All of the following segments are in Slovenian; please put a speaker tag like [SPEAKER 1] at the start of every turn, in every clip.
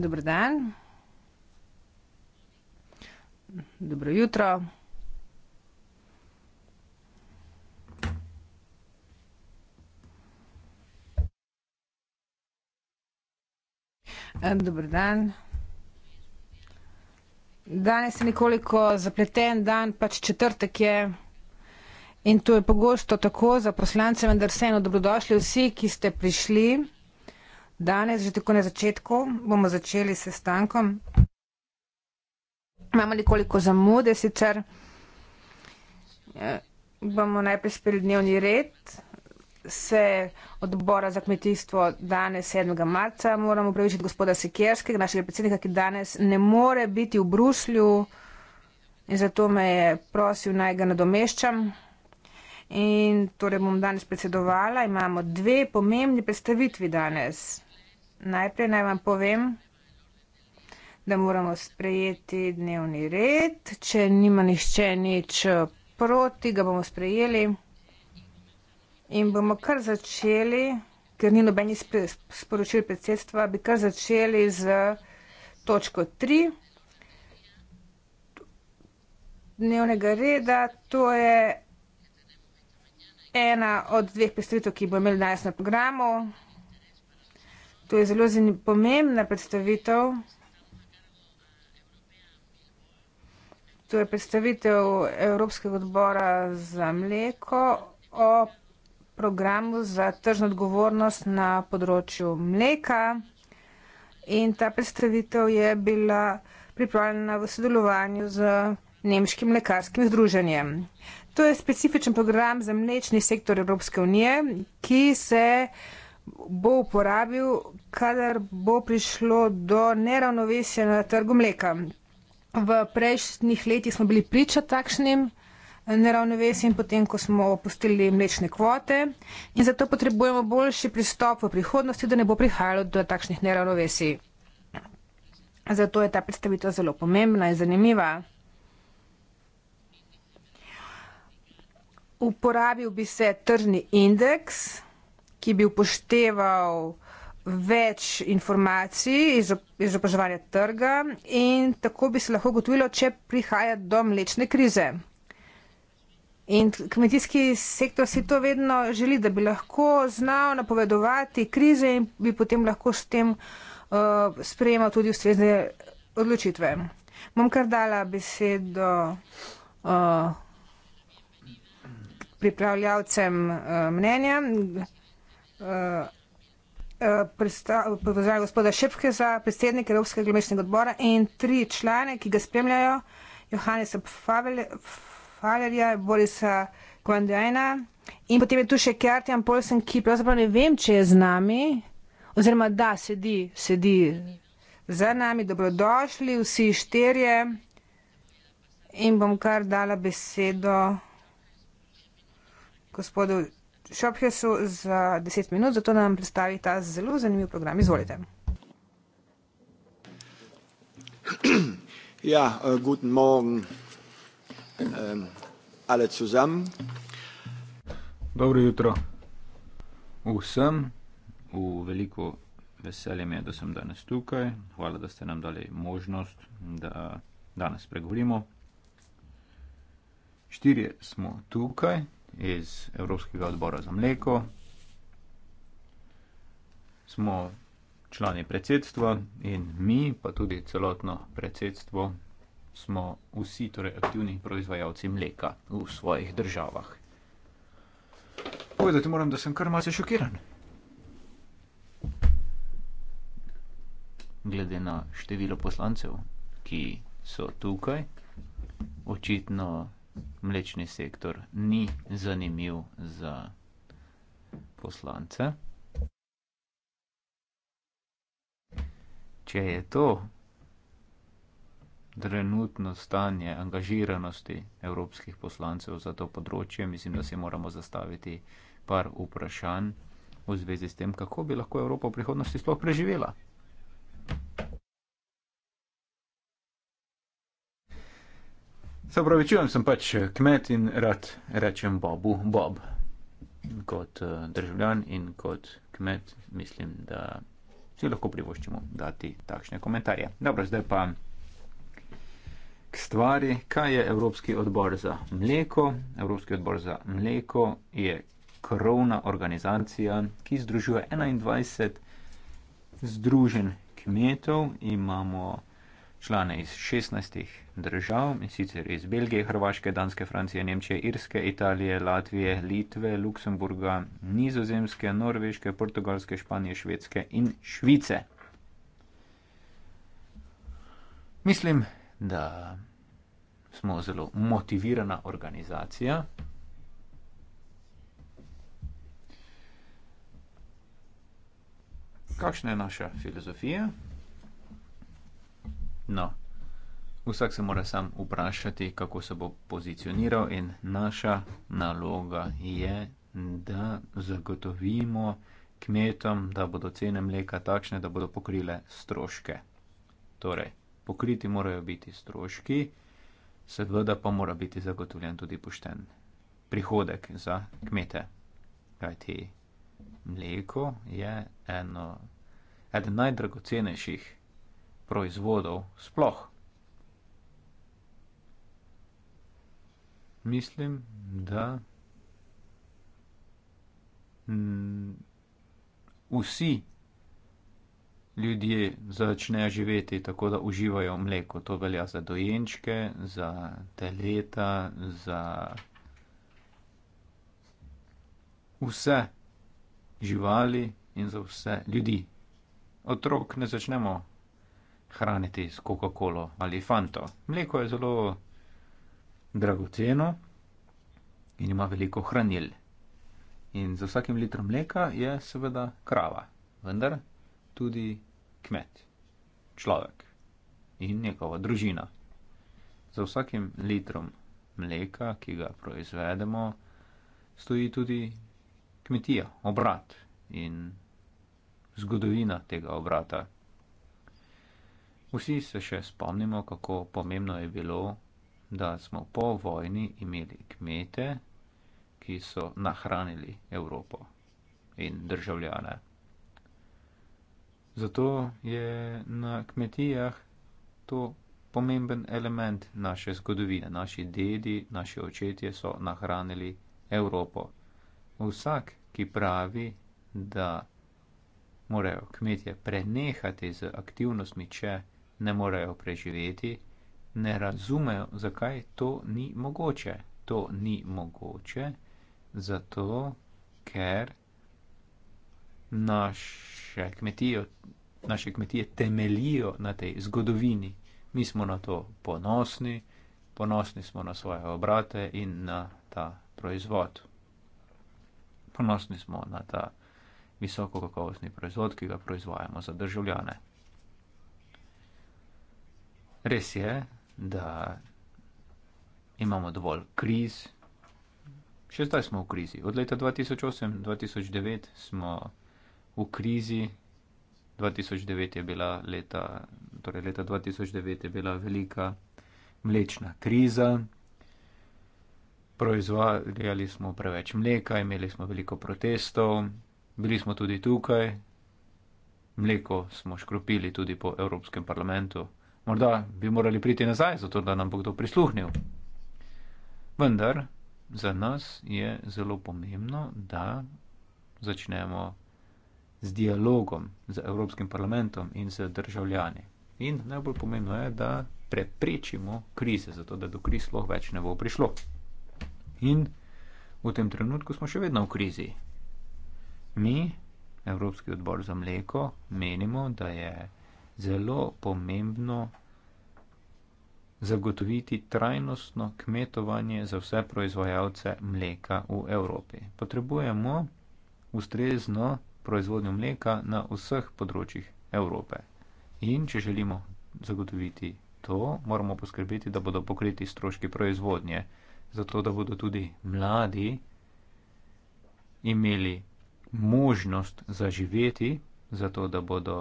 [SPEAKER 1] Dobro dan. Dobro jutro. Eh, Dobro dan. Danes je nekoliko zapleten dan, pač četrtek je in to je pogosto tako za poslance, vendar vseeno dobrodošli vsi, ki ste prišli. Danes, že tako na začetku, bomo začeli s sestankom. Imamo nekoliko zamude, sicer eh, bomo najprej sprejeli dnevni red. Se odbora za kmetijstvo danes 7. marca moramo upravičiti gospoda Sikerskega, našega predsednika, ki danes ne more biti v Bruslju in zato me je prosil naj ga nadomeščam. In torej bom danes predsedovala, imamo dve pomembni predstavitvi danes. Najprej naj vam povem, da moramo sprejeti dnevni red. Če nima nišče nič eh, proti, ga bomo sprejeli. In bomo kar začeli, ker ni nobeni sporočil predsedstva, bi kar začeli z točko 3 dnevnega reda. To je ena od dveh predstavitev, ki bo imeli danes na programu. To je zelo pomembna predstavitev. To je predstavitev Evropskega odbora za mleko o programu za tržno odgovornost na področju mleka. In ta predstavitev je bila pripravljena v sodelovanju z Nemškim mlekarskim združenjem. To je specifičen program za mlečni sektor Evropske unije, ki se uh, bo uporabil, kadar bo prišlo do neravnovesja na trgu mleka. V prejšnjih letih smo bili priča takšnim eh, neravnovesjem, potem ko smo opustili mlečne kvote in zato potrebujemo boljši pristop v prihodnosti, da ne bo prihajalo do takšnih neravnovesij. Zato je ta predstavitev zelo pomembna in zanimiva. Uporabil bi se tržni indeks ki bi upošteval več informacij iz, iz opraževanja trga in tako bi se lahko gotovilo, če prihaja do mlečne krize. In kmetijski sektor si to vedno želi, da bi lahko znal napovedovati krize in bi potem lahko s tem uh, sprejemal tudi ustrezne odločitve. Bom kar dala besedo uh, pripravljavcem uh, mnenja pozdravljam gospoda Šepke za predsednik Evropskega glumečnega odbora in tri člane, ki ga spremljajo, Johannesa Favelja, Borisa Kondajna in potem je tu še Kjartjan Polsen, ki pravzaprav ne vem, če je z nami, oziroma da sedi, sedi za nami, dobrodošli vsi šterje in bom kar dala besedo gospodu Šophesu za 10 minut, zato nam predstavi ta zelo zanimiv program. Izvolite.
[SPEAKER 2] Ja, eh, guten Morgen ehm, alle zusammen. Dobro jutro vsem. V veliko veselje mi je, da sem danes tukaj. Hvala, da ste nam dali možnost, da danes pregovorimo. Štirje smo tukaj iz Evropskega odbora za mleko. Smo člani predsedstva in mi, pa tudi celotno predsedstvo, smo vsi torej aktivni proizvajalci mleka v svojih državah. Povedati moram, da sem kar malce šokiran. Glede na število poslancev, ki so tukaj, očitno mlečni sektor ni zanimiv za poslance. Če je to trenutno stanje angažiranosti evropskih poslancev za to področje, mislim, da si moramo zastaviti par vprašanj v zvezi s tem, kako bi lahko Evropa v prihodnosti sploh preživela. Se upravičujem, sem pač kmet in rad rečem Bobu Bob. Kot eh, državljan in kot kmet mislim, da si lahko privoščimo dati takšne komentarje. Dobro, zdaj pa k stvari, kaj je Evropski odbor za mleko. Evropski odbor za mleko je krovna organizacija, ki združuje 21 združen kmetov. Imamo člane iz 16 držav, in sicer iz Belgije, Hrvaške, Danske, Francije, Nemčije, Irske, Italije, Latvije, Litve, Luksemburga, Nizozemske, Norveške, Portugalske, Španije, Švedske in Švice. Mislim, da smo zelo motivirana organizacija. Kakšna je naša filozofija? No, Vsak se mora sam vprašati, kako se bo pozicioniral, in naša naloga je, da zagotovimo kmetom, da bodo cene mleka takšne, da bodo pokrile stroške. Torej, pokriti morajo biti stroški, seveda pa mora biti zagotovljen tudi pošten prihodek za kmete. Kajti mleko je eno, eden najdragocenejših proizvodov sploh. mislim, da mm, vsi ljudje začnejo živeti tako, da uživajo mleko. To velja za dojenčke, za teleta, za vse živali in za vse ljudi. Otrok ne začnemo hraniti s Coca-Colo ali Fanto. Mleko je zelo dragoceno in ima veliko hranil. In za vsakim litrom mleka je seveda krava, vendar tudi kmet, človek in njegova družina. Za vsakim litrom mleka, ki ga proizvedemo, stoji tudi kmetija, obrat in zgodovina tega obrata. Vsi se še spomnimo, kako pomembno je bilo da smo po vojni imeli kmete, ki so nahranili Evropo in državljane. Zato je na kmetijah to pomemben element naše zgodovine. Naši dedi, naši očetje so nahranili Evropo. Vsak, ki pravi, da morajo kmetje prenehati z aktivnostmi, če ne morejo preživeti, ne razumejo, zakaj to ni mogoče. To ni mogoče, zato ker naše kmetijo, naše kmetije temelijo na tej zgodovini. Mi smo na to ponosni, ponosni smo na svoje obrate in na ta proizvod. Ponosni smo na ta visoko kakovostni proizvod, ki ga proizvajamo za državljane. Res je, da imamo dovolj kriz. Še zdaj smo v krizi. Od leta 2008-2009 smo v krizi. 2009 je bila leta, torej leta 2009 je bila velika mlečna kriza. Proizvajali smo preveč mleka, imeli smo veliko protestov, bili smo tudi tukaj. Mleko smo škropili tudi po Evropskem parlamentu, Morda bi morali priti nazaj, zato da nam bo kdo prisluhnil. Vendar za nas je zelo pomembno, da začnemo z dialogom z Evropskim parlamentom in z državljani. In najbolj pomembno je, da preprečimo krize, zato da do kriz sploh več ne bo prišlo. In v tem trenutku smo še vedno v krizi. Mi, Evropski odbor za mleko, menimo, da je zelo pomembno zagotoviti trajnostno kmetovanje za vse proizvajalce mleka v Evropi. Potrebujemo ustrezno proizvodnjo mleka na vseh področjih Evrope. In če želimo zagotoviti to, moramo poskrbeti, da bodo pokriti stroški proizvodnje, zato da bodo tudi mladi imeli možnost zaživeti, zato da bodo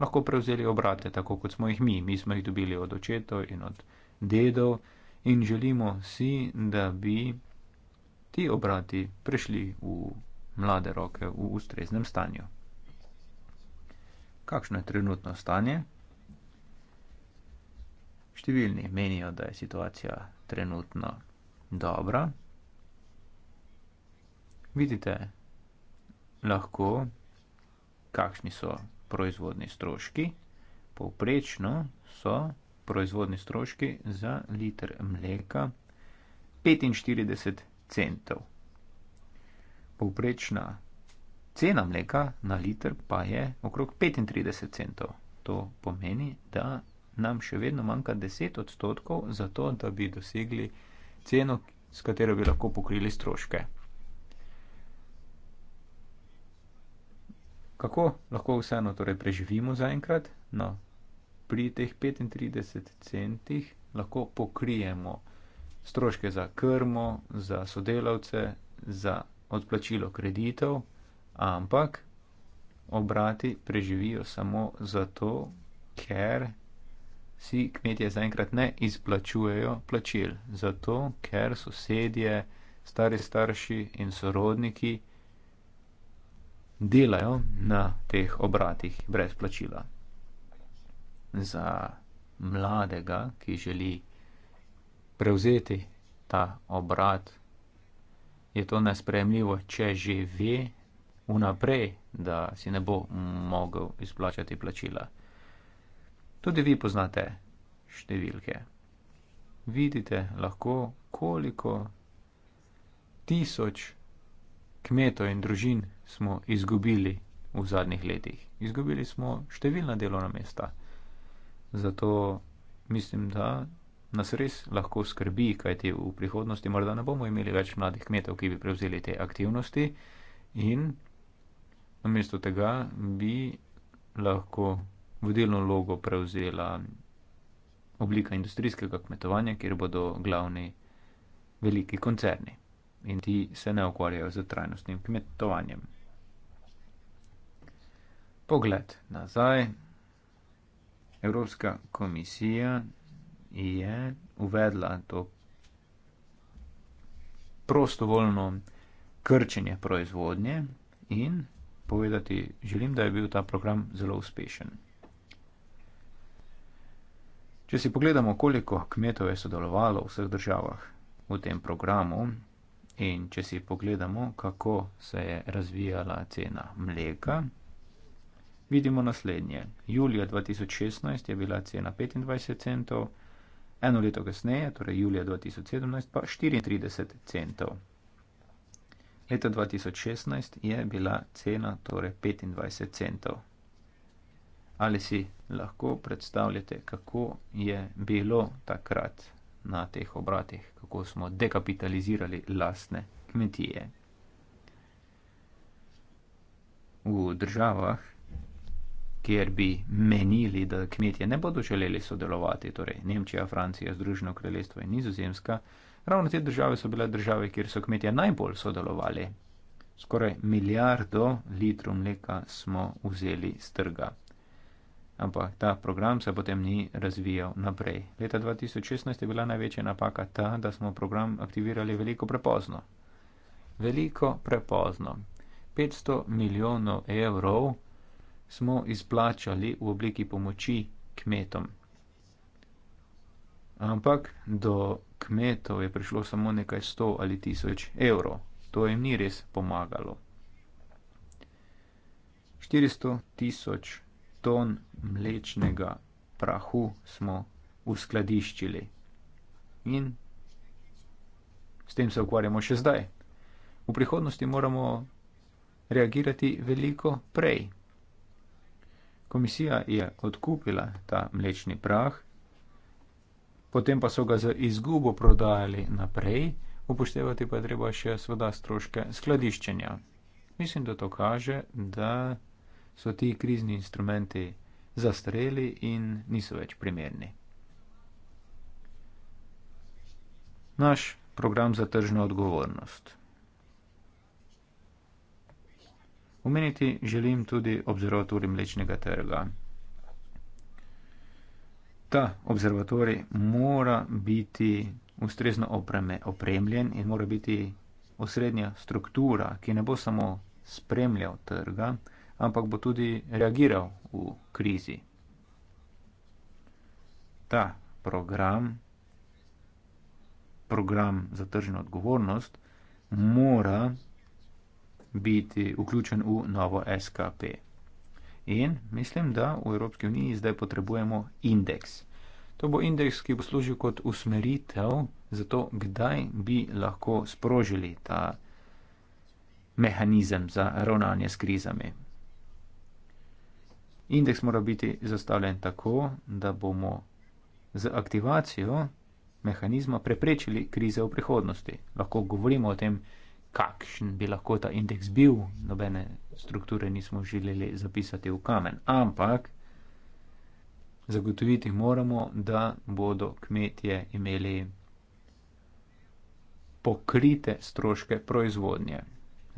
[SPEAKER 2] lahko prevzeli obrate, tako kot smo jih mi. Mi smo jih dobili od očetov in od dedov in želimo si, da bi ti obrati prišli v mlade roke v ustreznem stanju. Kakšno je trenutno stanje? Številni menijo, da je situacija trenutno dobra. Vidite lahko, kakšni so proizvodni stroški. Povprečno so proizvodni stroški za liter mleka 45 centov. Povprečna cena mleka na liter pa je okrog 35 centov. To pomeni, da nam še vedno manjka 10 odstotkov za to, da bi dosegli ceno, s katero bi lahko pokrili stroške. kako lahko vseeno torej preživimo zaenkrat? No, pri teh 35 centih lahko pokrijemo stroške za krmo, za sodelavce, za odplačilo kreditov, ampak obrati preživijo samo zato, ker si kmetje zaenkrat ne izplačujejo plačil. Zato, ker sosedje, stari starši in sorodniki delajo na teh obratih brez plačila. Za mladega, ki želi prevzeti ta obrat, je to nespremljivo, če že ve vnaprej, da si ne bo mogel izplačati plačila. Tudi vi poznate številke. Vidite lahko, koliko tisoč kmetov in družin smo izgubili v zadnjih letih. Izgubili smo številna delovna mesta. Zato mislim, da nas res lahko skrbi, kajti v prihodnosti morda ne bomo imeli več mladih kmetov, ki bi prevzeli te aktivnosti in namesto tega bi lahko vodilno logo prevzela oblika industrijskega kmetovanja, kjer bodo glavni veliki koncerni in ti se ne ukvarjajo z trajnostnim kmetovanjem. Pogled nazaj. Evropska komisija je uvedla to prostovoljno krčenje proizvodnje in povedati želim, da je bil ta program zelo uspešen. Če si pogledamo, koliko kmetov je sodelovalo v vseh državah v tem programu, In če si pogledamo, kako se je razvijala cena mleka, vidimo naslednje. Julija 2016 je bila cena 25 centov, eno leto kasneje, torej julija 2017, pa 34 centov. Leta 2016 je bila cena torej 25 centov. Ali si lahko predstavljate, kako je bilo takrat? na teh obratih, kako smo dekapitalizirali lastne kmetije. V državah, kjer bi menili, da kmetje ne bodo želeli sodelovati, torej Nemčija, Francija, Združeno kraljestvo in Nizozemska, ravno te države so bile države, kjer so kmetje najbolj sodelovali. Skoraj milijardo litrov mleka smo vzeli z trga ampak ta program se potem ni razvijal naprej. Leta 2016 je bila največja napaka ta, da smo program aktivirali veliko prepozno. Veliko prepozno. 500 milijonov evrov smo izplačali v obliki pomoči kmetom. Ampak do kmetov je prišlo samo nekaj 100 ali 1000 evrov. To jim ni res pomagalo. 400 tisoč ton mlečnega prahu smo uskladiščili. In s tem se ukvarjamo še zdaj. V prihodnosti moramo reagirati veliko prej. Komisija je odkupila ta mlečni prah, potem pa so ga za izgubo prodajali naprej, upoštevati pa je treba še sveda stroške skladiščenja. Mislim, da to kaže, da so ti krizni instrumenti zastareli in niso več primerni. Naš program za tržno odgovornost. Umeniti želim tudi obzervatorij mlečnega trga. Ta obzervatorij mora biti ustrezno opreme, opremljen in mora biti osrednja struktura, ki ne bo samo spremljal trga, ampak bo tudi reagiral v krizi. Ta program, program za tržno odgovornost, mora biti vključen v novo SKP. In mislim, da v Evropski uniji zdaj potrebujemo indeks. To bo indeks, ki bo služil kot usmeritev za to, kdaj bi lahko sprožili ta mehanizem za ravnanje s krizami indeks mora biti zastavljen tako, da bomo z aktivacijo mehanizma preprečili krize v prihodnosti. Lahko govorimo o tem, kakšen bi lahko ta indeks bil, nobene strukture nismo želeli zapisati v kamen, ampak zagotoviti moramo, da bodo kmetje imeli pokrite stroške proizvodnje.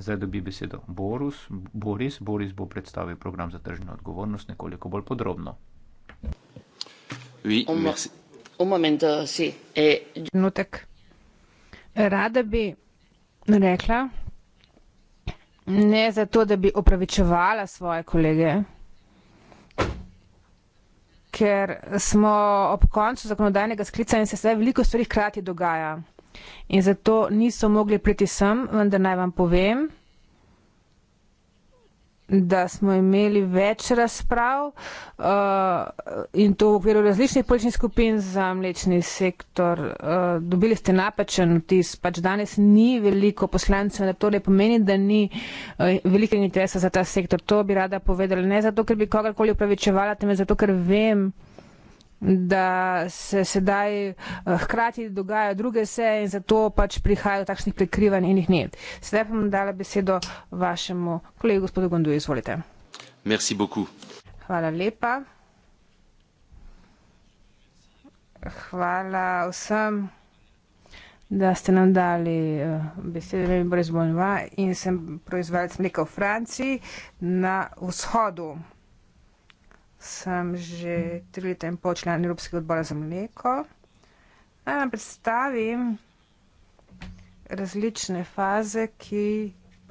[SPEAKER 2] Zdaj dobi besedo Boris. Boris, Boris bo predstavil program za tržno odgovornost nekoliko bolj podrobno. Eh,
[SPEAKER 3] e-
[SPEAKER 1] Trenutek. Rada bi rekla, ne zato, da bi opravičevala svoje kolege, ker smo ob koncu zakonodajnega sklica in se zdaj veliko stvari hkrati dogaja. In zato niso mogli priti sem, vendar naj vam povem, da smo imeli več razprav uh, in to v okviru različnih političnih skupin za mlečni sektor. Uh, dobili ste napačen vtis, pač danes ni veliko poslancev, da to ne pomeni, da ni uh, eh, velike interesa za ta sektor. To bi rada povedala, ne zato, ker bi kogarkoli upravičevala, temveč zato, ker vem, da se sedaj eh, hkrati dogajajo druge seje in zato pač prihajajo takšnih prekrivanj in jih ni. Sedaj pa bom dala besedo vašemu kolegu gospodu Gondu, izvolite.
[SPEAKER 3] Merci beaucoup.
[SPEAKER 1] Hvala lepa. Hvala vsem, da ste nam dali besede, da je bilo izvoljno in sem proizvajalec mleka v Franciji na vzhodu sem že tri leta in pol član Evropskega odbora za mleko. Naj vam predstavim različne faze, ki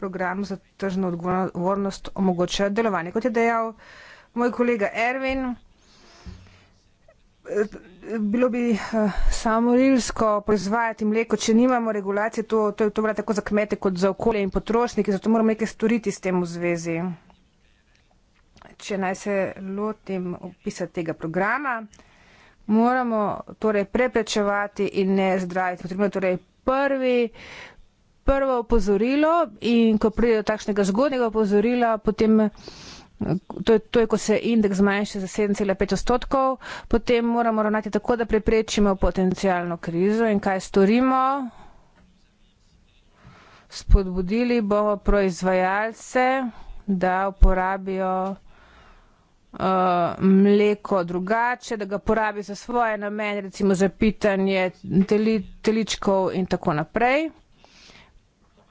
[SPEAKER 1] program za tržno odgovornost omogočajo delovanje. Kot je dejal moj kolega Ervin, bilo bi eh, samorilsko proizvajati mleko, če nimamo regulacije, to, to, to je to tako za kmete kot za okolje in potrošnike, zato moramo nekaj storiti s tem v zvezi če naj se lotim opisa tega programa, moramo torej preprečevati in ne zdraviti. Potrebno je torej prvi, prvo opozorilo in ko pride do takšnega zgodnega opozorila, potem. To je, to je, ko se indeks zmanjša za 7,5 odstotkov, potem moramo ravnati tako, da preprečimo potencijalno krizo in kaj storimo. Spodbudili bomo proizvajalce, da uporabijo uh, mleko drugače, da ga porabi za svoje namene, recimo za pitanje teli, teličkov in tako naprej.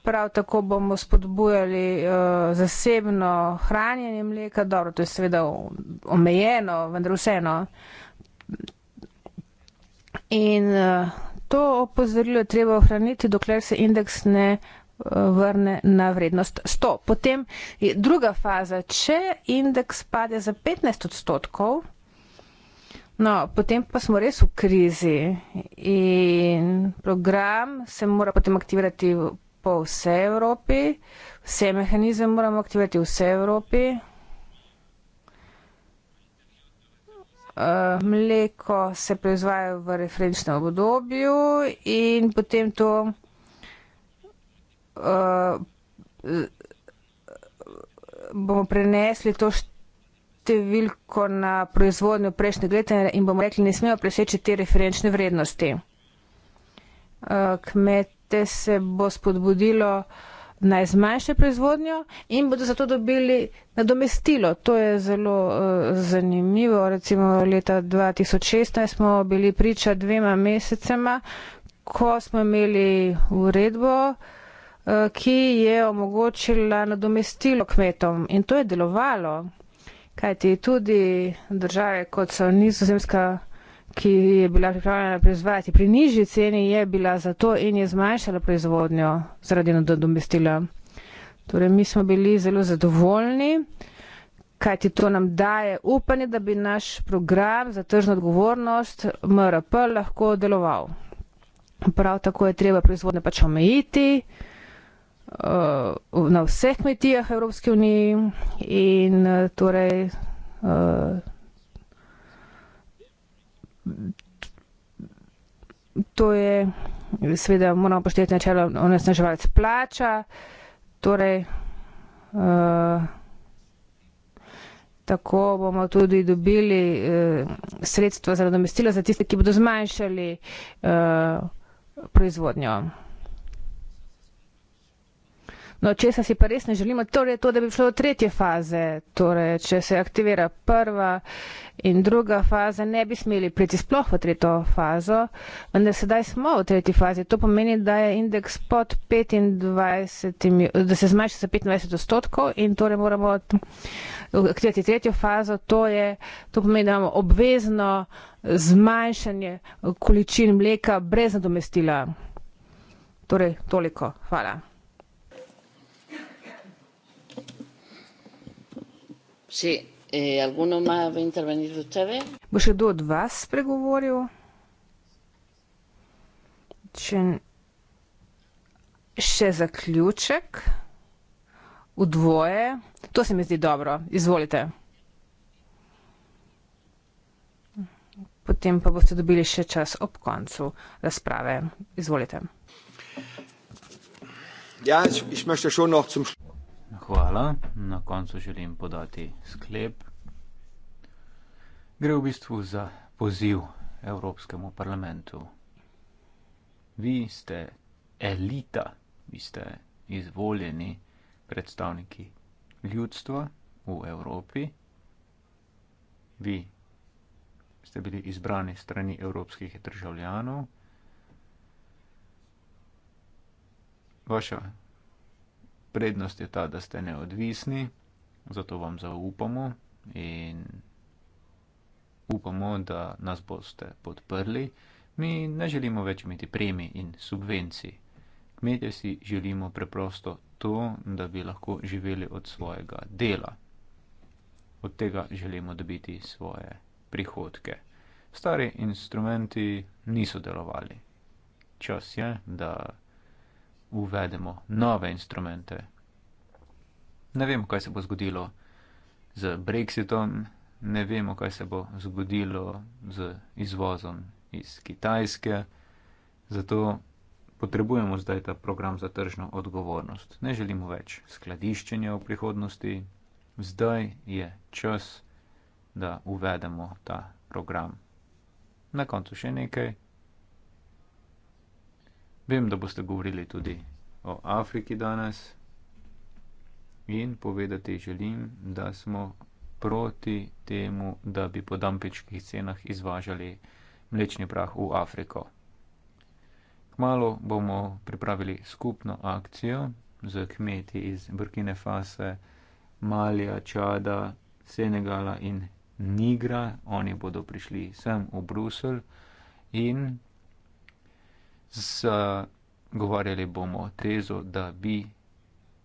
[SPEAKER 1] Prav tako bomo spodbujali uh, zasebno hranjenje mleka, dobro, to je seveda omejeno, vendar vseeno. In uh, to opozorilo je treba ohraniti, dokler se indeks ne vrne na vrednost 100. Potem je druga faza, če indeks pade za 15 odstotkov, no, potem pa smo res v krizi in program se mora potem aktivirati po vse Evropi, vse mehanizme moramo aktivirati v vse Evropi. Eh, mleko se proizvaja v referenčnem obdobju in potem to uh, bomo prenesli to številko na proizvodnjo prejšnjega leta in bomo rekli, ne smemo preseči te referenčne vrednosti. Uh, kmete se bo spodbudilo naj zmanjše proizvodnjo in bodo zato dobili nadomestilo. To je zelo uh, zanimivo. Recimo leta 2016 smo bili priča dvema mesecema, ko smo imeli uredbo uh, Eh, ki je omogočila nadomestilo kmetom. In to je delovalo, kajti tudi države, kot so nizozemska, ki je bila pripravljena proizvajati pri nižji ceni, je bila za to in je zmanjšala proizvodnjo zaradi nadomestila. Torej, mi smo bili zelo zadovoljni, kajti to nam daje upanje, da bi naš program za tržno odgovornost MRP lahko deloval. Prav tako je treba proizvodnje pač omejiti. Eh, na vseh kmetijah Evropske unije in eh, torej eh, to je seveda moramo poštevati načelo onesnaževalec plača, torej tako bomo tudi dobili sredstva za nadomestilo za tiste, ki bodo zmanjšali proizvodnjo. No, česa si pa res ne želimo, torej to, da bi šlo do tretje faze, torej če se aktivira prva in druga faza, ne bi smeli priti sploh v tretjo fazo, vendar sedaj smo v tretji fazi. To pomeni, da je indeks pod 25, da se zmanjša za 25 odstotkov in torej moramo aktivirati tretjo fazo, to, je, to pomeni, da imamo obvezno zmanjšanje količin mleka brez nadomestila. Torej, toliko. Hvala. Sí.
[SPEAKER 3] Eh, ¿Alguno más va a intervenir de ustedes?
[SPEAKER 1] ¿Vos se dos vas pregovorio? Чен ще заключек у двоє. То се ми зді добро. Ізволіте. Потім по бусте добили ще час об концу розправи. Ізволіте.
[SPEAKER 2] Я, ich möchte schon noch zum Schluss. Hvala. Na koncu želim podati sklep. Gre v bistvu za poziv Evropskemu parlamentu. Vi ste elita, vi ste izvoljeni predstavniki ljudstva v Evropi. Vi ste bili izbrani strani evropskih državljanov. Vaša prednost je ta, da ste neodvisni, zato vam zaupamo in upamo, da nas boste podprli. Mi ne želimo več imeti premi in subvencij. Kmetje si želimo preprosto to, da bi lahko živeli od svojega dela. Od tega želimo dobiti svoje prihodke. Stari instrumenti niso delovali. Čas je, da uvedemo nove instrumente. Ne vemo, kaj se bo zgodilo z Brexitom, ne vemo, kaj se bo zgodilo z izvozom iz Kitajske, zato potrebujemo zdaj ta program za tržno odgovornost. Ne želimo več skladiščenja v prihodnosti, zdaj je čas, da uvedemo ta program. Na koncu še nekaj. Vem, da boste govorili tudi o Afriki danes in povedati želim, da smo proti temu, da bi po dampičkih cenah izvažali mlečni prah v Afriko. Kmalo bomo pripravili skupno akcijo z kmeti iz Burkine Faso, Malija, Čada, Senegala in Nigra. Oni bodo prišli sem v Bruselj in zagovarjali bomo tezo, da bi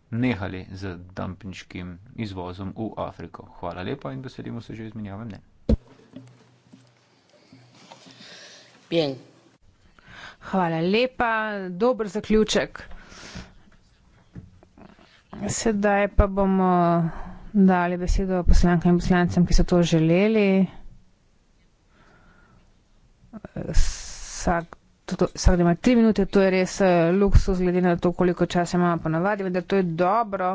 [SPEAKER 2] nehali z dumpingškim izvozom v Afriko. Hvala lepa in veselimo se že izmenjave mnen.
[SPEAKER 1] Hvala lepa, dober zaključek. Sedaj pa bomo dali besedo poslankam in poslancem, ki so to želeli. Vsak vsak dan ima tri minute, to je res eh, luksus, glede na to, koliko časa imamo ponavadi, vendar to je dobro,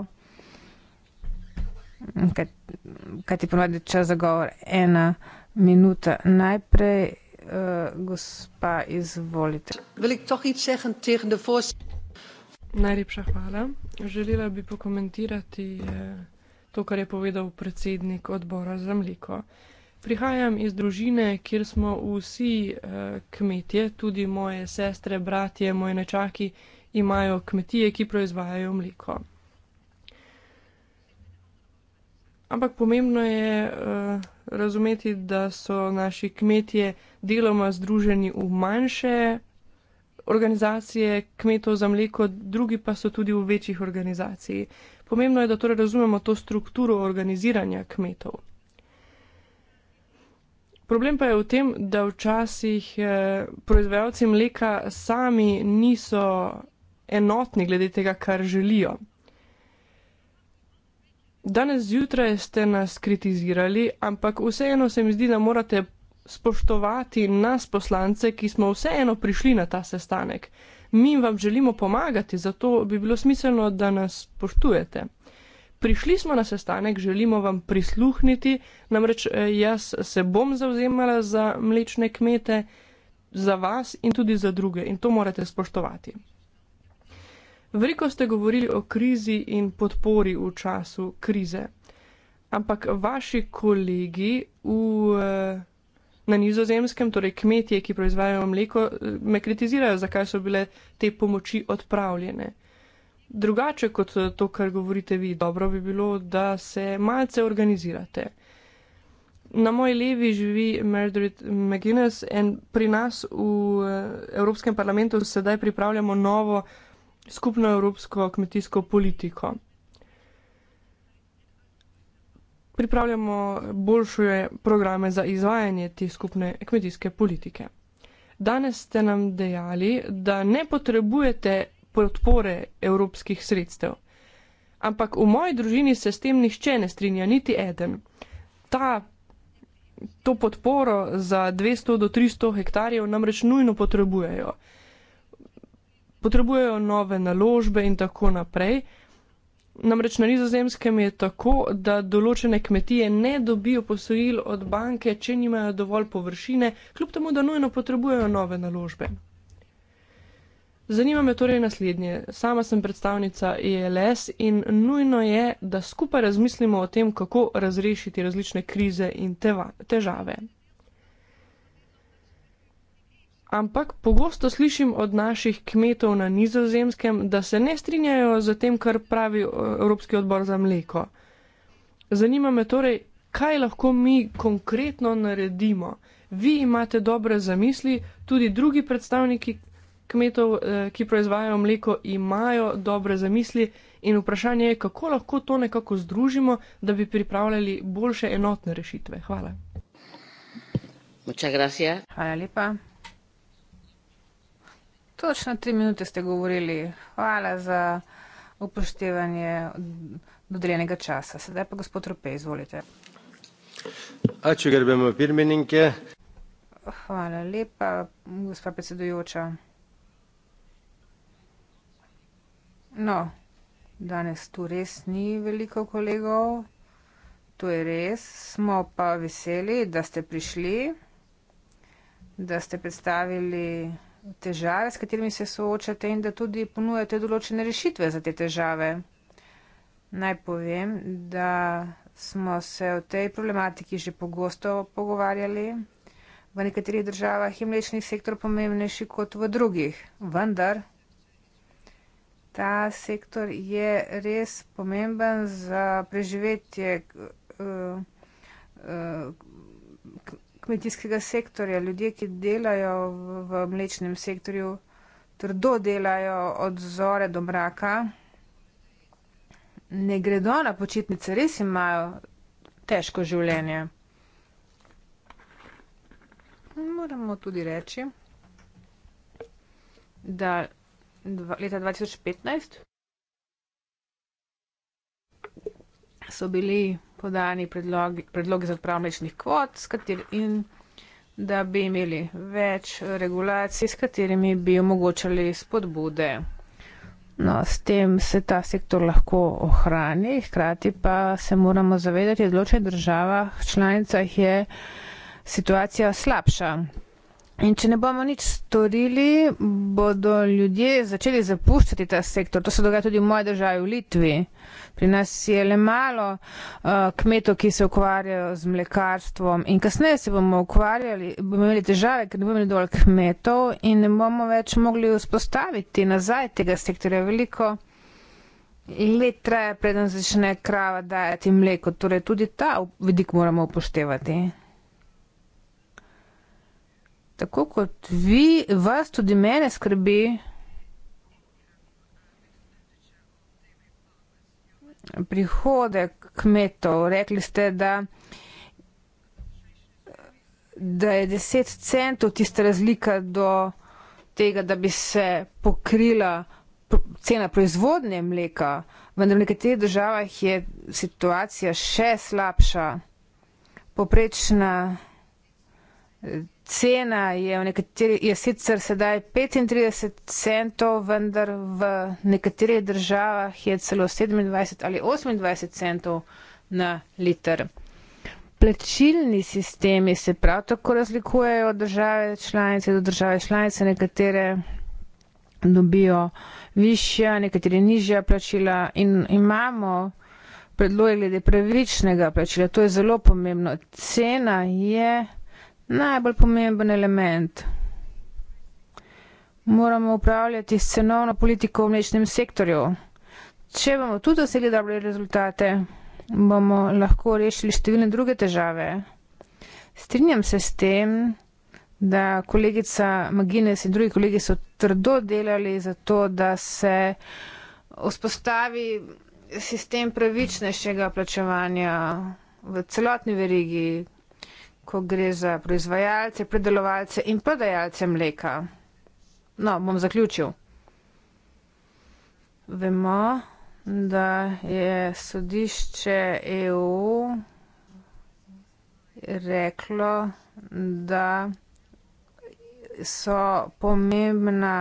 [SPEAKER 1] kaj ti ponavadi čas za govor ena minuta. Najprej, uh, gospa,
[SPEAKER 3] izvolite. Najlepša hvala. Želela bi pokomentirati eh, to, kar je povedal predsednik odbora za mleko. Eh, Prihajam iz družine, kjer smo vsi e, kmetje, tudi moje sestre, bratje, moji nečaki imajo kmetije, ki proizvajajo mleko. Ampak pomembno je e, razumeti, da so naši kmetje deloma združeni v manjše organizacije kmetov za mleko, drugi pa so tudi v večjih organizacij. Pomembno je, da torej razumemo to strukturo organiziranja kmetov. Problem pa je v tem, da včasih eh, proizvajalci mleka sami niso enotni glede tega, kar želijo. Danes zjutraj ste nas kritizirali, ampak vseeno se mi zdi, da morate spoštovati nas poslance, ki smo vseeno prišli na ta sestanek. Mi vam želimo pomagati, zato bi bilo smiselno, da nas poštujete prišli smo na sestanek, želimo vam prisluhniti, namreč eh, jaz se bom zauzemala za mlečne kmete, za vas in tudi za druge in to morate spoštovati. Veliko ste govorili o krizi in podpori v času krize, ampak vaši kolegi v, eh, na nizozemskem, torej kmetje, ki proizvajajo mleko, eh, me kritizirajo, zakaj so bile te pomoči odpravljene drugače kot eh, to, kar govorite vi, dobro bi bilo, da se malce organizirate. Na moji levi živi Mildred McGuinness in pri nas v eh, Evropskem parlamentu sedaj pripravljamo novo skupno evropsko kmetijsko politiko. Pripravljamo boljše programe za izvajanje te skupne kmetijske politike. Danes ste nam dejali, da ne potrebujete podpore evropskih sredstev. Ampak v moji družini se s tem nihče ne strinja, niti eden. Ta, to podporo za 200 do 300 hektarjev namreč nujno potrebujejo. Potrebujejo nove naložbe in tako naprej. Namreč na nizozemskem je tako, da določene kmetije ne dobijo posojil od banke, če nimajo dovolj površine, kljub temu, da nujno potrebujejo nove naložbe. Zanima me torej naslednje. Sama sem predstavnica ELS in nujno je, da skupaj razmislimo o tem, kako razrešiti različne krize in teva, težave. Ampak pogosto slišim od naših kmetov na nizozemskem, da se ne strinjajo z tem, kar pravi Evropski odbor za mleko. Zanima me torej, kaj lahko mi konkretno naredimo. Vi imate dobre zamisli, tudi drugi predstavniki kmetov, eh, ki proizvajajo mleko, imajo dobre zamisli in vprašanje je, kako lahko to nekako združimo, da bi pripravljali boljše enotne rešitve. Hvala. Hvala lepa.
[SPEAKER 1] Točno tri minute ste govorili. Hvala za upoštevanje dodeljenega časa. Sedaj pa gospod Rupe, izvolite.
[SPEAKER 2] Ačiū gerbiamo pirmininkė.
[SPEAKER 1] Hvala lepa, gospa predsedujoča. No, danes tu res ni veliko kolegov, to je res, smo pa veseli, da ste prišli, da ste predstavili težave, s katerimi se soočate in da tudi ponujate določene rešitve za te težave. Naj povem, da smo se o tej problematiki že pogosto pogovarjali. V nekaterih državah je mlečni sektor pomembnejši kot v drugih, vendar ta sektor je res pomemben za preživetje eh, eh, kmetijskega sektorja. Ljudje, ki delajo v mlečnem sektorju, trdo delajo od zore do mraka, ne gredo na počitnice, res imajo težko življenje. Moramo tudi reči, da leta 2015 so bili podani predlogi, predlogi za odpravo mlečnih kvot, in da bi imeli več regulacij, s katerimi bi omogočali spodbude. No, s tem se ta sektor lahko ohrani, hkrati pa se moramo zavedati, da v določenih državah članicah je situacija slabša. In če ne bomo nič storili, bodo ljudje začeli zapuščati ta sektor. To se dogaja tudi v moji državi, v Litvi. Pri nas je le malo uh, kmetov, ki se ukvarjajo z mlekarstvom. In kasneje se bomo ukvarjali, bomo imeli težave, ker ne bomo imeli dovolj kmetov in ne bomo več mogli vzpostaviti nazaj tega sektorja. Veliko let traja, preden začne krava dajati mleko. Torej tudi ta vidik moramo upoštevati tako kot vi, vas tudi mene skrbi. Prihodek kmetov, rekli ste, da, da je 10 centov tista razlika do tega, da bi se pokrila cena proizvodnje mleka, vendar v nekaterih državah je situacija še slabša. Poprečna cena je, nekateri, je sicer sedaj 35 centov, vendar v nekaterih državah je celo 27 ali 28 centov na liter. Plačilni sistemi se prav tako razlikujejo od države članice do države članice. Nekatere dobijo višja, nekatere nižja plačila in imamo predloge glede pravičnega plačila. To je zelo pomembno. Cena je najbolj pomemben element. Moramo upravljati cenovno politiko v mlečnem sektorju. Če bomo tudi dosegli dobre rezultate, bomo lahko rešili številne druge težave. Strinjam se s tem, da kolegica Magines in drugi kolegi so trdo delali za to, da se vzpostavi sistem pravičnejšega plačevanja v celotni verigi ko gre za proizvajalce, predelovalce in prodajalce mleka. No, bom zaključil. Vemo, da je sodišče EU reklo, da so pomembna,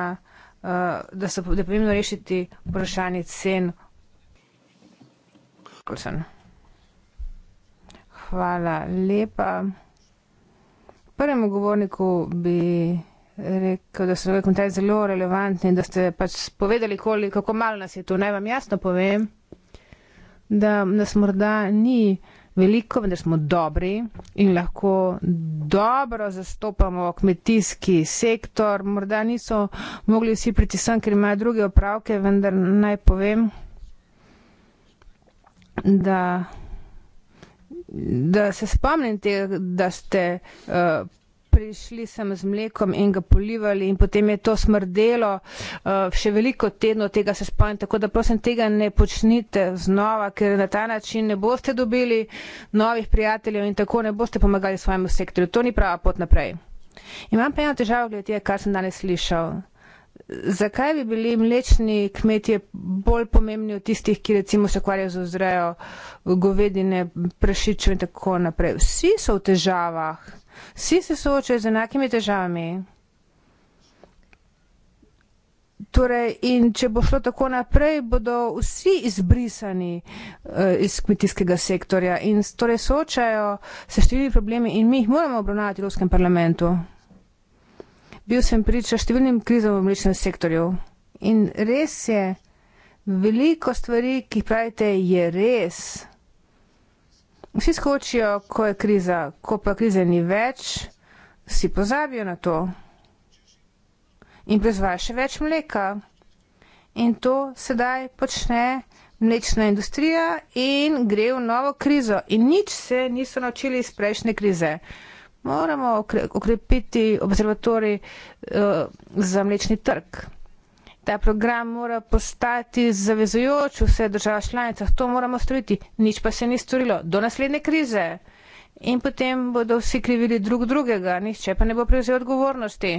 [SPEAKER 1] eh, da so da pomembno rešiti vprašanje cen. Hvala lepa prvemu govorniku bi rekel, da so ove komentarje zelo relevantni in da ste pač povedali, koliko, kako malo nas je tu. Naj vam jasno povem, da nas morda ni veliko, vendar smo dobri in lahko dobro zastopamo kmetijski sektor. Morda niso mogli vsi priti sem, ker imajo druge opravke, vendar naj povem, da da se spomnim tega, da ste uh, prišli sem z mlekom in ga polivali in potem je to smrdelo, uh, še veliko tedno tega se spomnim, tako da prosim tega ne počnite znova, ker na ta način ne boste dobili novih prijateljev in tako ne boste pomagali svojemu sektorju. To ni prava pot naprej. Imam pa eno težavo glede tega, kar sem danes slišal zakaj bi bili mlečni kmetje bolj pomembni od tistih, ki recimo se ukvarjajo z vzrejo govedine, prašičev in tako naprej. Vsi so v težavah, vsi se soočajo z enakimi težavami. Torej, in če bo šlo tako naprej, bodo vsi izbrisani uh, iz kmetijskega sektorja in torej soočajo se številni problemi in mi jih moramo obravnavati v Evropskem parlamentu bil sem priča številnim krizam v mlečnem sektorju. In res je, veliko stvari, ki pravite, je res. Vsi skočijo, ko je kriza, ko pa krize ni več, si pozabijo na to. In prezvaja še več mleka. In to sedaj počne mlečna industrija in gre v novo krizo. In nič se niso naučili iz prejšnje krize moramo okrepiti observatori eh, za mlečni trg. Ta program mora postati zavezujoč vse država članica, to moramo storiti. Nič pa se ni storilo do naslednje krize. In potem bodo vsi krivili drug drugega, nihče pa ne bo prevzel odgovornosti.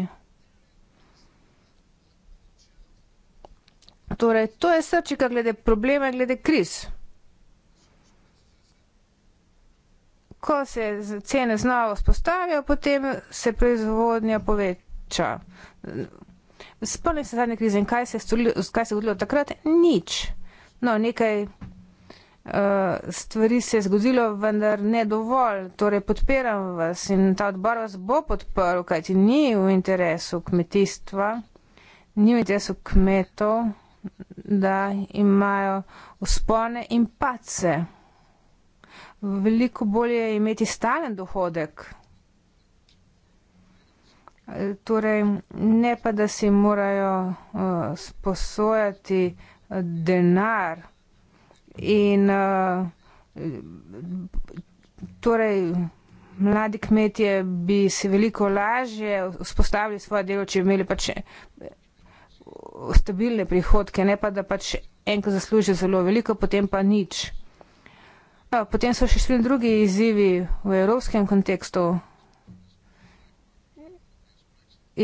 [SPEAKER 1] Torej, to je srčika glede problema, glede kriz. ko se cene znova spostavijo, potem se proizvodnja poveča. Spomnim se zadnje krize in kaj se, stolilo, kaj se je zgodilo takrat? Nič. No, nekaj uh, stvari se je zgodilo, vendar ne dovolj. Torej, podpiram vas in ta odbor vas bo podprl, kajti ni v interesu kmetijstva, ni v interesu kmetov, da imajo uspone in pace veliko bolje imeti stalen dohodek. Torej, ne pa, da si morajo uh, sposojati eh, denar in uh, torej, mladi kmetje bi si veliko lažje vzpostavili svoje delo, če bi imeli pač stabilne prihodke, ne pa, da pač enkrat zasluži zelo veliko, potem pa nič. Ja, potem so še šli drugi izzivi v evropskem kontekstu.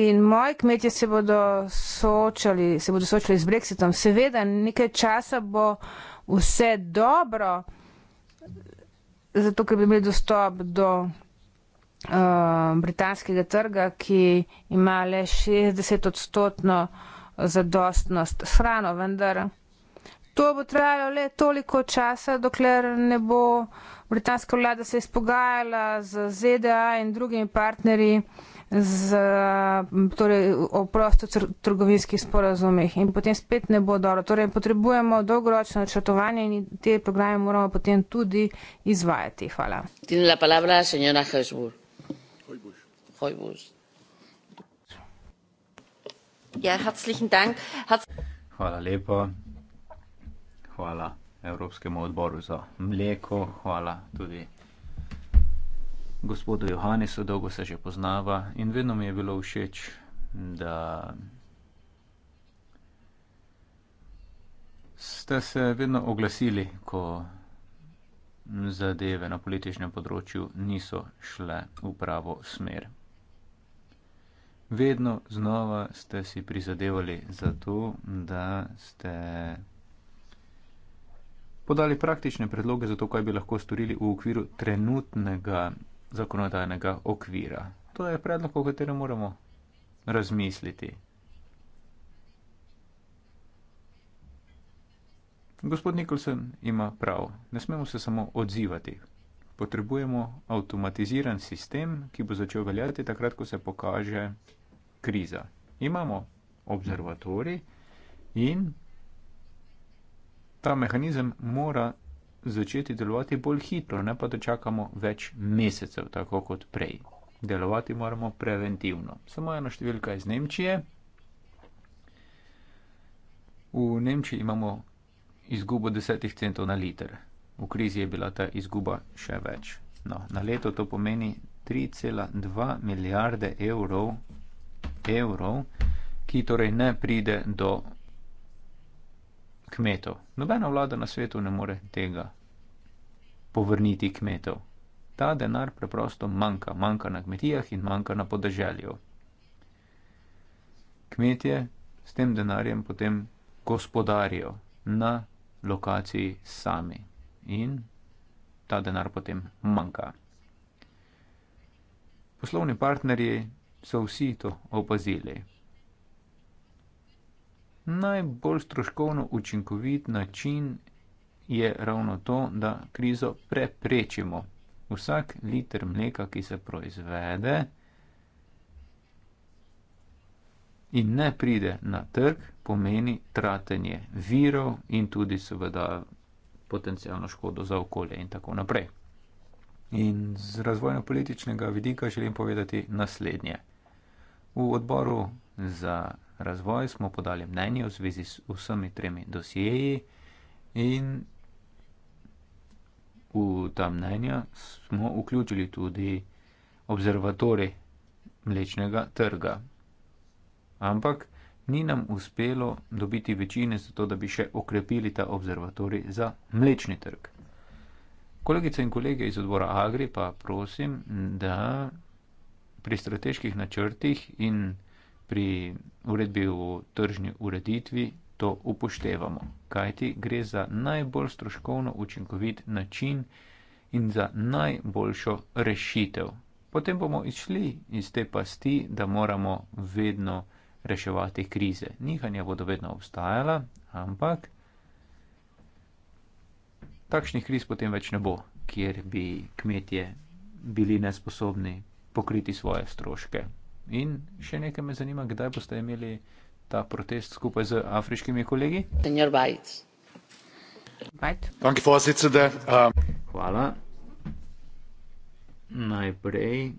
[SPEAKER 1] In moji kmetje se bodo soočali, se bodo soočali z Brexitom. Seveda, nekaj časa bo vse dobro, zato ker bi imeli dostop do uh, britanskega trga, ki ima le 60-odstotno zadostnost s hrano, vendar. To bo trajalo le toliko časa, dokler ne bo britanska vlada se izpogajala z ZDA in drugimi partnerji z, torej, o prosto trgovinskih sporazumih in potem spet ne bo dobro. Torej, potrebujemo dolgoročno načrtovanje in te programe moramo potem tudi izvajati. Hvala.
[SPEAKER 3] Ja, herzlichen Dank. Herz
[SPEAKER 2] Hvala lepa hvala Evropskemu odboru za mleko, hvala tudi gospodu Johannesu, dolgo se že poznava in vedno mi je bilo všeč, da ste se vedno oglasili, ko zadeve na političnem področju niso šle v pravo smer. Vedno znova ste si prizadevali za to, da ste podali praktične predloge za to, kaj bi lahko storili v okviru trenutnega zakonodajnega okvira. To je predlog, o katerem moramo razmisliti. Gospod Nikolsen ima prav, ne smemo se samo odzivati. Potrebujemo avtomatiziran sistem, ki bo začel veljati takrat, ko se pokaže kriza. Imamo observatori in ta mehanizem mora začeti delovati bolj hitro, ne pa da čakamo več mesecev, tako kot prej. Delovati moramo preventivno. Samo ena številka iz Nemčije. V Nemčiji imamo izgubo desetih centov na liter. V krizi je bila ta izguba še več. No, na leto to pomeni 3,2 milijarde evrov, evrov, ki torej ne pride do kmetov. Nobena vlada na svetu ne more tega povrniti kmetov. Ta denar preprosto manjka. Manjka na kmetijah in manjka na podeželju. Kmetje s tem denarjem potem gospodarijo na lokaciji sami in ta denar potem manjka. Poslovni partnerji so vsi to opazili. Najbolj stroškovno učinkovit način je ravno to, da krizo preprečimo. Vsak liter mleka, ki se proizvede in ne pride na trg, pomeni tratenje virov in tudi seveda potencijalno škodo za okolje in tako naprej. In z razvojno-političnega vidika želim povedati naslednje. V odboru za razvoj, smo podali mnenje v zvezi z vsemi tremi dosjeji in v ta mnenja smo vključili tudi observatori mlečnega trga. Ampak ni nam uspelo dobiti večine za to, da bi še okrepili ta observatori za mlečni trg. Kolegice in kolege iz odbora Agri pa prosim, da pri strateških načrtih in pri uredbi o tržni ureditvi to upoštevamo, kajti gre za najbolj stroškovno učinkovit način in za najboljšo rešitev. Potem bomo išli iz te pasti, da moramo vedno reševati krize. Nihanja bodo vedno obstajala, ampak takšnih kriz potem več ne bo, kjer bi kmetje bili nesposobni pokriti svoje stroške. In še nekaj me zanima, kdaj boste imeli ta protest skupaj z afriškimi kolegi? Eh, Hvala. Najprej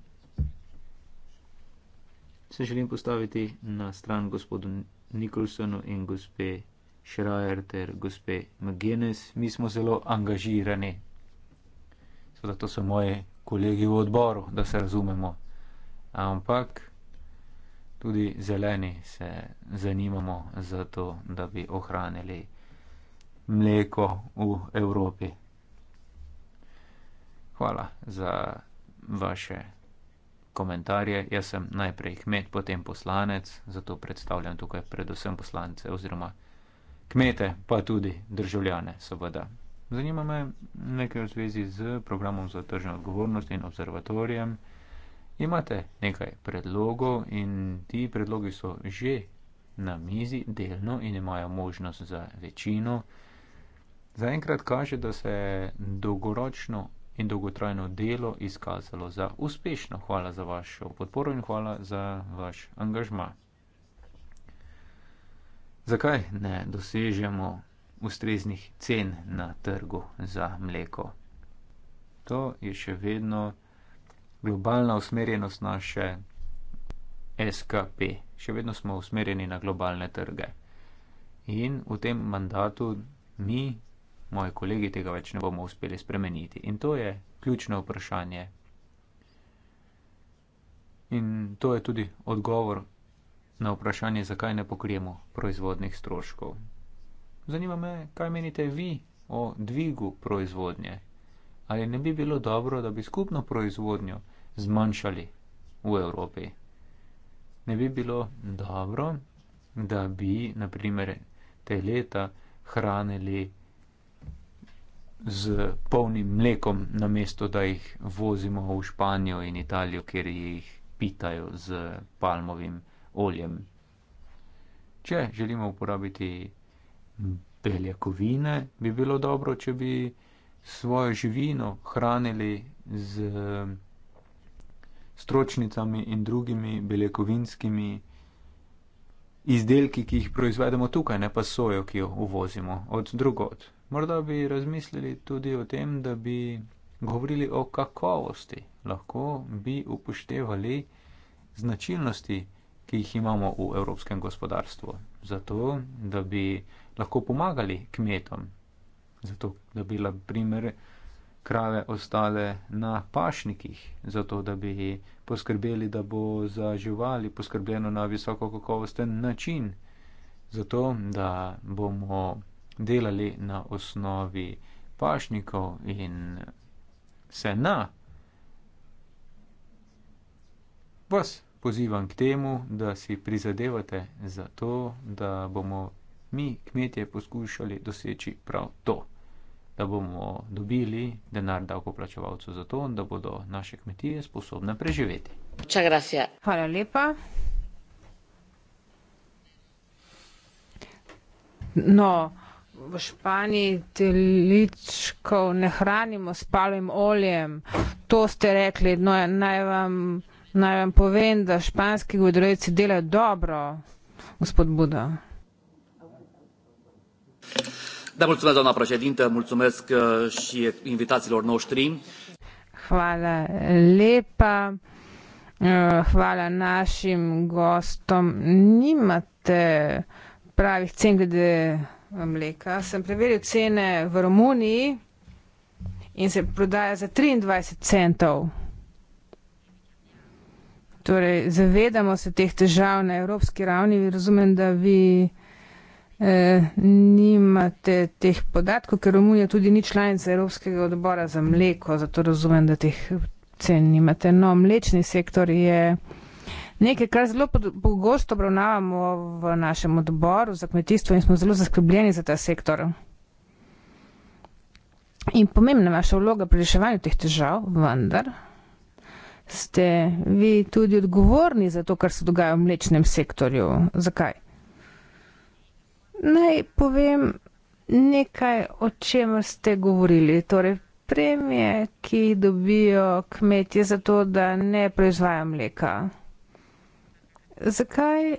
[SPEAKER 2] se želim postaviti na stran gospodu Nikolsonu in gospe Schreier ter gospe McGuinness. Mi smo zelo angažirani. Zato so moji kolegi v odboru, da se razumemo. Ampak Tudi zeleni se zanimamo za to, da bi ohranili mleko v Evropi. Hvala za vaše komentarje. Jaz sem najprej kmet, potem poslanec, zato predstavljam tukaj predvsem poslance oziroma kmete, pa tudi državljane, seveda. Zanima me nekaj v zvezi z programom za tržno odgovornost in observatorijem imate nekaj predlogov in ti predlogi so že na mizi delno in imajo možnost za večino. Zaenkrat kaže, da se je dolgoročno in dolgotrajno delo izkazalo za uspešno. Hvala za vašo podporo in hvala za vaš angažma. Zakaj ne dosežemo ustreznih cen na trgu za mleko? To je še vedno globalna usmerjenost naše SKP. Še vedno smo usmerjeni na globalne trge. In v tem mandatu mi, moji kolegi, tega več ne bomo uspeli spremeniti. In to je ključno vprašanje. In to je tudi odgovor na vprašanje, zakaj ne pokrijemo proizvodnih stroškov. Zanima me, kaj menite vi o dvigu proizvodnje? Ali ne bi bilo dobro, da bi skupno proizvodnjo zmanjšali v Evropi. Ne bi bilo dobro, da bi naprimer te leta hranili z polnim mlekom, namesto da jih vozimo v Španijo in Italijo, kjer jih pitajo z palmovim oljem. Če želimo uporabiti beljakovine, bi bilo dobro, če bi svojo živino hranili z stročnicami in drugimi beljakovinskimi izdelki, ki jih proizvedemo tukaj, ne pa sojo, ki jo uvozimo od drugod. Morda bi razmislili tudi o tem, da bi govorili o kakovosti, lahko bi upoštevali značilnosti, ki jih imamo v evropskem gospodarstvu, zato da bi lahko pomagali kmetom, zato da bi, na primer, krave ostale na pašnikih, zato da bi poskrbeli, da bo za živali poskrbljeno na visoko kakovosten način, zato da bomo delali na osnovi pašnikov in se na. Vas pozivam k temu, da si prizadevate za to, da bomo mi, kmetje, poskušali doseči prav to da bomo dobili denar davkoplačevalcev za to, da bodo naše kmetije sposobne preživeti.
[SPEAKER 1] Hvala lepa. No, v Španiji teličkov ne hranimo s palim oljem. To ste rekli, no, ja, naj, vam, naj vam povem, da španski govedorejci delajo dobro, gospod Buda.
[SPEAKER 3] Da, mulțumesc, doamna președintă, mulțumesc uh, și invitațiilor noștri.
[SPEAKER 1] Hvala lepa, uh, hvala našim gostom. Nimate pravih cen glede uh, mleka. Sem preveril cene v Romuniji in se prodaja za 23 centov. Torej, zavedamo se teh težav na evropski ravni. Razumem, da vi Eh, nimate teh podatkov, ker Romunija tudi ni članica Evropskega odbora za mleko, zato razumem, da teh cen nimate. No, mlečni sektor je nekaj, kar zelo pogosto obravnavamo v našem odboru za kmetijstvo in smo zelo zaskrbljeni za ta sektor. In pomembna vaša vloga pri reševanju teh težav, vendar ste vi tudi odgovorni za to, kar se dogaja v mlečnem sektorju. Zakaj? Naj povem nekaj, o čemer ste govorili. Torej, premije, ki jih dobijo kmetje za to, da ne proizvaja mleka. Zakaj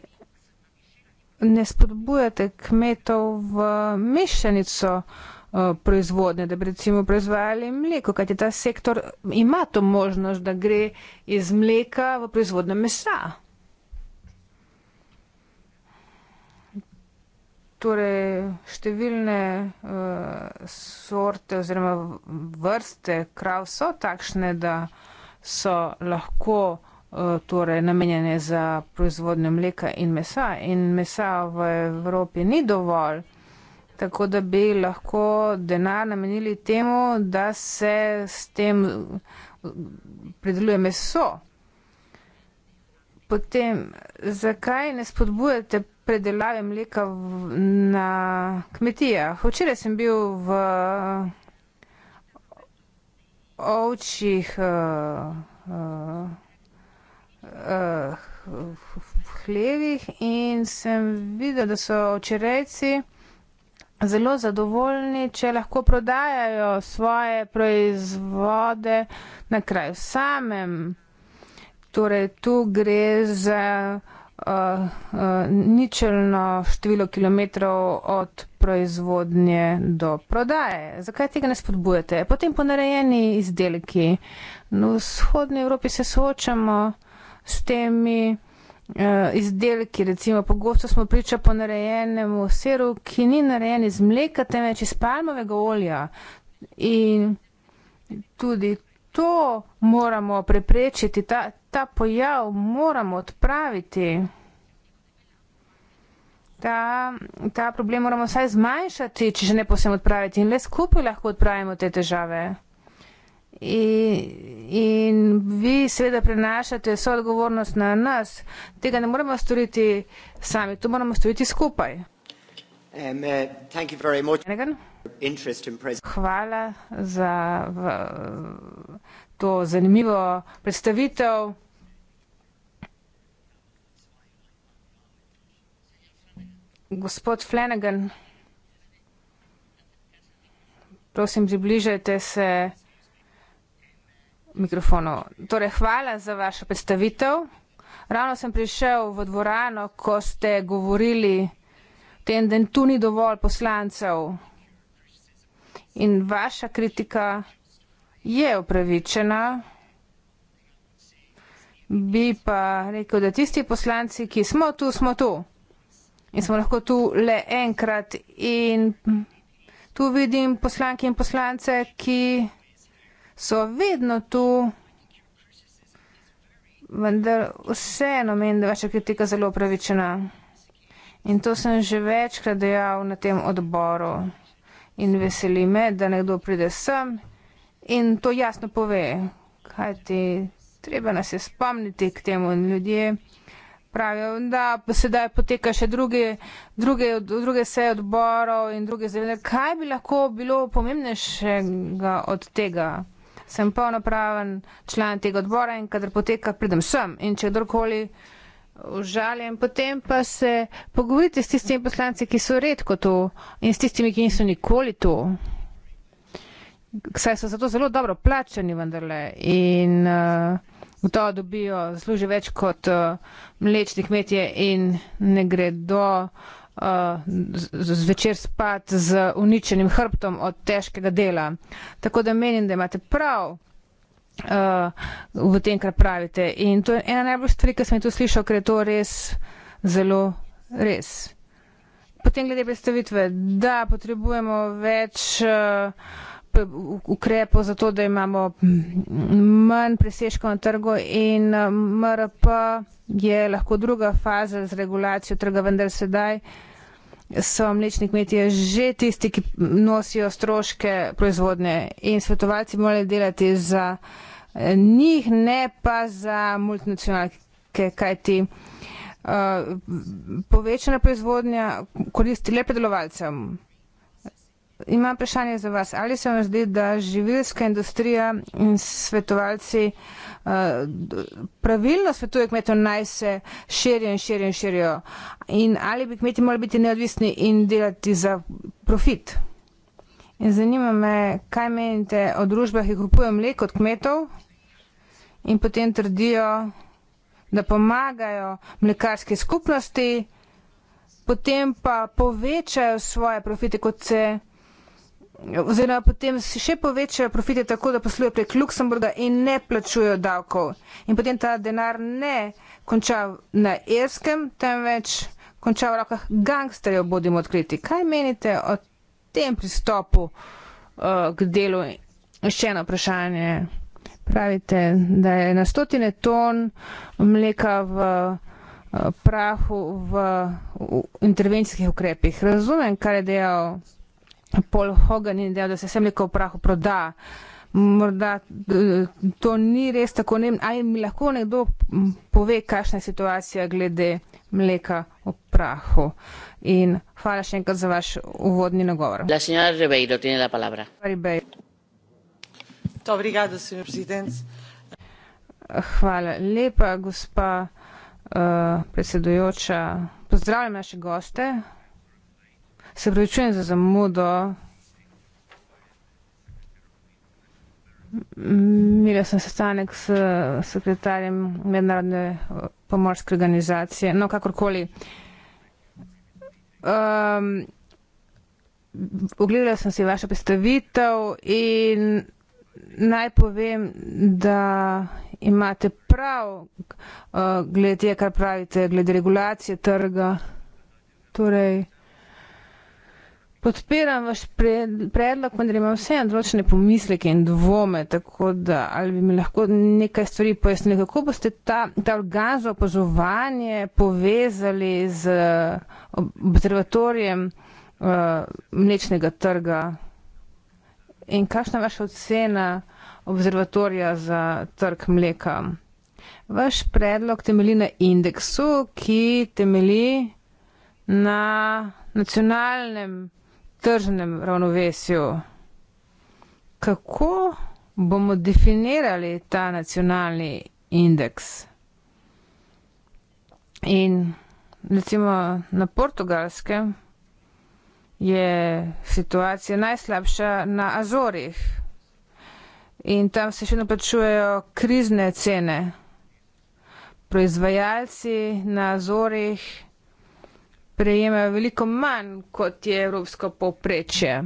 [SPEAKER 1] ne spodbujate kmetov v mešanico uh, proizvodnje, da bi recimo proizvajali mleko, kajti ta sektor ima to možnost, da gre iz mleka v proizvodnjo mesa? torej številne uh, sorte oziroma vrste krav so takšne, da so lahko uh, torej namenjene za proizvodnjo mleka in mesa in mesa v Evropi ni dovolj, tako da bi lahko denar namenili temu, da se s tem eh, prideluje meso. Potem, zakaj ne spodbujate predelave mleka v, na kmetijah. Včeraj sem bil v ovčjih eh, eh, eh, hlevih in sem videl, da so očerejci zelo zadovoljni, če lahko prodajajo svoje proizvode na kraju samem. Torej, tu gre za uh, uh, ničelno število kilometrov od proizvodnje do prodaje. Zakaj tega ne spodbujete? Potem ponarejeni izdelki. No, v vzhodnji Evropi se soočamo s temi uh, izdelki. Recimo, pogosto smo priča ponarejenemu seru, ki ni narejen iz mleka, temveč iz palmovega olja. In tudi to moramo preprečiti, ta, ta pojav moramo odpraviti. Ta, ta problem moramo vsaj zmanjšati, če že ne posem odpraviti. In le skupaj lahko odpravimo te težave. In, in vi seveda prenašate vso odgovornost na nas. Tega ne moremo storiti sami, to moramo storiti skupaj. Um, uh, hvala za v, to zanimivo predstavitev. Gospod Flanagan, prosim, približajte se mikrofonu. Torej, hvala za vašo predstavitev. Ravno sem prišel v dvorano, ko ste govorili tem, da tu ni dovolj poslancev. In vaša kritika je upravičena. Bi pa rekel, da tisti poslanci, ki smo tu, smo tu. In smo lahko tu le enkrat. In tu vidim poslanke in poslance, ki so vedno tu. Vendar vseeno menim, da je vaša kritika zelo upravičena. In to sem že večkrat dejal na tem odboru. In veseli me, da nekdo pride sem in to jasno pove, kaj ti treba nas je spomniti k temu in ljudje pravijo, da sedaj poteka še druge, druge, druge seje odborov in druge zavede. Kaj bi lahko bilo pomembnejšega od tega? Sem polnopraven član tega odbora in kadar poteka, pridem sem in če kdorkoli užaljen, potem pa se pogovorite s tistimi poslanci, ki so redko tu in s tistimi, ki niso nikoli tu. Saj so zato zelo dobro plačani vendarle in uh, eh, to dobijo, služi več kot uh, mlečni kmetje in ne gredo uh, zvečer spat z uničenim hrbtom od težkega dela. Tako da menim, da imate prav uh, v tem, kar pravite. In to je ena najbolj stvari, ki sem jih tu slišal, ker je to res zelo res. Potem glede predstavitve, da potrebujemo več uh, ukrepov za to, da imamo manj presežkov na trgu in uh, MRP je lahko druga faza z regulacijo trga, vendar sedaj. Uh, so mlečni kmetije že tisti, ki nosijo stroške proizvodnje in svetovalci morajo delati za eh, njih, ne pa za multinacionalke, kajti uh, povečana proizvodnja koristi le predelovalcem. Imam vprašanje za vas. Ali se vam zdi, da živilska industrija in svetovalci uh, Eh, pravilno svetuje kmetom, naj se širijo in širijo in širijo. In ali bi kmeti morali biti neodvisni in delati za profit? In zanima me, kaj menite o družbah, ki kupujejo mleko od kmetov in potem trdijo, da pomagajo mlekarske skupnosti, potem pa povečajo svoje profite, kot se oziroma potem še povečajo profite tako, da poslujejo prek Luksemburga in ne plačujejo davkov. In potem ta denar ne konča na Irskem, temveč konča v rokah gangsterjev, bodimo odkriti. Kaj menite o tem pristopu uh, k delu? Še eno vprašanje. Pravite, da je na stotine ton mleka v uh, prahu v intervencijskih ukrepih. Razumem, kaj je dejal Paul Hogan in dejal, da se semljika v prahu proda. Morda eh, to ni res tako, ne, ali mi lahko nekdo pove, kakšna je situacija glede mleka v prahu. In hvala še enkrat za vaš uvodni nagovor. La
[SPEAKER 3] signora Ribeiro, tiene la palabra.
[SPEAKER 1] Ribeiro.
[SPEAKER 3] Obrigado, signor president.
[SPEAKER 1] Hvala lepa, gospa uh, predsedujoča. Pozdravljam naše goste. Se pravičujem za zamudo. Imela sem sestanek s sekretarjem mednarodne eh, pomorske organizacije. No, kakorkoli. Um, ogledala sem si vašo predstavitev in naj povem, da imate prav uh, glede tega, kar pravite, glede regulacije trga. Torej, Podpiram vaš predlog, vendar imam vseeno določene pomisleke in dvome, tako da ali bi mi lahko nekaj stvari pojasnili, kako boste ta, ta organ za opazovanje povezali z observatorijem uh, mlečnega trga in kakšna je vaša ocena observatorija za trg mleka. Vaš predlog temeli na indeksu, ki temeli na nacionalnem tržnem ravnovesju. Kako bomo definirali ta nacionalni indeks? In recimo na portugalskem je situacija najslabša na Azorih in tam se še naplačujejo krizne cene. Proizvajalci na Azorih prejemajo veliko manj, kot je evropsko povprečje.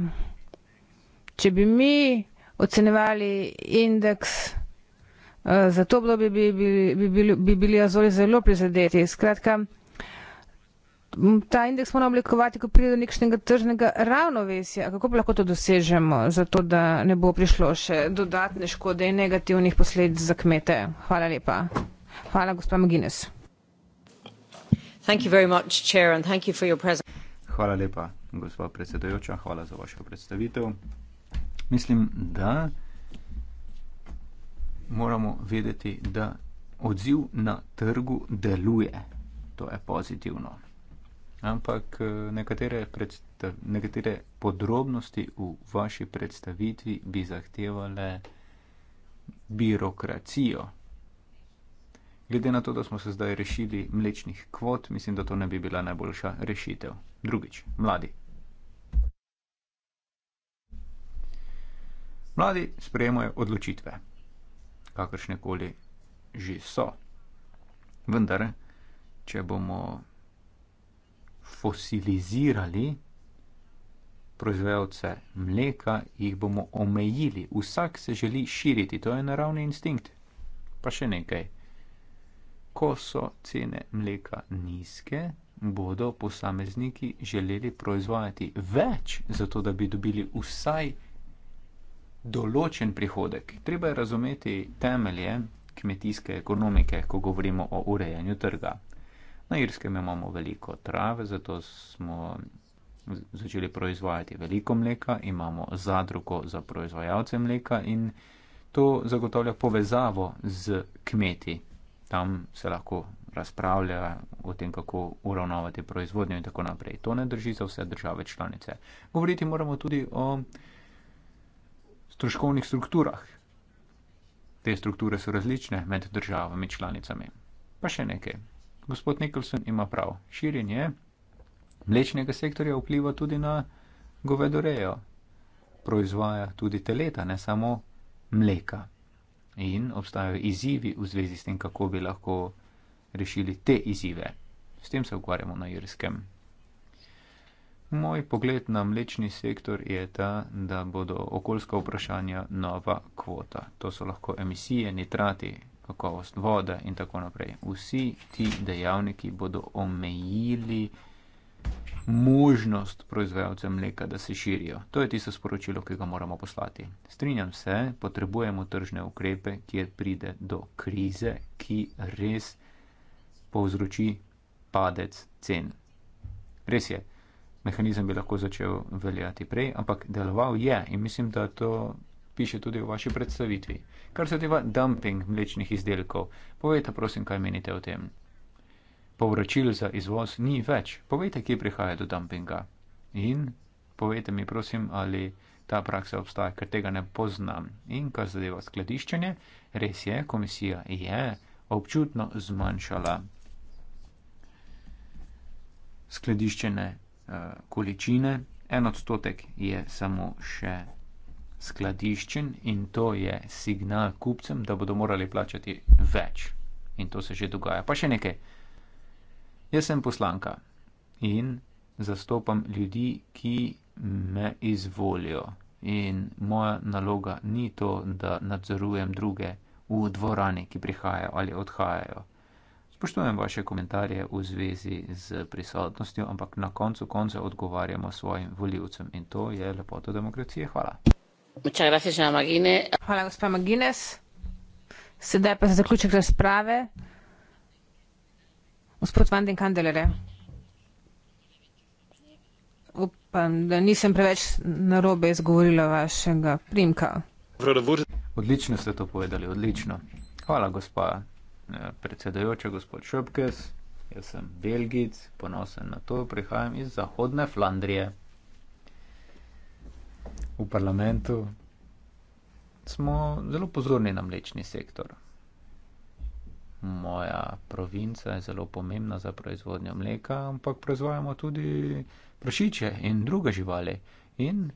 [SPEAKER 1] Če bi mi ocenevali indeks uh, za to obdobje, bi, bi, bi, bi bili Azori zelo prizadeti. Skratka, ta indeks moramo oblikovati, ko pride do nekšnega tržnega ravnovesja. Kako pa lahko to dosežemo, zato da ne bo prišlo še dodatne škode in negativnih posledic za kmete? Hvala lepa. Hvala, gospod McGuinness.
[SPEAKER 2] Hvala lepa, gospod predsedujoča, hvala za vašo predstavitev. Mislim, da moramo vedeti, da odziv na trgu deluje. To je pozitivno. Ampak eh, nekatere, nekatere podrobnosti v vaši predstavitvi bi zahtevale birokracijo, Glede na to, da smo se zdaj rešili mlečnih kvot, mislim, da to ne bi bila najboljša rešitev. Drugič, mladi. Mladi sprejemajo odločitve, kakršne koli že so. Vendar, če bomo fosilizirali proizvajalce mleka, jih bomo omejili. Vsak se želi širiti, to je naravni instinkt. Pa še nekaj. Ko so cene mleka nizke, bodo posamezniki želeli proizvajati več, zato da bi dobili vsaj določen prihodek. Treba je razumeti temelje kmetijske ekonomike, ko govorimo o urejanju trga. Na Irskem imamo veliko trave, zato smo začeli proizvajati veliko mleka, imamo zadrugo za proizvajalce mleka in to zagotavlja povezavo z kmeti tam se lahko razpravlja o tem, kako uravnavati proizvodnjo in tako naprej. To ne drži za vse države članice. Govoriti moramo tudi o stroškovnih strukturah. Te strukture so različne med državami članicami. Pa še nekaj. Gospod Nikolson ima prav. Širjenje mlečnega sektorja vpliva tudi na govedorejo. Proizvaja tudi teleta, ne samo mleka in obstajajo izzivi v zvezi s tem, kako bi lahko rešili te izzive. S tem se ukvarjamo na Irskem. Moj pogled na mlečni sektor je ta, da bodo okoljska vprašanja nova kvota. To so lahko emisije, nitrati, kakovost vode in tako naprej. Vsi ti dejavniki bodo omejili možnost proizvajalcev mleka, da se širijo. To je tisto sporočilo, ki ga moramo poslati. Strinjam se, potrebujemo tržne ukrepe, kjer pride do krize, ki res povzroči padec cen. Res je, mehanizem bi lahko začel veljati prej, ampak deloval je in mislim, da to piše tudi v vaši predstavitvi. Kar se tiče dumping mlečnih izdelkov, povejte prosim, kaj menite o tem povračil za izvoz ni več. Povejte, kje prihaja do dumpinga in povejte mi, prosim, ali ta praksa obstaja, ker tega ne poznam. In kar zadeva skladiščenje, res je, komisija je občutno zmanjšala skladiščene uh, količine. En odstotek je samo še skladiščen in to je signal kupcem, da bodo morali plačati več. In to se že dogaja. Pa še nekaj. Jaz sem poslanka in zastopam ljudi, ki me izvolijo. In moja naloga ni to, da nadzorujem druge v dvorani, ki prihajajo ali odhajajo. Spoštujem vaše komentarje v zvezi z prisotnostjo, ampak na koncu konca odgovarjamo svojim voljivcem in to je lepota demokracije. Hvala.
[SPEAKER 1] Hvala, gospa Magines. Sedaj pa za zaključek razprave. Gospod van den Kandelere. Upam, da nisem preveč narobe izgovorila vašega primka.
[SPEAKER 2] Odlično ste to povedali, odlično. Hvala, gospa eh, predsedujoča, gospod Šopkes. Jaz sem Belgic, ponosen na to, prihajam iz Zahodne Flandrije. V parlamentu smo zelo pozorni na mlečni sektor moja provinca je zelo pomembna za proizvodnjo mleka, ampak proizvajamo tudi prašiče in druge živali. In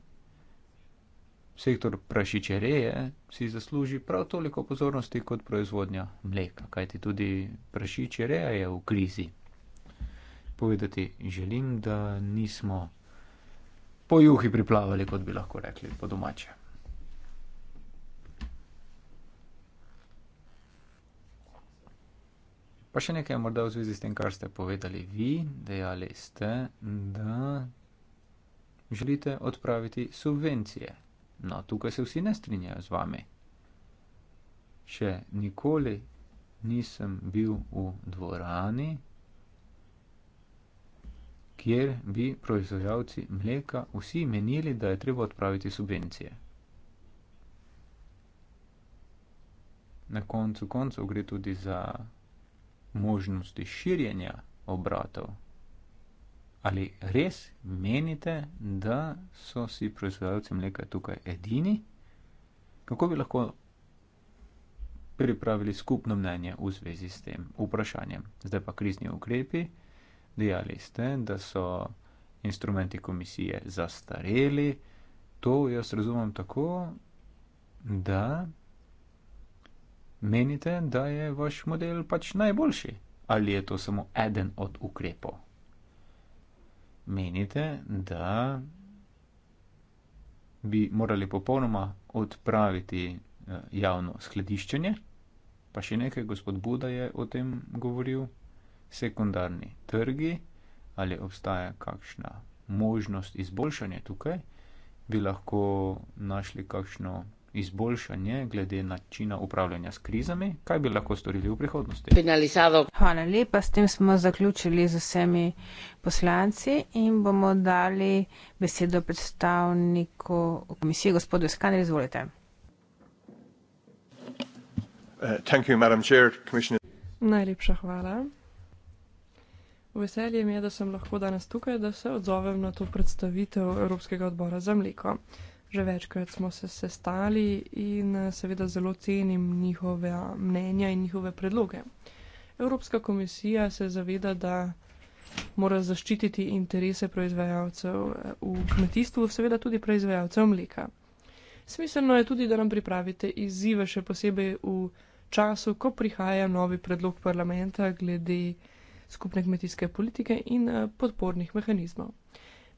[SPEAKER 2] sektor prašiče reje si zasluži prav toliko pozornosti kot proizvodnja mleka, kajti tudi prašiče reje je v krizi. Povedati želim, da nismo po juhi priplavali, kot bi lahko rekli, po domače. Pa še nekaj morda v zvezi s tem, kar ste povedali vi, dejali ste, da želite odpraviti subvencije. No, tukaj se vsi ne strinjajo z vami. Še nikoli nisem bil v dvorani, kjer bi proizvajalci mleka vsi menili, da je treba odpraviti subvencije. Na koncu koncev gre tudi za možnosti širjenja obratov. Ali res menite, da so si proizvajalci mleka tukaj edini? Kako bi lahko pripravili skupno mnenje v zvezi s tem vprašanjem? Zdaj pa krizni ukrepi. Dejali ste, da so instrumenti komisije zastareli. To jaz razumem tako, da menite, da je vaš model pač najboljši ali je to samo eden od ukrepov? Menite, da bi morali popolnoma odpraviti eh, javno skladiščenje, pa še nekaj, gospod Buda je o tem govoril, sekundarni trgi ali obstaja kakšna možnost izboljšanja tukaj, bi lahko našli kakšno izboljšanje glede načina upravljanja s krizami, kaj bi lahko storili v prihodnosti.
[SPEAKER 1] Finalizado. Hvala lepa, s tem smo zaključili z vsemi poslanci in bomo dali besedo predstavniku komisije, gospodu
[SPEAKER 3] Skaner, izvolite. Uh, you, Chair, Najlepša hvala. Veselje mi je, da sem lahko danes tukaj, da se odzovem na to predstavitev Evropskega odbora za mleko že večkrat smo se sestali in eh, seveda zelo cenim njihove mnenja in njihove predloge. Evropska komisija se zaveda, da mora zaščititi interese proizvajalcev eh, v kmetijstvu, seveda tudi proizvajalcev mleka. Smiselno je tudi, da nam pripravite izzive, še posebej v času, ko prihaja novi predlog parlamenta glede skupne kmetijske politike in eh, podpornih mehanizmov.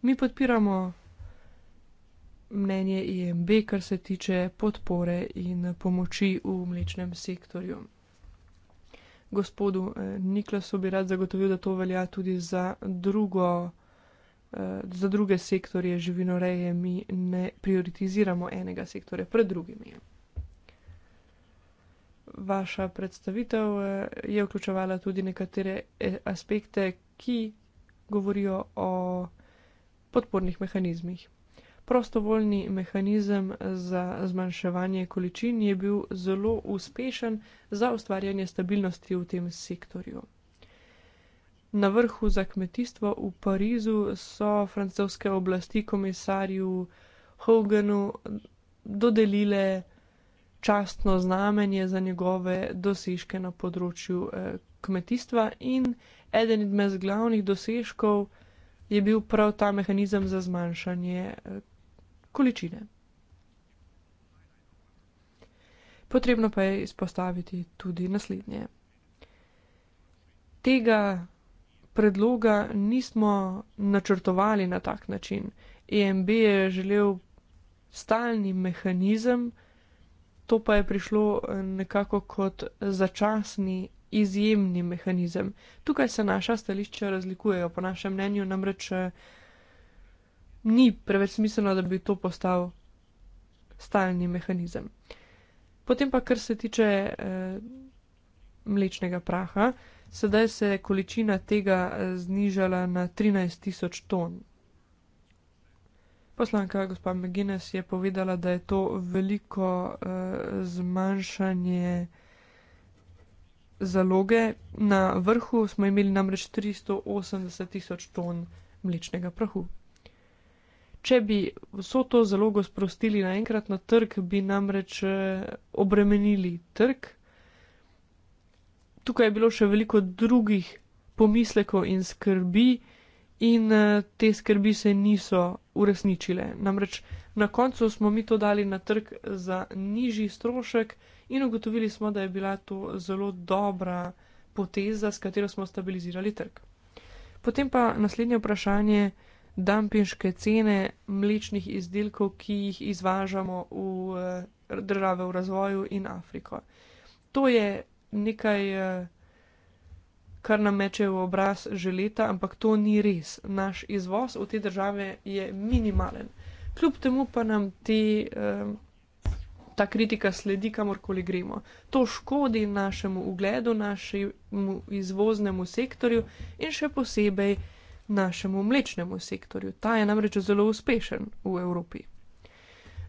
[SPEAKER 3] Mi podpiramo mnenje IMB, e kar se tiče podpore in pomoči v mlečnem sektorju. Gospodu eh, Niklasu bi rad zagotovil, da to velja tudi za, drugo, eh, za druge sektorje živinoreje. Mi ne prioritiziramo enega sektorja pred drugimi. Vaša predstavitev eh, je vključevala tudi nekatere aspekte, ki govorijo o podpornih mehanizmih prostovoljni mehanizem za zmanjševanje količin je bil zelo uspešen za ustvarjanje stabilnosti v tem sektorju. Na vrhu za kmetijstvo v Parizu so francoske oblasti komisarju Hoganu dodelile častno znamenje za njegove dosežke na področju eh, kmetijstva in eden izmed glavnih dosežkov je bil prav ta mehanizem za zmanjšanje eh, količine. Potrebno pa je izpostaviti tudi naslednje. Tega predloga nismo načrtovali na tak način. EMB je želel stalni mehanizem, to pa je prišlo eh, nekako kot začasni izjemni mehanizem. Tukaj se naša stališča razlikujejo. Po našem mnenju namreč eh, ni preveč smiselno, da bi to postal stalni mehanizem. Potem pa, kar se tiče eh, mlečnega praha, sedaj se je količina tega eh, znižala na 13 tisoč ton. Poslanka gospa McGuinness je povedala, da je to veliko eh, zmanjšanje zaloge. Na vrhu smo imeli namreč 380 tisoč ton mlečnega prahu. Če bi vso to zalogo sprostili naenkrat na trg, bi namreč eh, obremenili trg. Tukaj je bilo še veliko drugih pomislekov in skrbi, in eh, te skrbi se niso uresničile. Namreč na koncu smo mi to dali na trg za nižji strošek in ugotovili smo, da je bila to zelo dobra poteza, s katero smo stabilizirali trg. Potem pa naslednje vprašanje dampinške cene mlečnih izdelkov, ki jih izvažamo v eh, države v razvoju in Afriko. To je nekaj, eh, kar nam meče v obraz že leta, ampak to ni res. Naš izvoz v te države je minimalen. Kljub temu pa nam te, eh, ta kritika sledi, kamorkoli gremo. To škodi našemu ugledu, našemu izvoznemu sektorju in še posebej našemu mlečnemu sektorju. Ta je namreč zelo uspešen v Evropi.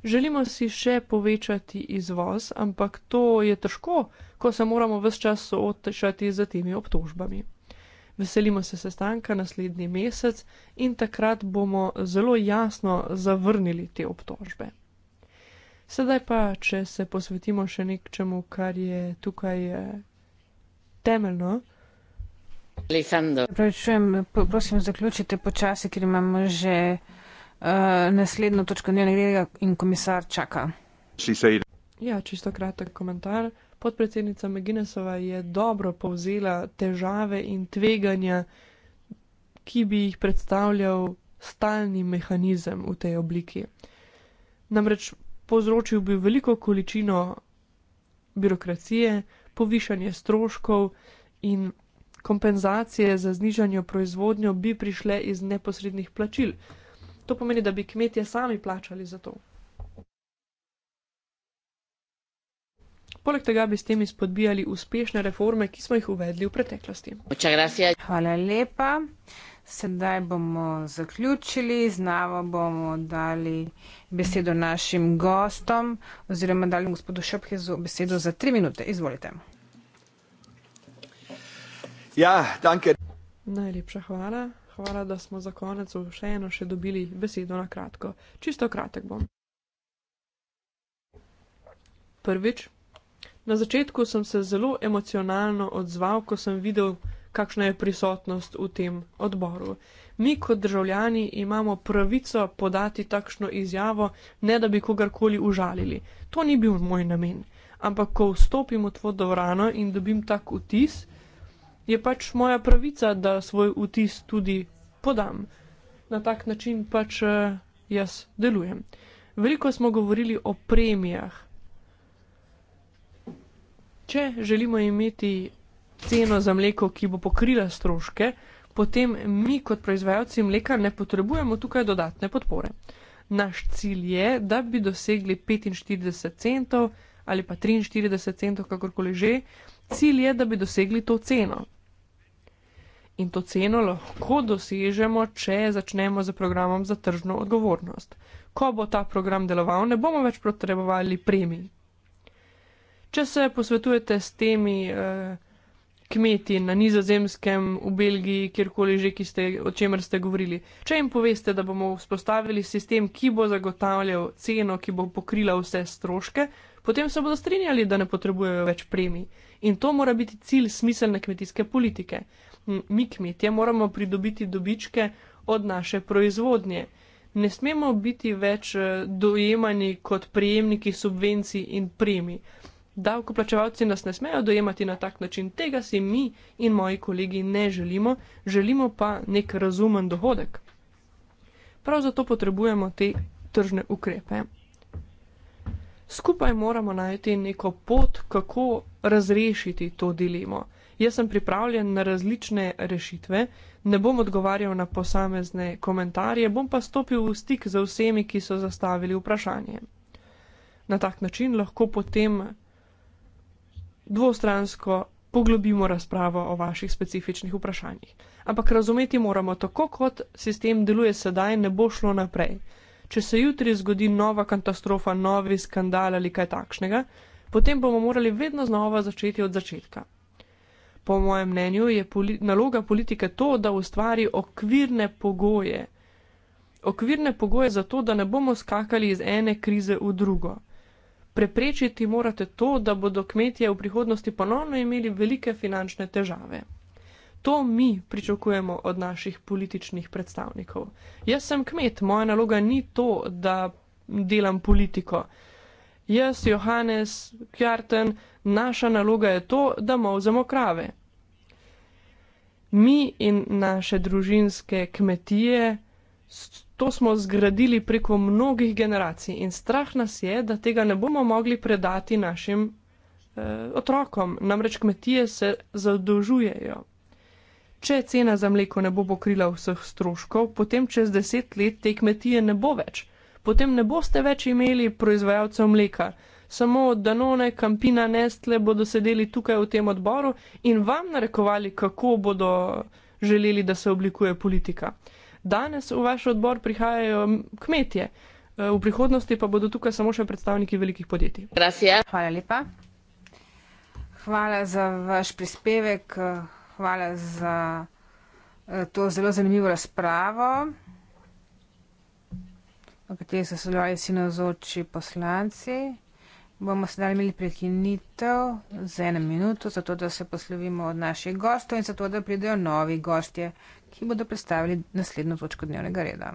[SPEAKER 3] Želimo si še povečati izvoz, ampak to je težko, ko se moramo vse čas sootečati za temi obtožbami. Veselimo se sestanka naslednji mesec in takrat bomo zelo jasno zavrnili te obtožbe. Sedaj pa, če se posvetimo še nekčemu, kar je tukaj eh, temeljno. Lisandro. Prečujem, prosim, zaključite počasi, ker imamo že uh, naslednjo točko dnevnega reda in komisar čaka. Ja, čisto kratek komentar. Podpredsednica McGuinnessova je dobro povzela težave in tveganja, ki bi jih predstavljal stalni mehanizem v tej obliki. Namreč povzročil bi veliko količino birokracije, povišanje stroškov in kompenzacije za znižanje proizvodnje bi prišle iz neposrednih plačil. To pomeni, da bi kmetje sami plačali za to. Poleg tega bi s tem izpodbijali uspešne reforme, ki smo jih uvedli v preteklosti. Hvala lepa. Sedaj bomo
[SPEAKER 1] zaključili, znava bomo dali besedo našim gostom oziroma dali gospodu Šepke besedo za tri minute. Izvolite.
[SPEAKER 3] Ja, danke. Najlepša hvala. Hvala, da smo za konec še eno še dobili besedo na kratko. Čisto kratek bom. Prvič, na začetku sem se zelo emocionalno odzval, ko sem videl, kakšna je prisotnost v tem odboru. Mi kot državljani imamo pravico podati takšno izjavo, ne da bi kogarkoli užalili. To ni bil moj namen. Ampak, ko vstopim v tvojo dvorano in dobim tak vtis, je pač moja pravica, da svoj vtis tudi podam. Na tak način pač eh, jaz delujem. Veliko smo govorili o premijah. Če želimo imeti ceno za mleko, ki bo pokrila stroške, potem mi kot proizvajalci mleka ne potrebujemo tukaj dodatne podpore. Naš cilj je, da bi dosegli 45 centov ali pa 43 centov, kakorkoli že. Cilj je, da bi dosegli to ceno. In to ceno lahko dosežemo, če začnemo z programom za tržno odgovornost. Ko bo ta program deloval, ne bomo več potrebovali premij. Če se posvetujete s temi eh, kmeti na nizozemskem, v Belgiji, kjerkoli že, ste, o čemer ste govorili, če jim poveste, da bomo vzpostavili sistem, ki bo zagotavljal ceno, ki bo pokrila vse stroške, potem se bodo strinjali, da ne potrebujejo več premij. In to mora biti cilj smiselne kmetijske politike. Mi, kmetje, moramo pridobiti dobičke od naše proizvodnje. Ne smemo biti več eh, dojemani kot prejemniki subvencij in premi. Davkoplačevalci nas ne smejo dojemati na tak način. Tega si mi in moji kolegi ne želimo, želimo pa nek razumen dohodek. Prav zato potrebujemo te tržne ukrepe skupaj moramo najti neko pot, kako razrešiti to dilemo. Jaz sem pripravljen na različne rešitve, ne bom odgovarjal na posamezne komentarje, bom pa stopil v stik z vsemi, ki so zastavili vprašanje. Na tak način lahko potem dvostransko poglobimo razpravo o vaših specifičnih vprašanjih. Ampak razumeti moramo, tako kot sistem deluje sedaj, ne bo šlo naprej če se jutri zgodi nova katastrofa, novi skandal ali kaj takšnega, potem bomo morali vedno znova začeti od začetka. Po mojem mnenju je poli naloga politike to, da ustvari okvirne pogoje. Okvirne pogoje za to, da ne bomo skakali iz ene krize v drugo. Preprečiti morate to, da bodo kmetje v prihodnosti ponovno imeli velike finančne težave. To mi pričakujemo od naših političnih predstavnikov. Jaz sem kmet, moja naloga ni to, da delam politiko. Jaz, Johannes, Kjarten, naša naloga je to, da mauzemo krave. Mi in naše družinske kmetije, to smo zgradili preko mnogih generacij in strah nas je, da tega ne bomo mogli predati našim eh, otrokom. Namreč kmetije se zadolžujejo, Če cena za mleko ne bo pokrila vseh stroškov, potem čez deset let te kmetije ne bo več. Potem ne boste več imeli proizvajalcev mleka. Samo Danone, Kampina, Nestle bodo sedeli tukaj v tem odboru in vam narekovali, kako bodo želeli, da se oblikuje politika. Danes v vaš odbor prihajajo kmetje, e, v prihodnosti pa bodo tukaj samo še predstavniki velikih podjetij.
[SPEAKER 1] Hvala lepa. Hvala za vaš prispevek hvala za eh, to zelo zanimivo razpravo, v kateri so sodelovali vsi navzoči poslanci. Bomo sedaj imeli prekinitev za eno minuto, zato da se poslovimo od naših gostov in zato da pridejo novi gostje, ki bodo predstavili naslednjo točko dnevnega reda.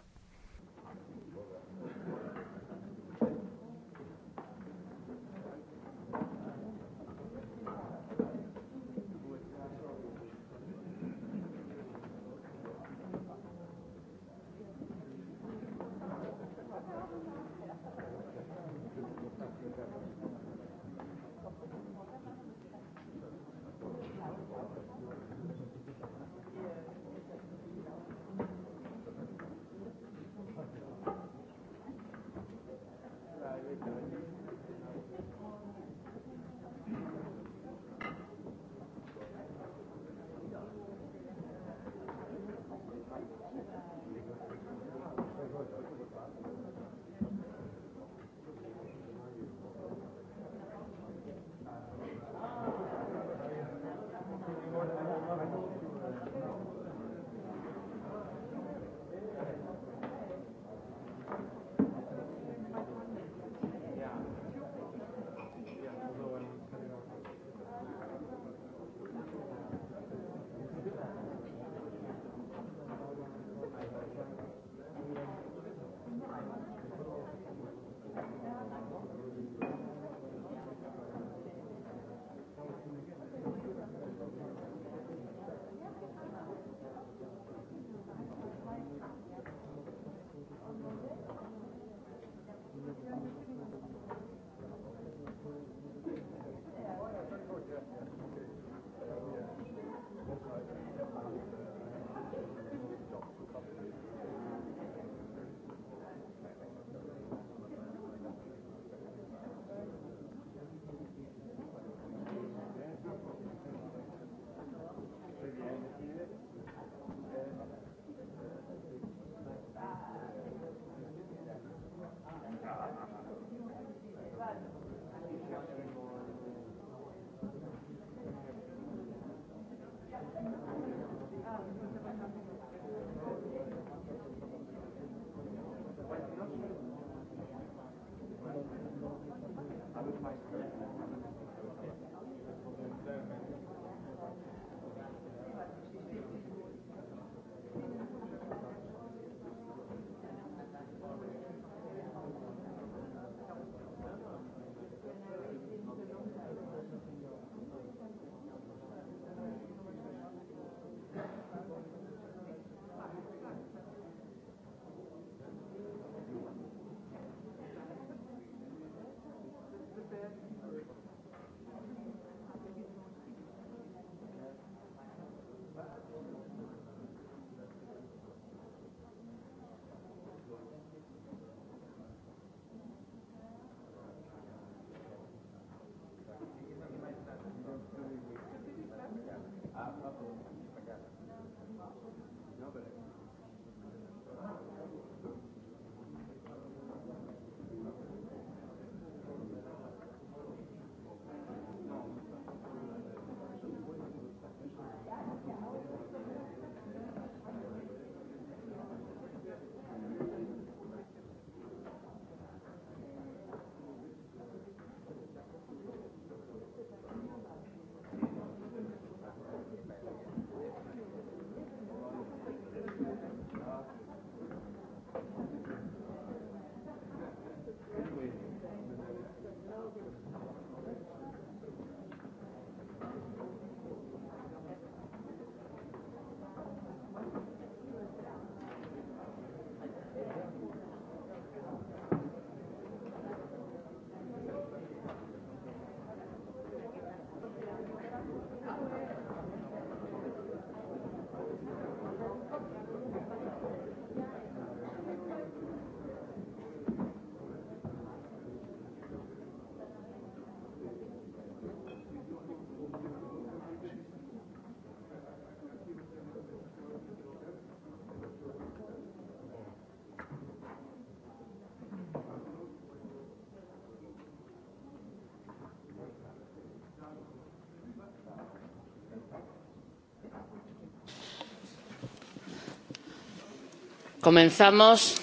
[SPEAKER 1] Comenzamos.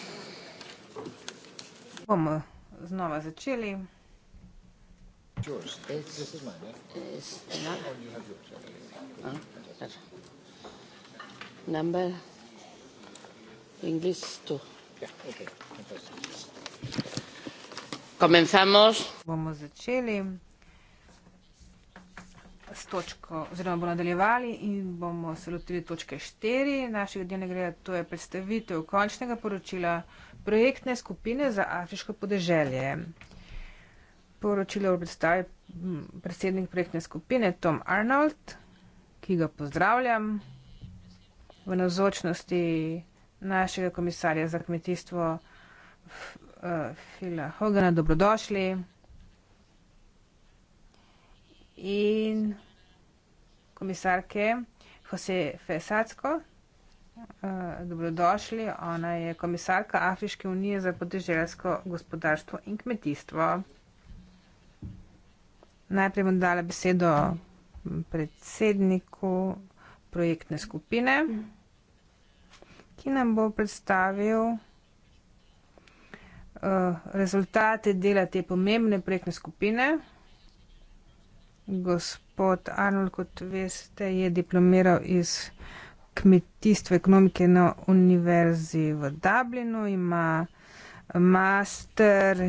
[SPEAKER 1] Bomo znova začeli.
[SPEAKER 2] Eh, eh? ¿no? ah,
[SPEAKER 3] Number English two. Comenzamos.
[SPEAKER 1] Bomo začeli točko, oziroma bomo nadaljevali in bomo se lotili točke 4 našega dnevnega reda, to je predstavitev končnega poročila projektne skupine za afriško podeželje. Poročilo predstavi predsednik projektne skupine Tom Arnold, ki ga pozdravljam v navzočnosti našega komisarja za kmetijstvo Fila eh, Hogana. Dobrodošli. In komisarke Jose Fesacko. Eh, dobrodošli. Ona je komisarka Afriške unije za podeželjsko gospodarstvo in kmetijstvo. Najprej bom dala besedo predsedniku projektne skupine, ki nam bo predstavil uh, rezultate dela te pomembne projektne skupine. Gospod Arnold, kot veste, je diplomiral iz kmetijstva ekonomike na univerzi v Dublinu, ima master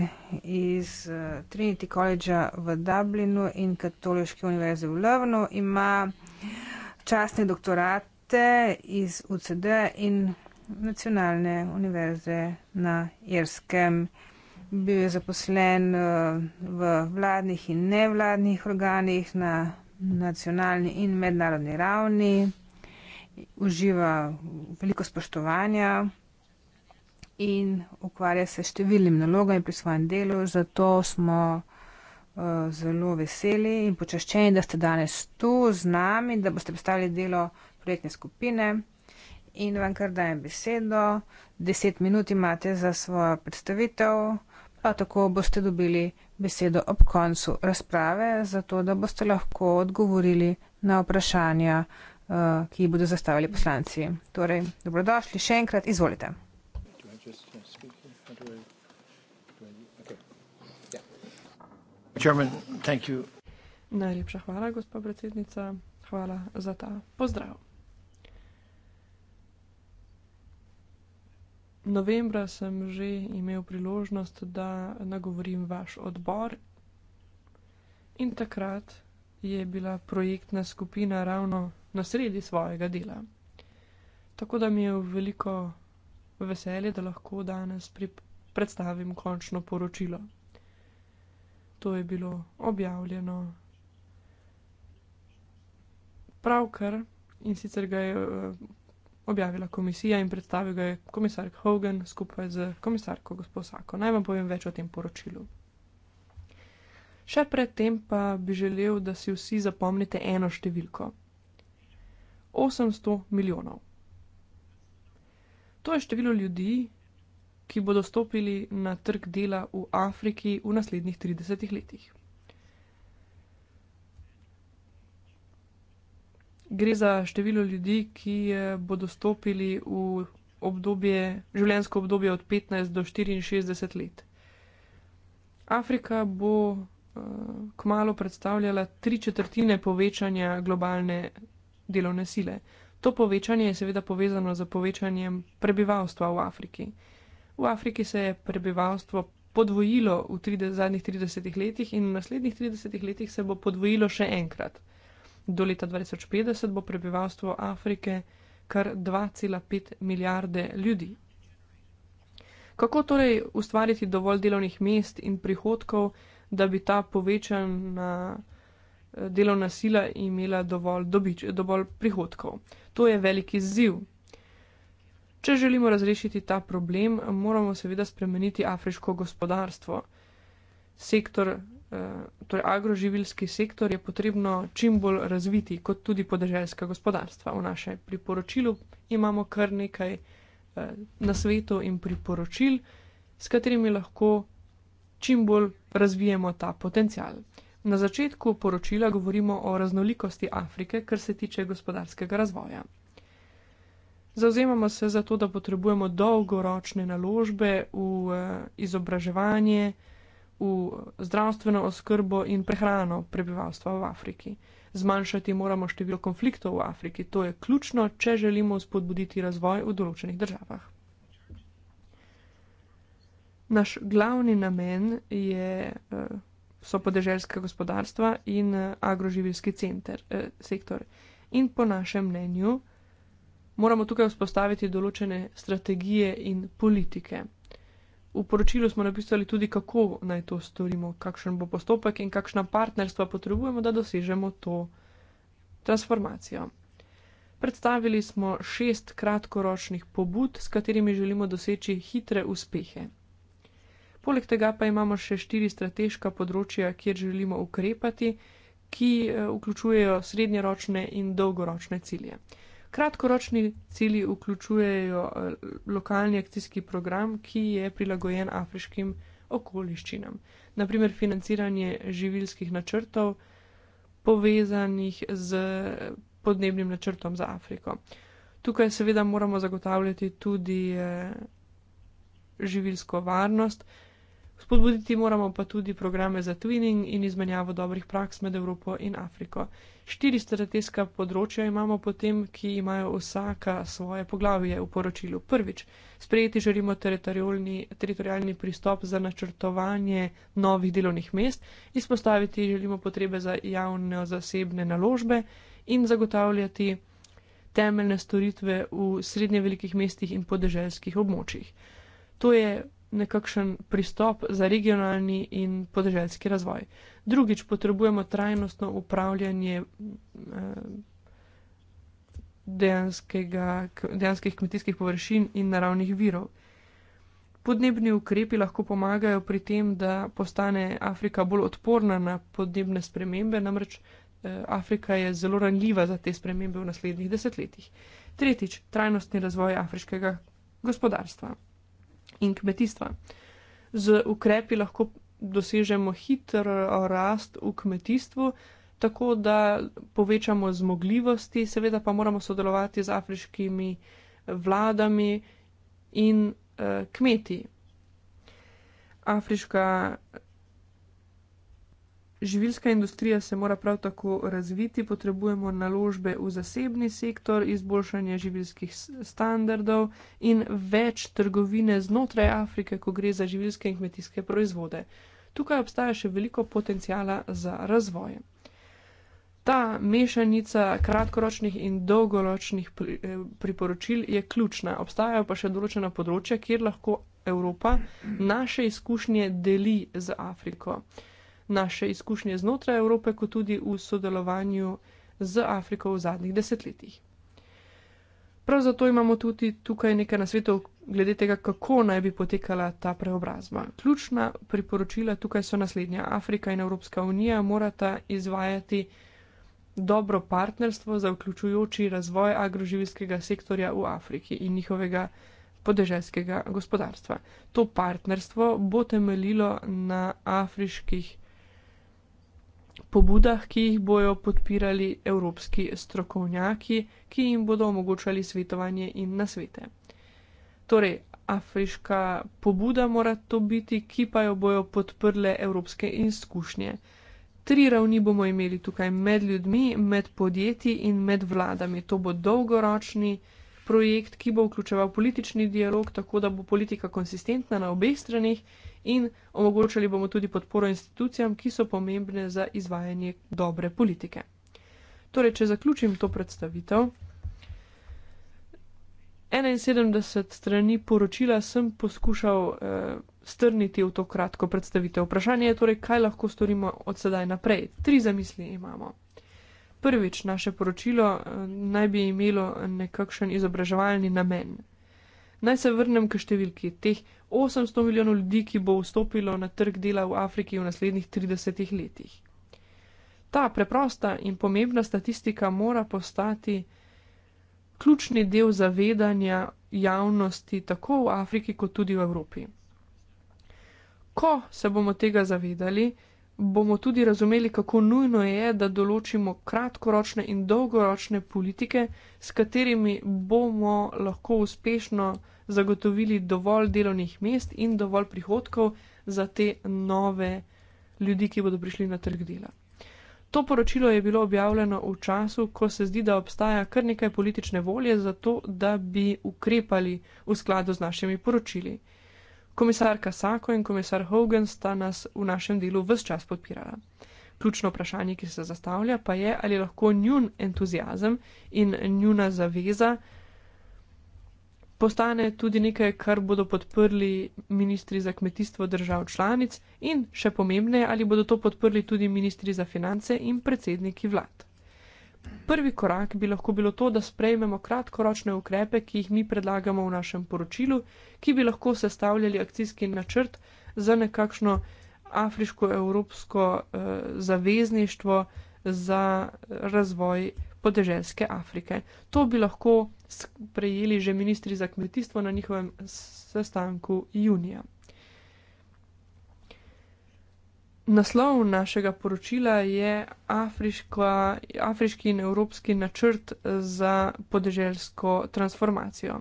[SPEAKER 1] iz eh, Trinity College v Dublinu in katoliške univerze v Lovnu, ima častne doktorate iz UCD in nacionalne univerze na Irskem bil je zaposlen eh, v vladnih in nevladnih organih na nacionalni in mednarodni ravni, uživa veliko spoštovanja in ukvarja se s številnim nalogami pri svojem delu, zato smo eh, zelo veseli in počaščeni, da ste danes tu z nami, da boste predstavili delo projektne skupine. In vam kar dajem besedo, deset minut imate za svojo predstavitev. Prav tako boste dobili besedo ob koncu razprave, zato da boste lahko odgovorili na vprašanja, eh, ki jih bodo zastavili poslanci. Torej, dobrodošli še enkrat, izvolite.
[SPEAKER 3] Najlepša hvala, gospod predsednica. Hvala za ta pozdrav. novembra sem že imel priložnost, da nagovorim vaš odbor. In takrat je bila projektna skupina ravno na sredi svojega dela. Tako da mi je veliko veselje, da lahko danes predstavim končno poročilo. To je bilo objavljeno pravkar in sicer ga je objavila komisija in predstavil ga je komisar Hogan skupaj z komisarko gospod Sako. Naj vam povem več o tem poročilu. Še predtem pa bi želel, da si vsi zapomnite eno številko. 800 milijonov. To je število ljudi, ki bodo stopili na trg dela v Afriki v naslednjih 30 letih. gre za število ljudi, ki eh, bodo stopili v obdobje, življenjsko obdobje od 15 do 64 let. Afrika bo eh, kmalo predstavljala tri četrtine povečanja globalne delovne sile. To povečanje je seveda povezano z povečanjem prebivalstva v Afriki. V Afriki se je prebivalstvo podvojilo v 30, zadnjih 30 letih in v naslednjih 30 letih se bo podvojilo še enkrat. Do leta 2050 bo prebivalstvo Afrike kar 2,5 milijarde ljudi. Kako torej ustvariti dovolj delovnih mest in prihodkov, da bi ta povečana eh, delovna sila imela dovolj, dobič, dovolj prihodkov? To je veliki ziv. Če želimo razrešiti ta problem, moramo seveda spremeniti afriško gospodarstvo. Sektor Eh, torej agroživilski sektor je potrebno čim bolj razviti, kot tudi podeželska gospodarstva. V našem priporočilu imamo kar nekaj eh, na svetu in priporočil, s katerimi lahko čim bolj razvijemo ta potencial. Na začetku poročila govorimo o raznolikosti Afrike, kar se tiče gospodarskega razvoja. Zauzemamo se za to, da potrebujemo dolgoročne naložbe v eh, izobraževanje, v zdravstveno oskrbo in prehrano prebivalstva v Afriki. Zmanjšati moramo število konfliktov v Afriki. To je ključno, če želimo spodbuditi razvoj v določenih državah. Naš glavni namen je, eh, so podeželjske gospodarstva in eh, agroživilski center, eh, sektor. In po našem mnenju moramo tukaj vzpostaviti določene strategije in politike v poročilu smo napisali tudi, kako naj to storimo, kakšen bo postopek in kakšna partnerstva potrebujemo, da dosežemo to transformacijo. Predstavili smo šest kratkoročnih pobud, s katerimi želimo doseči hitre uspehe. Poleg tega pa imamo še štiri strateška področja, kjer želimo ukrepati, ki eh, vključujejo srednjeročne in dolgoročne cilje. Kratkoročni cilji vključujejo eh, lokalni akcijski program, ki je prilagojen afriškim okoliščinam. Naprimer, financiranje živilskih načrtov, povezanih z podnebnim načrtom za Afriko. Tukaj seveda moramo zagotavljati tudi eh, živilsko varnost, Spodbuditi moramo pa tudi programe za twinning in izmenjavo dobrih praks med Evropo in Afriko. Štiri strateška področja imamo potem, ki imajo vsaka svoje poglavje v poročilu. Prvič, sprejeti želimo teritorijalni pristop za načrtovanje novih delovnih mest, izpostaviti želimo potrebe za javne zasebne naložbe in zagotavljati temeljne storitve v srednje velikih mestih in podeželskih območjih. To je nekakšen pristop za regionalni in podeželski razvoj. Drugič, potrebujemo trajnostno upravljanje eh, dejanskih kmetijskih površin in naravnih virov. Podnebni ukrepi lahko pomagajo pri tem, da postane Afrika bolj odporna na podnebne spremembe, namreč eh, Afrika je zelo ranljiva za te spremembe v naslednjih desetletjih. Tretjič, trajnostni razvoj afriškega gospodarstva in kmetijstva. Z ukrepi lahko dosežemo hiter eh, rast v kmetijstvu, tako da povečamo zmogljivosti, seveda pa moramo sodelovati z afriškimi vladami in eh, kmeti. Afriška živilska industrija se mora prav tako razviti, potrebujemo naložbe v zasebni sektor, izboljšanje živilskih standardov in več trgovine znotraj Afrike, ko gre za živilske in kmetijske proizvode. Tukaj obstaja še veliko potencijala za razvoj. Ta mešanica kratkoročnih in dolgoročnih eh, priporočil je ključna. Obstajajo pa še določena področja, kjer lahko Evropa naše izkušnje deli z Afriko naše izkušnje znotraj Evrope, kot tudi v sodelovanju z Afriko v zadnjih desetletjih. Prav zato imamo tudi tukaj nekaj nasvetov glede tega, kako naj bi potekala ta preobrazba. Ključna priporočila tukaj so naslednja. Afrika in Evropska unija morata izvajati dobro partnerstvo za vključujoči razvoj agroživilskega sektorja v Afriki in njihovega podeželskega gospodarstva. To partnerstvo bo temeljilo na afriških pobudah, ki jih bojo podpirali evropski strokovnjaki, ki jim bodo omogočali svetovanje in nasvete. Torej, afriška pobuda mora to biti, ki pa jo bojo podprle evropske izkušnje. Tri ravni bomo imeli tukaj med ljudmi, med podjetji in med vladami. To bo dolgoročni projekt, ki bo vključeval politični dialog, tako da bo politika konsistentna na obeh stranih in omogočali bomo tudi podporo institucijam, ki so pomembne za izvajanje dobre politike. Torej, če zaključim to predstavitev, 71 strani poročila sem poskušal eh, strniti v to kratko predstavitev. Vprašanje je torej, kaj lahko storimo od sedaj naprej. Tri zamisli imamo. Prvič, naše poročilo eh, naj bi imelo nekakšen izobraževalni namen. Naj se vrnem k številki. Teh 800 milijonov ljudi, ki bo vstopilo na trg dela v Afriki v naslednjih 30 letih. Ta preprosta in pomembna statistika mora postati ključni del zavedanja javnosti tako v Afriki kot tudi v Evropi. Ko se bomo tega zavedali, bomo tudi razumeli, kako nujno je, da določimo kratkoročne in dolgoročne politike, s katerimi bomo lahko uspešno zagotovili dovolj delovnih mest in dovolj prihodkov za te nove ljudi, ki bodo prišli na trg dela. To poročilo je bilo objavljeno v času, ko se zdi, da obstaja kar nekaj politične volje za to, da bi ukrepali v skladu z našimi poročili. Komisar Kasako in komisar Hogan sta nas v našem delu vse čas podpirala. Ključno vprašanje, ki se zastavlja, pa je, ali lahko njun entuzijazem in njuna zaveza postane tudi nekaj, kar bodo podprli ministri za kmetijstvo držav članic in še pomembneje, ali bodo to podprli tudi ministri za finance in predsedniki vlad. Prvi korak bi lahko bilo to, da sprejmemo kratkoročne ukrepe, ki jih mi predlagamo v našem poročilu, ki bi lahko sestavljali akcijski načrt za nekakšno afriško-evropsko eh, zavezništvo za eh, razvoj podeželske Afrike. To bi lahko sprejeli že ministri za kmetijstvo na njihovem sestanku junija. Naslov našega poročila je Afriška, Afriški in Evropski načrt za podeželsko transformacijo.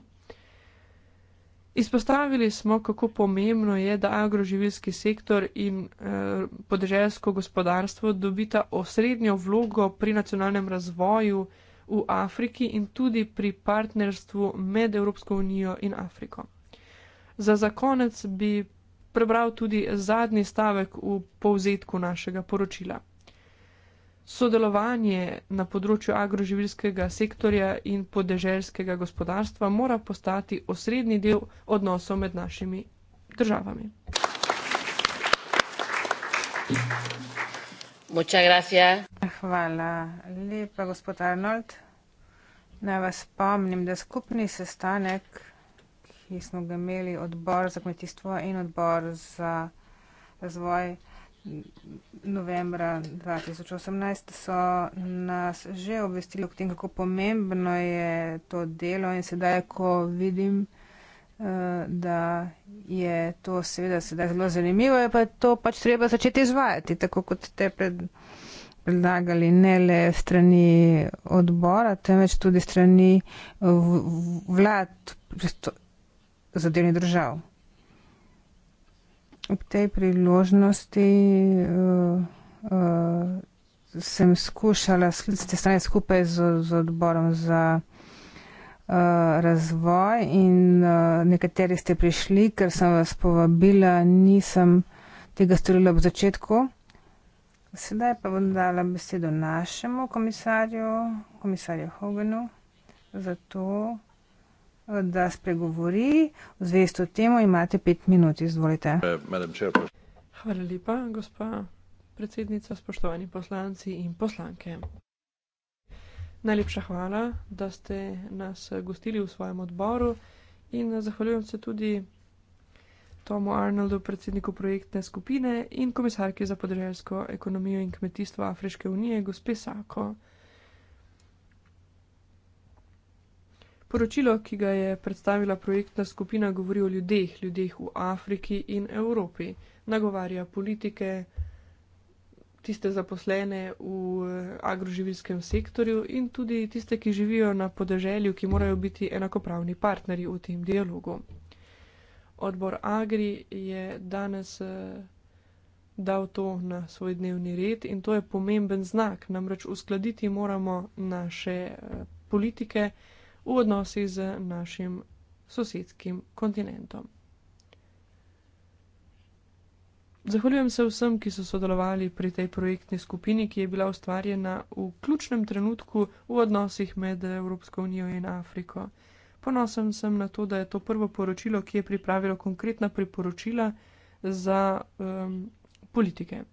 [SPEAKER 3] Izpostavili smo, kako pomembno je, da agroživilski sektor in eh, podeželsko gospodarstvo dobita osrednjo vlogo pri nacionalnem razvoju v Afriki in tudi pri partnerstvu med Evropsko unijo in Afriko. Za konec bi prebral tudi zadnji stavek v povzetku našega poročila. Sodelovanje na področju agroživilskega sektorja in podeželskega gospodarstva mora postati osrednji del odnosov med našimi državami.
[SPEAKER 1] Hvala lepa, gospod Arnold. Naj vas spomnim, da skupni sestanek ki smo ga imeli odbor za kmetijstvo in odbor za razvoj novembra 2018, so nas že obvestili o tem, kako pomembno je to delo in sedaj, ko vidim, eh, da je to seveda sedaj zelo zanimivo, je pa to pač treba začeti izvajati, tako kot te pred predlagali ne le strani odbora, temveč tudi strani vlad zadevnih držav. Ob tej priložnosti uh, uh, sem skušala sklicati stanje skupaj z, z odborom za uh, razvoj in uh, nekateri ste prišli, ker sem vas povabila, nisem tega storila v začetku. Sedaj pa bom dala besedo našemu komisarju, komisarju Hoganu, za to da spregovori. Zvest o temu imate pet minut, izvolite. Eh,
[SPEAKER 3] hvala lepa, gospa predsednica, spoštovani poslanci in poslanke. Najlepša hvala, da ste nas gostili v svojem odboru in zahvaljujem se tudi Tomu Arnoldu, predsedniku projektne skupine in komisarki za podrejalsko ekonomijo in kmetijstvo Afriške unije, gospe Sako. Poročilo, ki ga je predstavila projektna skupina, govori o ljudeh, ljudeh v Afriki in Evropi. Nagovarja politike, tiste zaposlene v eh, agroživilskem sektorju in tudi tiste, ki živijo na podeželju, ki morajo biti enakopravni partnerji v tem dialogu. Odbor Agri je danes eh, dal to na svoj dnevni red in to je pomemben znak. Namreč uskladiti moramo naše eh, politike, v odnosih z našim sosedskim kontinentom. Zahvaljujem se vsem, ki so sodelovali pri tej projektni skupini, ki je bila ustvarjena v ključnem trenutku v odnosih med Evropsko unijo in Afriko. Ponosen sem na to, da je to prvo poročilo, ki je pripravilo konkretna priporočila za um, politike.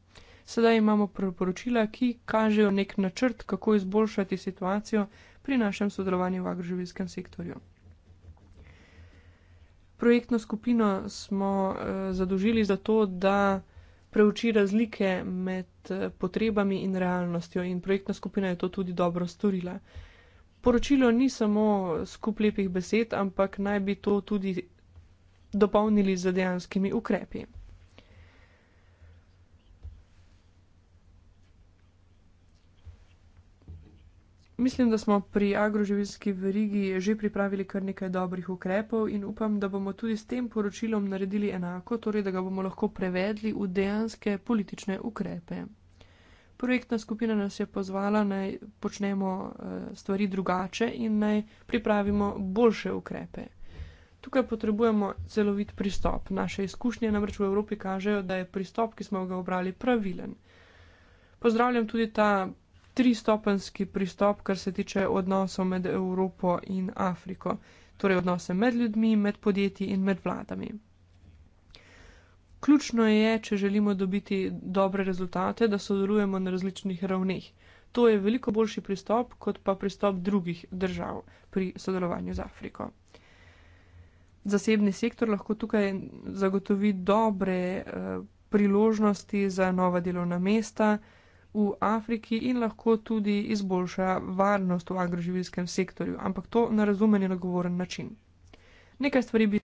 [SPEAKER 3] Sedaj imamo priporočila, ki kažejo nek načrt, kako izboljšati situacijo pri našem sodelovanju v agroživljenjskem sektorju. Projektno skupino smo uh, eh, zadožili za to, da preuči razlike med eh, potrebami in realnostjo in projektna skupina je to tudi dobro storila. Poročilo ni samo skup lepih besed, ampak naj bi to tudi dopolnili z dejanskimi ukrepi. Mislim, da smo pri agroživilski verigi že pripravili kar nekaj dobrih ukrepov in upam, da bomo tudi s tem poročilom naredili enako, torej da ga bomo lahko prevedli v dejanske politične ukrepe. Projektna skupina nas je pozvala, naj počnemo eh, stvari drugače in naj pripravimo boljše ukrepe. Tukaj potrebujemo celovit pristop. Naše izkušnje namreč v Evropi kažejo, da je pristop, ki smo ga obrali, pravilen. Pozdravljam tudi ta tristopenski pristop, kar se tiče odnosov med Evropo in Afriko, torej odnose med ljudmi, med podjetji in med vladami. Ključno je, če želimo dobiti dobre rezultate, da sodelujemo na različnih ravneh. To je veliko boljši pristop, kot pa pristop drugih držav pri sodelovanju z Afriko. Zasebni sektor lahko tukaj zagotovi dobre eh, priložnosti za nova delovna mesta, eh, v Afriki in lahko tudi izboljša varnost v agroživilskem sektorju, ampak to na razumen in nagovoren način. Nekaj stvari bi.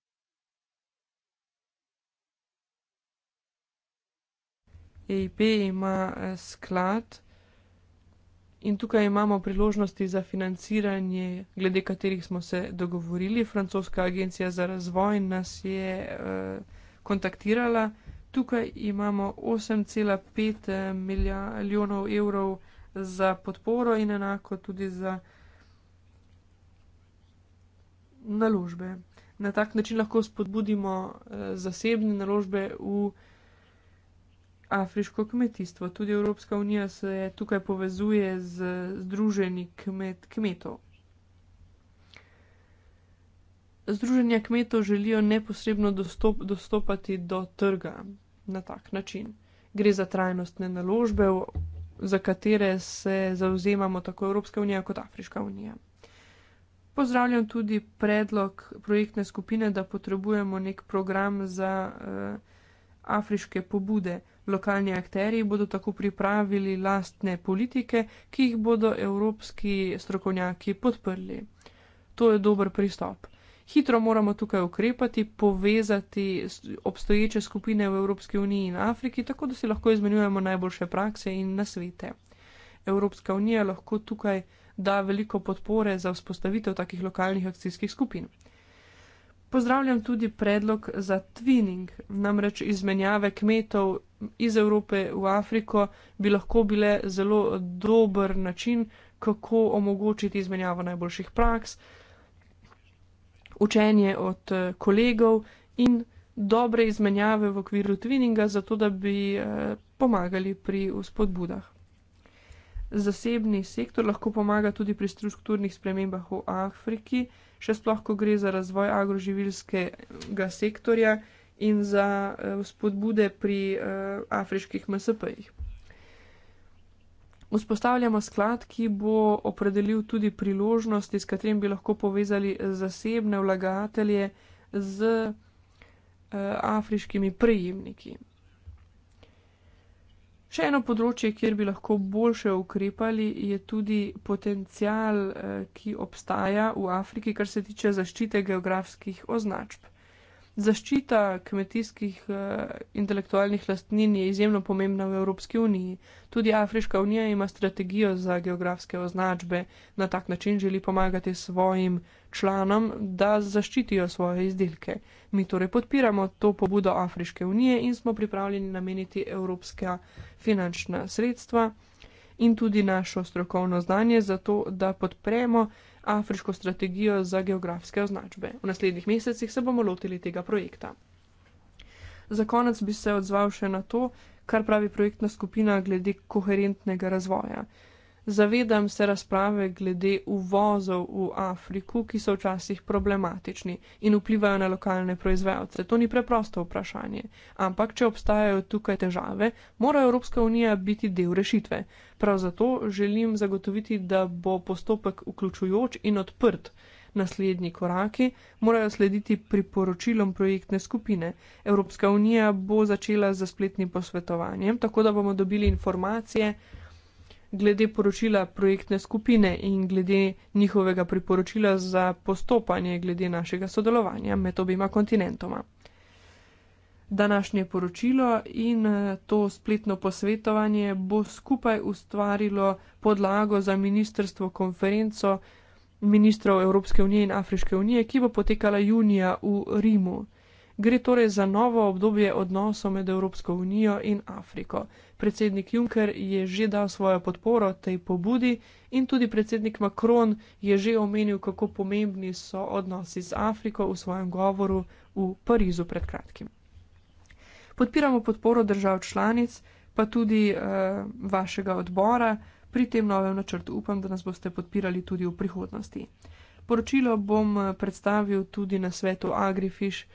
[SPEAKER 3] EIP ima eh, sklad in tukaj imamo priložnosti za financiranje, glede katerih smo se dogovorili. Francoska agencija za razvoj nas je uh, kontaktirala tukaj imamo 8,5 eh, milijonov evrov za podporo in enako tudi za naložbe. Na tak način lahko spodbudimo eh, zasebne naložbe v afriško kmetijstvo. Tudi Evropska unija se tukaj povezuje z združeni kmet, kmetov. Združenja kmetov želijo neposredno dostop, dostopati do trga, na tak način. Gre za trajnostne naložbe, za katere se zauzemamo tako Evropska unija kot Afriška unija. Pozdravljam tudi predlog projektne skupine, da potrebujemo nek program za uh, afriške pobude. Lokalni akteri bodo tako pripravili lastne politike, ki jih bodo evropski strokovnjaki podprli. To je dober pristop. Hitro moramo tukaj ukrepati, povezati obstoječe skupine v Evropski uniji in Afriki, tako da si lahko izmenjujemo najboljše prakse in nasvete. Evropska unija lahko tukaj da veliko podpore za vzpostavitev takih lokalnih akcijskih skupin. Pozdravljam tudi predlog za twinning, namreč izmenjave kmetov iz Evrope v Afriko bi lahko bile zelo dober način, kako omogočiti izmenjavo najboljših praks, učenje od eh, kolegov in dobre izmenjave v okviru tvininga, zato da bi eh, pomagali pri vzpodbudah. Zasebni sektor lahko pomaga tudi pri strukturnih spremembah v Afriki, še sploh, ko gre za razvoj agroživilskega sektorja in za eh, vzpodbude pri afriških MSP-jih. Vzpostavljamo sklad, ki bo opredelil tudi priložnosti, s katerim bi lahko povezali zasebne vlagatelje z eh, afriškimi prejemniki. Še eno področje, kjer bi lahko boljše ukrepali, je tudi potencial, eh, ki obstaja v Afriki, kar se tiče zaščite geografskih označb. Zaščita kmetijskih uh, intelektualnih lastnin je izjemno pomembna v Evropski uniji. Tudi Afriška unija ima strategijo za geografske označbe, na tak način želi pomagati svojim članom, da zaščitijo svoje izdelke. Mi torej podpiramo to pobudo Afriške unije in smo pripravljeni nameniti evropska finančna sredstva in tudi našo strokovno znanje za to, da podpremo afriško strategijo za geografske označbe. V naslednjih mesecih se bomo lotili tega projekta. Za konec bi se odzval še na to, kar pravi projektna skupina glede koherentnega razvoja. Zavedam se razprave glede uvozov v Afriko, ki so včasih problematični in vplivajo na lokalne proizvajalce. To ni preprosto vprašanje. Ampak, če obstajajo tukaj težave, mora Evropska unija biti del rešitve. Prav zato želim zagotoviti, da bo postopek vključujoč in odprt. Naslednji koraki morajo slediti priporočilom projektne skupine. Evropska unija bo začela z spletnim posvetovanjem, tako da bomo dobili informacije, glede poročila projektne skupine in glede njihovega priporočila za postopanje glede našega sodelovanja med obima kontinentoma. Današnje poročilo in eh, to spletno posvetovanje bo skupaj ustvarilo podlago za ministrstvo konferenco ministrov Evropske unije in Afriške unije, ki bo potekala junija v Rimu. Gre torej za novo obdobje odnosov med Evropsko unijo in Afriko. Predsednik Juncker je že dal svojo podporo tej pobudi in tudi predsednik Macron je že omenil, kako pomembni so odnosi z Afriko v svojem govoru v Parizu pred kratkim. Podpiramo podporo držav članic, pa tudi uh, vašega odbora pri tem novem načrtu. Upam, da nas boste podpirali tudi v prihodnosti. Poročilo bom eh, predstavil tudi na svetu Agrifish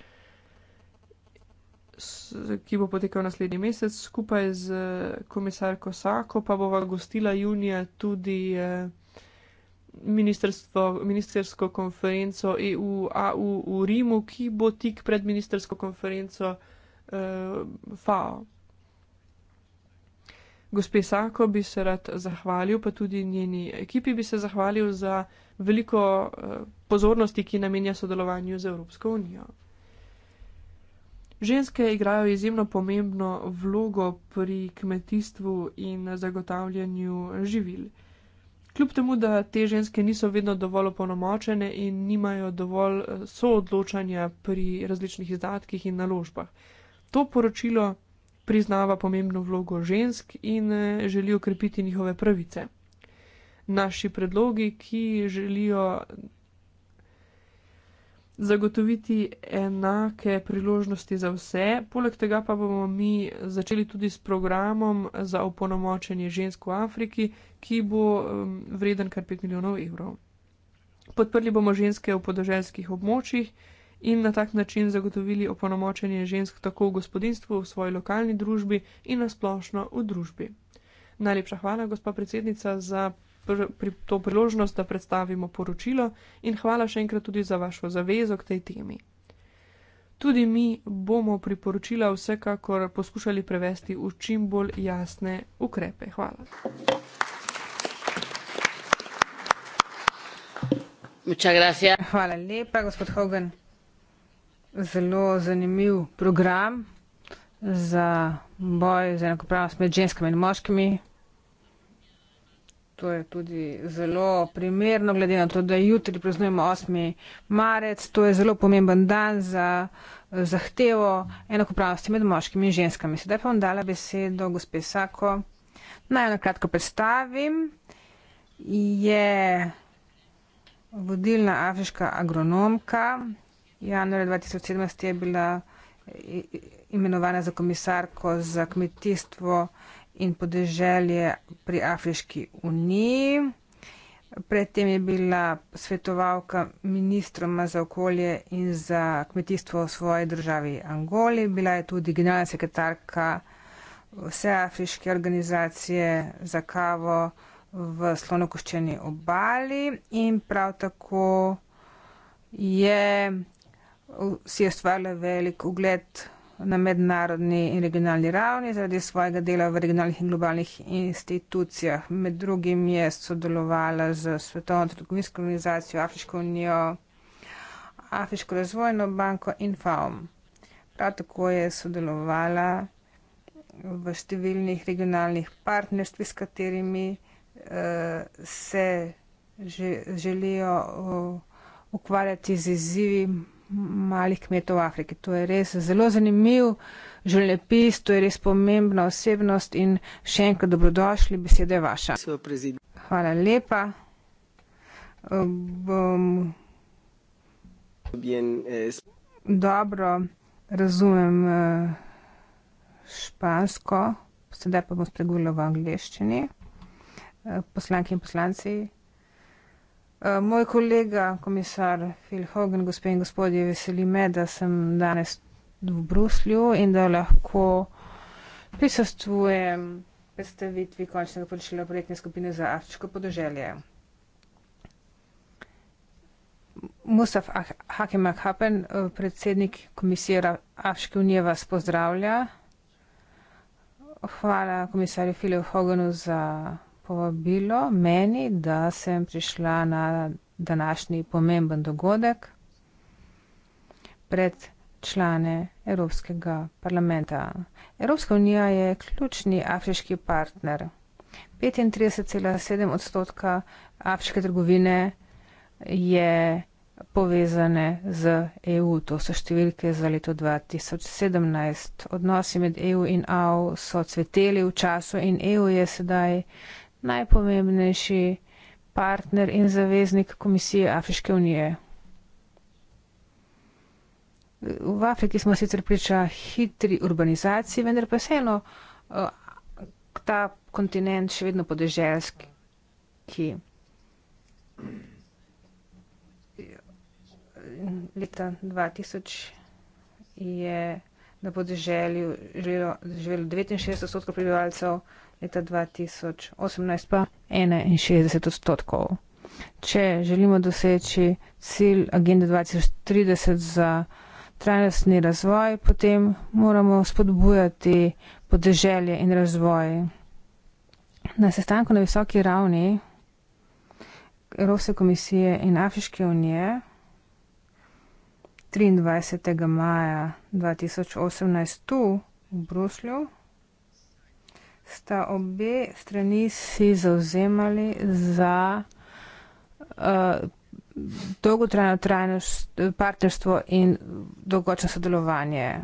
[SPEAKER 3] ki bo potekal naslednji mesec skupaj z eh, komisarko Sako, pa bova gostila junija tudi eh, ministersko konferenco EU-AU v Rimu, ki bo tik pred ministersko konferenco eh, FAO. Gospe Sako bi se rad zahvalil, pa tudi njeni ekipi bi se zahvalil za veliko eh, pozornosti, ki namenja sodelovanju z Evropsko unijo. Ženske igrajo izjemno pomembno vlogo pri kmetijstvu in zagotavljanju živil. Kljub temu, da te ženske niso vedno dovolj opolnomočene in nimajo dovolj eh, soodločanja pri različnih izdatkih in naložbah. To poročilo priznava pomembno vlogo žensk in eh, želi okrepiti njihove pravice. Naši predlogi, ki želijo zagotoviti enake priložnosti za vse. Poleg tega pa bomo mi začeli tudi s programom za opolnomočenje žensk v Afriki, ki bo um, vreden kar 5 milijonov evrov. Podprli bomo ženske v podeželskih območjih in na tak način zagotovili opolnomočenje žensk tako v gospodinstvu, v svoji lokalni družbi in nasplošno v družbi. Najlepša hvala, gospa predsednica, za pri, pri, to priložnost, da predstavimo poročilo in hvala še enkrat tudi za vašo zavezo k tej temi. Tudi mi bomo priporočila vsekakor poskušali prevesti v čim bolj jasne ukrepe. Hvala.
[SPEAKER 1] Hvala lepa, gospod Hogan. Zelo zanimiv program za boj za enakopravnost med ženskami in moškimi, to je tudi zelo primerno, glede na to, da jutri praznujemo 8. marec. To je zelo pomemben dan za eh, zahtevo enakopravnosti med moškimi in ženskami. Sedaj pa vam dala besedo, gospe Sako. Naj jo nakratko predstavim. Je vodilna afriška agronomka. Januarja 2017 je bila eh, imenovana za komisarko za kmetijstvo in podeželje pri Afriški uniji. Predtem je bila svetovalka ministroma za okolje in za kmetijstvo v svoji državi Angoli. Bila je tudi generalna sekretarka vse afriške organizacije za kavo v slonokoščeni obali in prav tako je, si je ustvarila velik ugled na mednarodni in regionalni ravni zaradi svojega dela v regionalnih in globalnih institucijah. Med drugim je sodelovala z Svetovno trgovinsko organizacijo, Afriško unijo, Afriško razvojno banko in FAOM. Prav tako je sodelovala v številnih regionalnih partnerstvih, s katerimi uh, se že, želijo uh, ukvarjati z izzivi malih kmetov v Afriki. To je res zelo zanimiv življenjepis, to je res pomembna osebnost in še enkrat dobrodošli, beseda je vaša. Hvala lepa. Bom... Dobro, razumem eh, špansko, sedaj pa bom spregovorila v angleščini. Eh, poslanke in poslanci. Eh, moj kolega, komisar Phil Hogan, gospe in gospodje, veseli me, da sem danes v Bruslju in da lahko prisostujem predstavitvi končnega poročila projektne skupine za afriško podeželje. Mustaf Hakim Akhapen, eh, predsednik komisije Afriške unije, vas pozdravlja. Hvala komisarju Filu Hoganu za povabilo meni, da sem prišla na današnji pomemben dogodek pred člane Evropskega parlamenta. Evropska unija je ključni afriški partner. 35,7 odstotka afriške trgovine je povezane z EU. To so številke za leto 2017. Odnosi med EU in AU so cveteli v času in EU je sedaj najpomembnejši partner in zaveznik Komisije Afriške unije. V Afriki smo sicer priča hitri urbanizaciji, vendar pa vseeno eh, ta kontinent še vedno podeželski, ki leta 2000 je na podeželju živelo 69 odstotkov prebivalcev, leta 2018 pa 61 odstotkov. Če želimo doseči cilj agende 2030 za trajnostni razvoj, potem moramo spodbujati podeželje in razvoj. Na sestanku na visoki ravni Evropske komisije in Afriške unije 23. maja 2018 tu v Bruslju sta obe strani si zauzemali za uh, dolgotrajno partnerstvo in dolgočasno sodelovanje.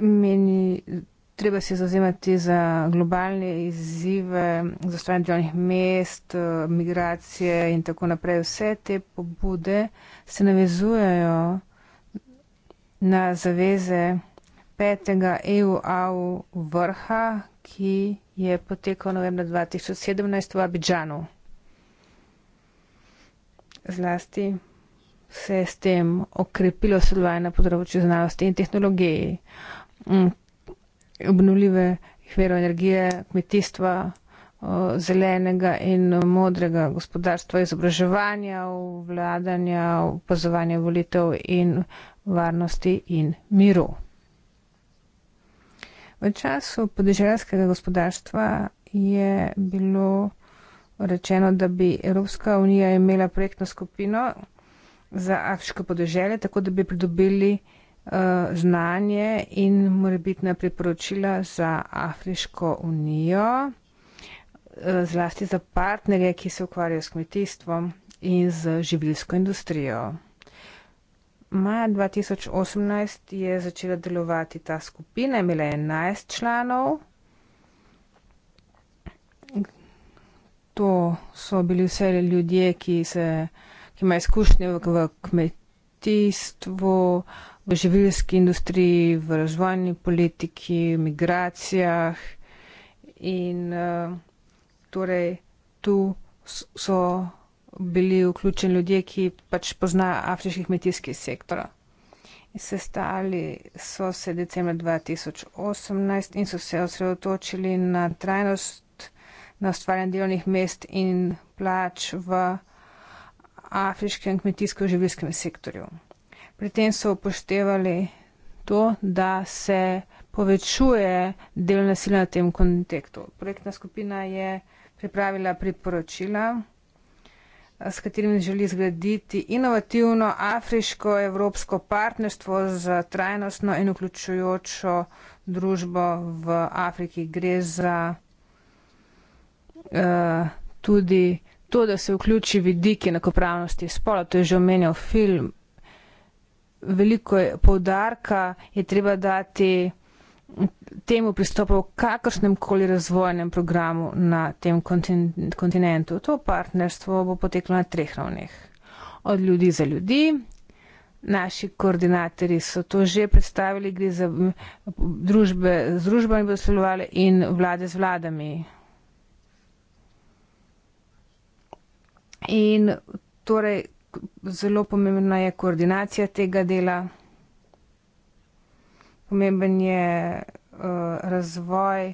[SPEAKER 1] Meni, treba se zauzemati za globalne izzive, za stvaranje delovnih mest, migracije in tako naprej. Vse te pobude se navezujejo na zaveze petega EU-AU vrha, ki je potekal novembra 2017 v Abidžanu. Zlasti se je s tem okrepilo sodelovanje na področju znanosti in tehnologiji, mm, obnovljive vero energije, kmetijstva, zelenega in modrega gospodarstva, izobraževanja, vladanja, opazovanja volitev in varnosti in miru. V času podeželjskega gospodarstva je bilo rečeno, da bi Evropska unija imela projektno skupino za afriško podeželje, tako da bi pridobili uh, znanje in morebitna priporočila za Afriško unijo, uh, zlasti za partnerje, ki se ukvarjajo s kmetijstvom in z živilsko industrijo. Maja 2018 je začela delovati ta skupina, imela je 11 članov. To so bili vse ljudje, ki, se, ki imajo izkušnje v kmetijstvu, v živilski industriji, v razvojni politiki, v migracijah. In uh, torej tu so bili vključeni ljudje, ki pač poznajo afriški kmetijski sektor. Sestali so se decembra 2018 in so se osredotočili na trajnost, na ustvarjanje delovnih mest in plač v afriškem kmetijsko-življenjskem sektorju. Pri tem so upoštevali to, da se povečuje delovna sila na tem kontekstu. Projektna skupina je pripravila priporočila s katerim želi zgraditi inovativno afriško-evropsko partnerstvo za trajnostno in vključujočo družbo v Afriki. Gre za uh, tudi to, da se vključi vidiki enakopravnosti spola, to je že omenjal film. Veliko je, poudarka je treba dati temu pristopal v kakršnem koli razvojnem programu na tem kontinentu. To partnerstvo bo poteklo na treh ravneh. Od ljudi za ljudi, naši koordinatori so to že predstavili, gre za družbe z družbami bodo sodelovali in vlade z vladami. In torej zelo pomembna je koordinacija tega dela pomemben je uh, razvoj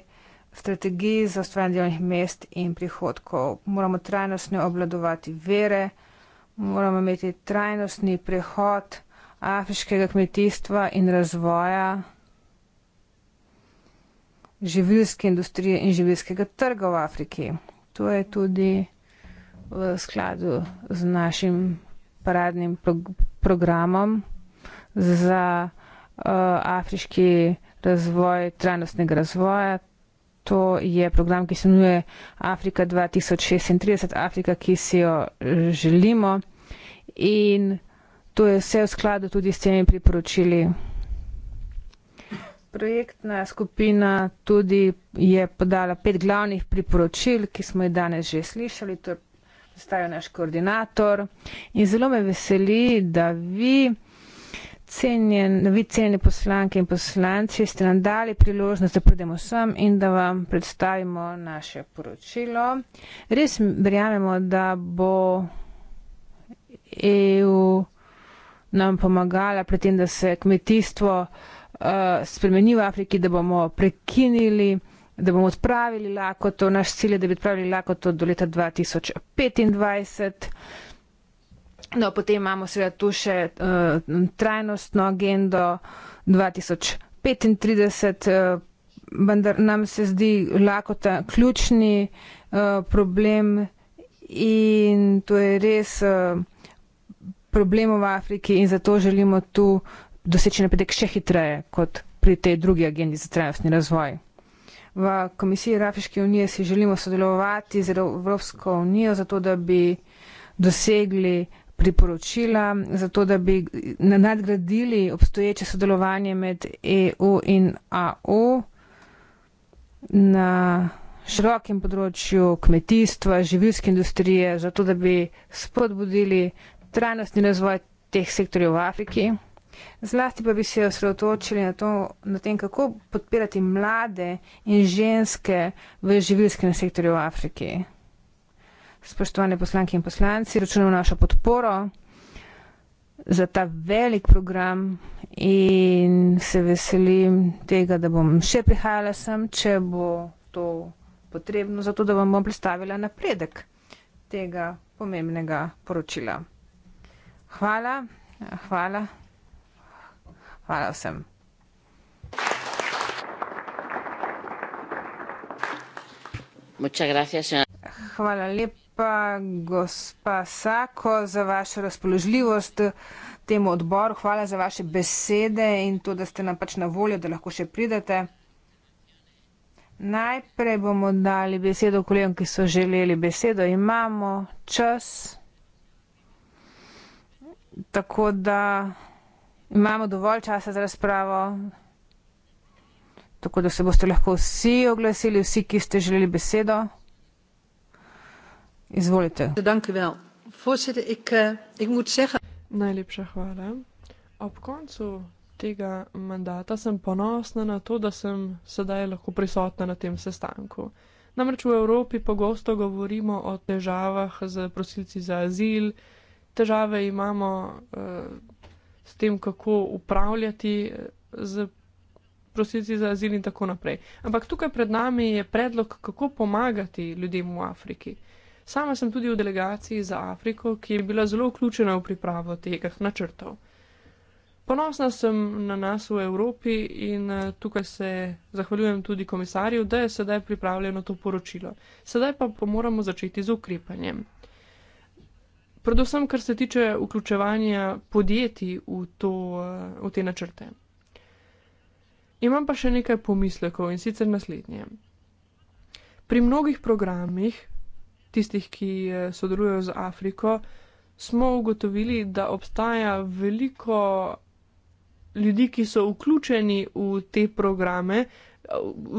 [SPEAKER 1] strategij za ustvarjanje delovnih mest in prihodkov. Moramo trajnostno obladovati vere, moramo imeti trajnostni prehod afriškega kmetijstva in razvoja živilske industrije in živilskega trga v Afriki. To je tudi v skladu z našim paradnim pro programom za Eh, afriški razvoj, trajnostnega razvoja. To je program, ki se imenuje Afrika 2036, Afrika, ki si jo želimo. In to je vse v skladu tudi s temi priporočili. Projektna skupina tudi je podala pet glavnih priporočil, ki smo jih danes že slišali. To je postavil naš koordinator. In zelo me veseli, da vi. Cenjen, vi cenjeni poslanke in poslanci ste nam dali priložnost, da pridemo sem in da vam predstavimo naše poročilo. Res verjamemo, da bo EU nam pomagala pri tem, da se kmetijstvo uh, spremeni v Afriki, da bomo prekinili, da bomo odpravili lakoto. Naš cilj je, da bi odpravili lakoto do leta 2025. No, potem imamo seveda tu še uh, trajnostno agendo 2035, uh, eh, vendar nam se zdi lahko ta ključni uh, problem in to je res uh, problem v Afriki in zato želimo tu doseči napredek še hitreje kot pri tej drugi agendi za trajnostni razvoj. V Komisiji Rafiške unije si želimo sodelovati z Evropsko unijo, zato da bi dosegli priporočila, zato da bi nadgradili obstoječe sodelovanje med EU in AU na širokem področju kmetijstva, živilske industrije, zato da bi spodbudili trajnostni razvoj teh sektorjev v Afriki. Zlasti pa bi se osredotočili na, to, na tem, kako podpirati mlade in ženske v živilskem sektorju v Afriki spoštovane poslanke in poslanci, računam na vašo podporo za ta velik program in se veselim tega, da bom še prihajala sem, če bo to potrebno, zato da vam bom predstavila napredek tega pomembnega poročila. Hvala, hvala, hvala vsem. Hvala lepa lepa, gospa Sako, za vašo razpoložljivost temu odboru. Hvala za vaše besede in to, da ste nam pač na voljo, da lahko še pridete. Najprej bomo dali besedo kolegom, ki so želeli besedo. Imamo čas, tako da imamo dovolj časa za razpravo. Tako da se boste lahko vsi oglasili, vsi, ki ste želeli besedo. Eh,
[SPEAKER 3] Najlepša hvala. Ob koncu tega mandata sem ponosna na to, da sem sedaj lahko prisotna na tem sestanku. Namreč v Evropi pogosto govorimo o težavah z prosilci za azil, težave imamo eh, s tem, kako upravljati z eh, prosilci za azil in tako naprej. Ampak tukaj pred nami je predlog, kako pomagati ljudem v Afriki. Sama sem tudi v delegaciji za Afriko, ki je bila zelo vključena v pripravo teh načrtov. Ponosna sem na nas v Evropi in eh, tukaj se zahvaljujem tudi komisarju, da je sedaj pripravljeno to poročilo. Sedaj pa moramo začeti z ukrepanjem. Predvsem, kar se tiče vključevanja podjetij v, to, eh, v te načrte. Imam pa še nekaj pomislekov in sicer naslednje. Pri mnogih programih tistih, ki eh, sodelujejo z Afriko, smo ugotovili, da obstaja veliko ljudi, ki so vključeni v te programe, eh,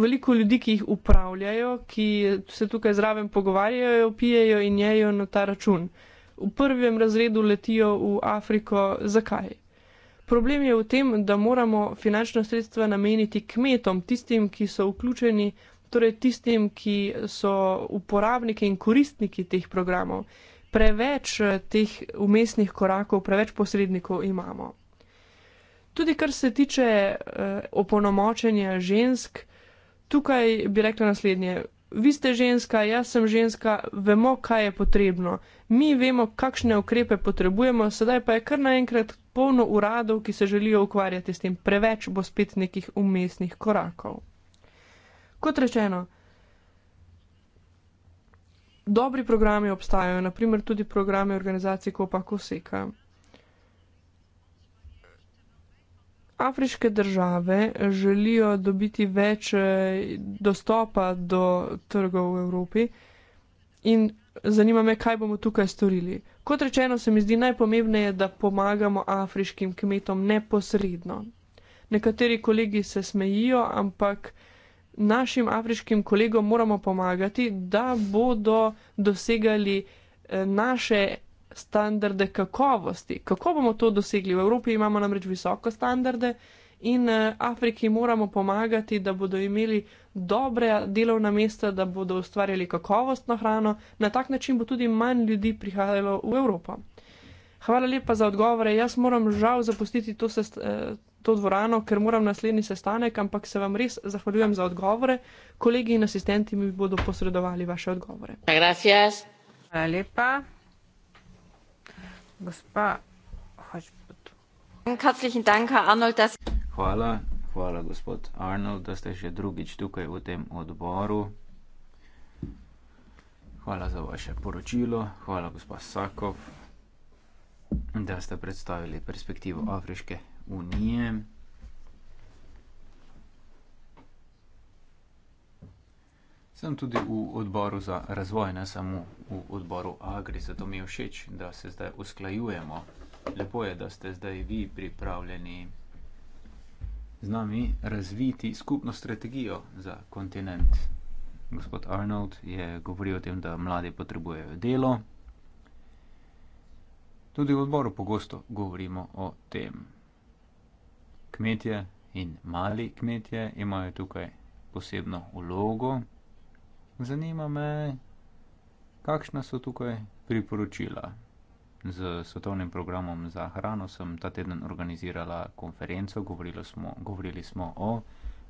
[SPEAKER 3] veliko ljudi, ki jih upravljajo, ki se tukaj zraven pogovarjajo, pijejo in jejo na ta račun. V prvem razredu letijo v Afriko, zakaj? Problem je v tem, da moramo finančna sredstva nameniti kmetom, tistim, ki so vključeni torej tistim, ki so uporabniki in koristniki teh programov. Preveč eh, teh umestnih korakov, preveč posrednikov imamo. Tudi kar se tiče eh, opolnomočenja žensk, tukaj bi rekla naslednje. Vi ste ženska, jaz sem ženska, vemo, kaj je potrebno. Mi vemo, kakšne ukrepe potrebujemo, sedaj pa je kar naenkrat polno uradov, ki se želijo ukvarjati s tem. Preveč bo spet nekih umestnih korakov kot rečeno, dobri programi obstajajo, naprimer tudi programe organizacije Kopa Koseka. Afriške države želijo dobiti več eh, dostopa do trgov v Evropi in zanima me, kaj bomo tukaj storili. Kot rečeno, se mi zdi najpomembneje, da pomagamo afriškim kmetom neposredno. Nekateri kolegi se smejijo, ampak našim afriškim kolegom moramo pomagati, da bodo dosegali eh, naše standarde kakovosti. Kako bomo to dosegli? V Evropi imamo namreč visoko standarde in eh, Afriki moramo pomagati, da bodo imeli dobre delovna mesta, da bodo ustvarjali kakovostno hrano. Na tak način bo tudi manj ljudi prihajalo v Evropo. Hvala lepa za odgovore. Jaz moram žal zapustiti to sestavljanje. Eh, to dvorano, ker moram naslednji sestanek, ampak se vam res zahvaljujem za odgovore. Kolegi in asistenti mi bodo posredovali vaše odgovore.
[SPEAKER 1] Gracias. Hvala lepa.
[SPEAKER 2] Hvala, hvala gospod Arnold, da ste že drugič tukaj v tem odboru. Hvala za vaše poročilo, hvala gospod Sakov, da ste predstavili perspektivo afriške unije sem tudi v odboru za razvoj ne samo v odboru agri zato mi je všeč, da se zdaj usklajujemo lepo je, da ste zdaj vi pripravljeni z nami razviti skupno strategijo za kontinent gospod Arnold je govoril o tem, da mladi potrebujejo delo tudi v odboru pogosto govorimo o tem kmetje in mali kmetje imajo tukaj posebno vlogo. Zanima me, kakšna so tukaj priporočila. Z svetovnim programom za hrano sem ta teden organizirala konferenco, smo, govorili smo o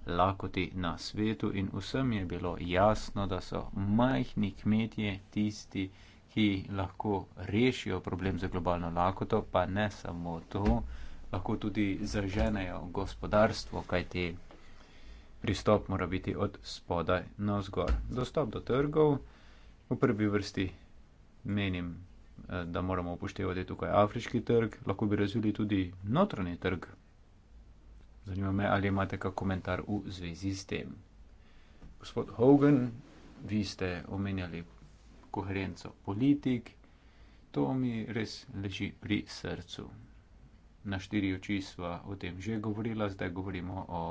[SPEAKER 2] lakoti na svetu in vsem je bilo jasno, da so majhni kmetje tisti, ki lahko rešijo problem z globalno lakoto, pa ne samo to, lahko tudi zaženejo gospodarstvo, kajti pristop mora biti od spodaj na vzgor. Dostop do trgov v prvi vrsti menim, eh, da moramo upoštevati tukaj afriški trg, lahko bi razvili tudi notranji trg. Zanima me, ali imate kak komentar v zvezi s tem. Gospod Hogan, vi ste omenjali koherenco politik, to mi res leži pri srcu na štiri oči sva o tem že govorila, zdaj govorimo o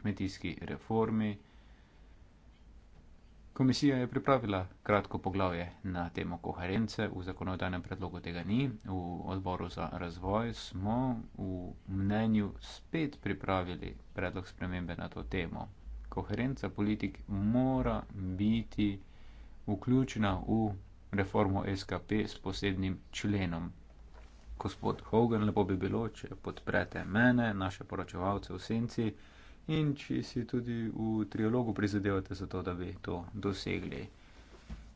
[SPEAKER 2] kmetijski reformi. Komisija je pripravila kratko poglavje na temo koherence, v zakonodajnem predlogu tega ni, v odboru za razvoj smo v mnenju spet pripravili predlog spremembe na to temo. Koherenca politik mora biti vključena v reformo SKP s posebnim členom gospod Hogan, lepo bi bilo, če podprete mene, naše poročevalce v senci in če si tudi v triologu prizadevate za to, da bi to dosegli.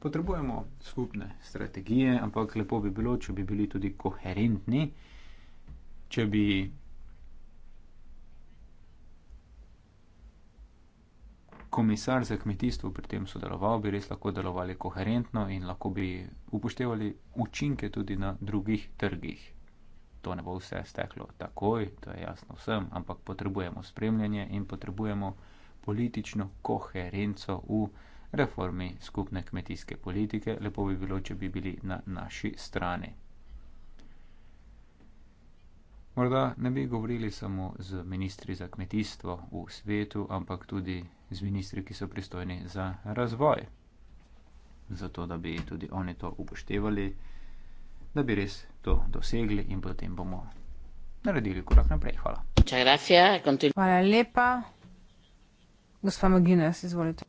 [SPEAKER 2] Potrebujemo skupne strategije, ampak lepo bi bilo, če bi bili tudi koherentni, če bi komisar za kmetijstvo pri tem sodeloval, bi res lahko delovali koherentno in lahko bi upoštevali učinke tudi na drugih trgih to ne bo vse steklo takoj, to je jasno vsem, ampak potrebujemo spremljanje in potrebujemo politično koherenco v reformi skupne kmetijske politike. Lepo bi bilo, če bi bili na naši strani. Morda ne bi govorili samo z ministri za kmetijstvo v svetu, ampak tudi z ministri, ki so pristojni za razvoj, zato da bi tudi oni to upoštevali da bi res to dosegli in potem bomo naredili korak naprej. Hvala.
[SPEAKER 1] Hvala lepa. Gospa Maginas, izvolite.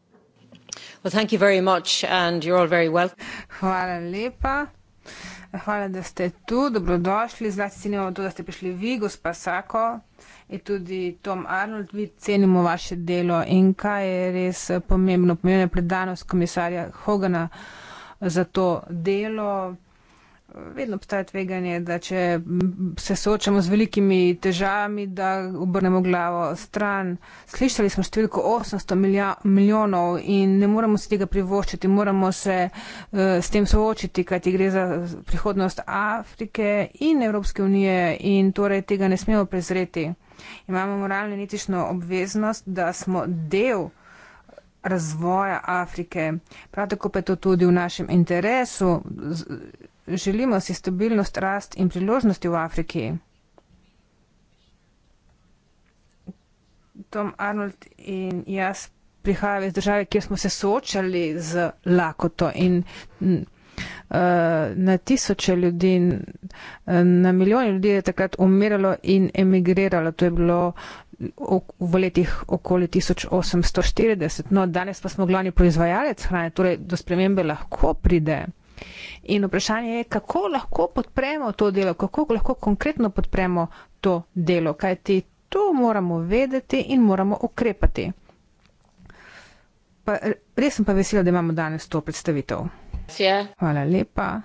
[SPEAKER 1] Well, thank you very much and you're all very welcome. Hvala lepa. Hvala, da ste tu, dobrodošli. Zlasti cenimo to, da ste prišli vi, gospa Sako in tudi Tom Arnold. Vi cenimo vaše delo in kaj je res pomembno, pomembno je predanost komisarja Hogana za to delo, vedno obstaja tveganje, da če se soočamo z velikimi težavami, da obrnemo glavo stran. Slišali smo številko 800 milja, milijonov in ne moramo si tega privoščiti, moramo se uh, s tem soočiti, kajti gre za prihodnost Afrike in Evropske unije in torej tega ne smemo prezreti. Imamo moralno in etično obveznost, da smo del razvoja Afrike. Prav tako pa je to tudi v našem interesu, Želimo si stabilnost, rast in priložnosti v Afriki. Tom Arnold in jaz prihajamo iz države, kjer smo se soočali z lakoto in mm, eh, na tisoče ljudi, eh, na milijoni ljudi je takrat umiralo in emigriralo. To je bilo v letih okoli 1840. No, danes pa smo glavni proizvajalec hrane, torej do spremembe lahko pride. In vprašanje je, kako lahko podpremo to delo, kako lahko konkretno podpremo to delo, kajti to moramo vedeti in moramo ukrepati. Pa, res sem pa vesela, da imamo danes to predstavitev. Hvala lepa.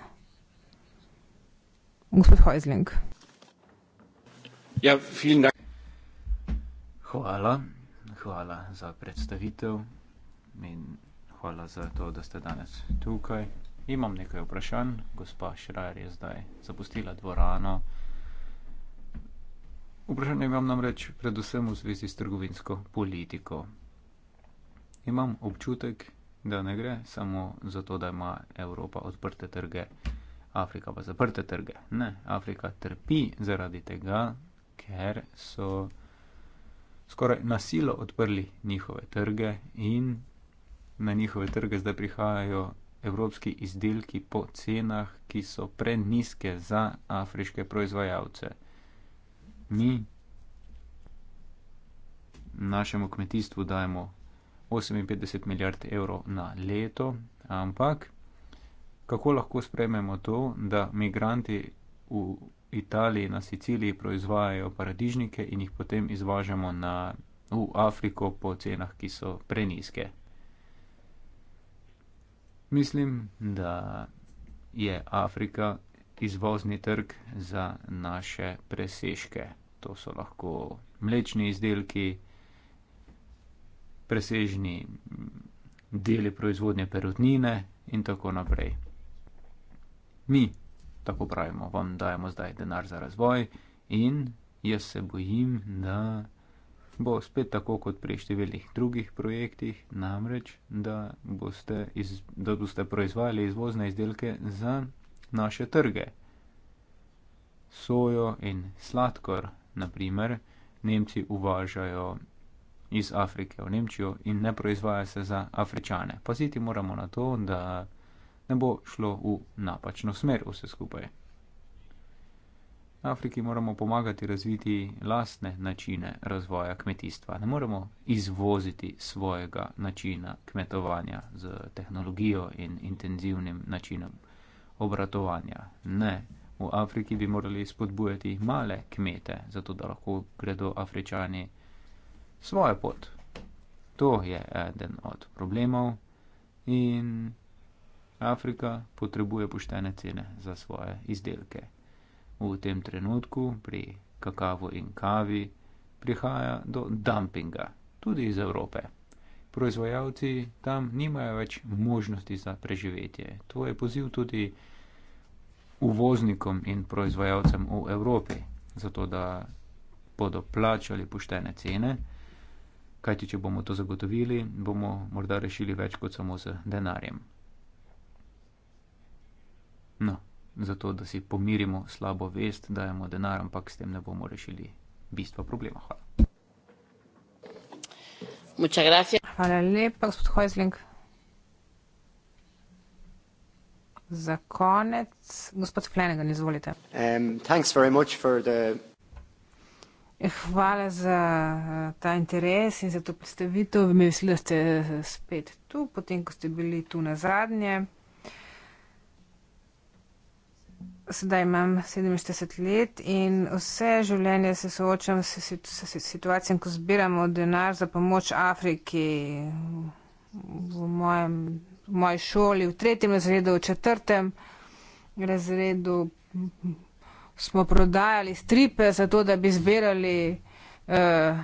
[SPEAKER 1] Gospod Heusling.
[SPEAKER 2] Ja, hvala, hvala za predstavitev in hvala za to, da ste danes tukaj imam nekaj vprašanj. Gospa Šrajer je zdaj zapustila dvorano. Vprašanje imam namreč predvsem v zvezi s trgovinsko politiko. Imam občutek, da ne gre samo zato, da ima Evropa odprte trge, Afrika pa zaprte trge. Ne, Afrika trpi zaradi tega, ker so skoraj nasilo odprli njihove trge in na njihove trge zdaj prihajajo evropski izdelki po cenah, ki so preniske za afriške proizvajalce. Mi našemu kmetijstvu dajemo 58 milijard evrov na leto, ampak kako lahko sprememo to, da migranti v Italiji, na Siciliji proizvajajo paradižnike in jih potem izvažamo na, v Afriko po cenah, ki so preniske. Mislim, da je Afrika izvozni trg za naše presežke. To so lahko mlečni izdelki, presežni deli proizvodnje perutnine in tako naprej. Mi, tako pravimo, vam dajemo zdaj denar za razvoj in jaz se bojim, da bo spet tako kot pri številnih drugih projektih, namreč, da boste, iz, da boste proizvajali izvozne izdelke za naše trge. Sojo in sladkor, naprimer, Nemci uvažajo iz Afrike v Nemčijo in ne proizvaja se za Afričane. Paziti moramo na to, da ne bo šlo v napačno smer vse skupaj. Afriki moramo pomagati razviti lastne načine razvoja kmetijstva. Ne moremo izvoziti svojega načina kmetovanja z tehnologijo in intenzivnim načinom obratovanja. Ne, v Afriki bi morali spodbujati male kmete, zato da lahko gredo afričani svojo pot. To je eden od problemov in Afrika potrebuje poštene cene za svoje izdelke v tem trenutku pri kakavu in kavi prihaja do dumpinga, tudi iz Evrope. Proizvajalci tam nimajo več možnosti za preživetje. To je poziv tudi uvoznikom in proizvajalcem v Evropi, zato da bodo plačali poštene cene, kajti če bomo to zagotovili, bomo morda rešili več kot samo z denarjem. No, zato, da si pomirimo slabo vest, dajemo denar, ampak s tem ne bomo rešili bistva problema. Hvala.
[SPEAKER 1] Hvala lepa, gospod Hojzling. Za konec, gospod Flanagan, izvolite.
[SPEAKER 3] Um, the...
[SPEAKER 1] Hvala za eh, ta interes in za to predstavitev. Mi mislim, da ste eh, spet tu, potem, ko ste bili tu na zadnje. sedaj imam 47 let in vse življenje se soočam s situacijo, ko zbiramo denar za pomoč Afriki v, mojem, v moji šoli, v tretjem razredu, v četrtem razredu. Smo prodajali stripe za to, da bi zbirali eh,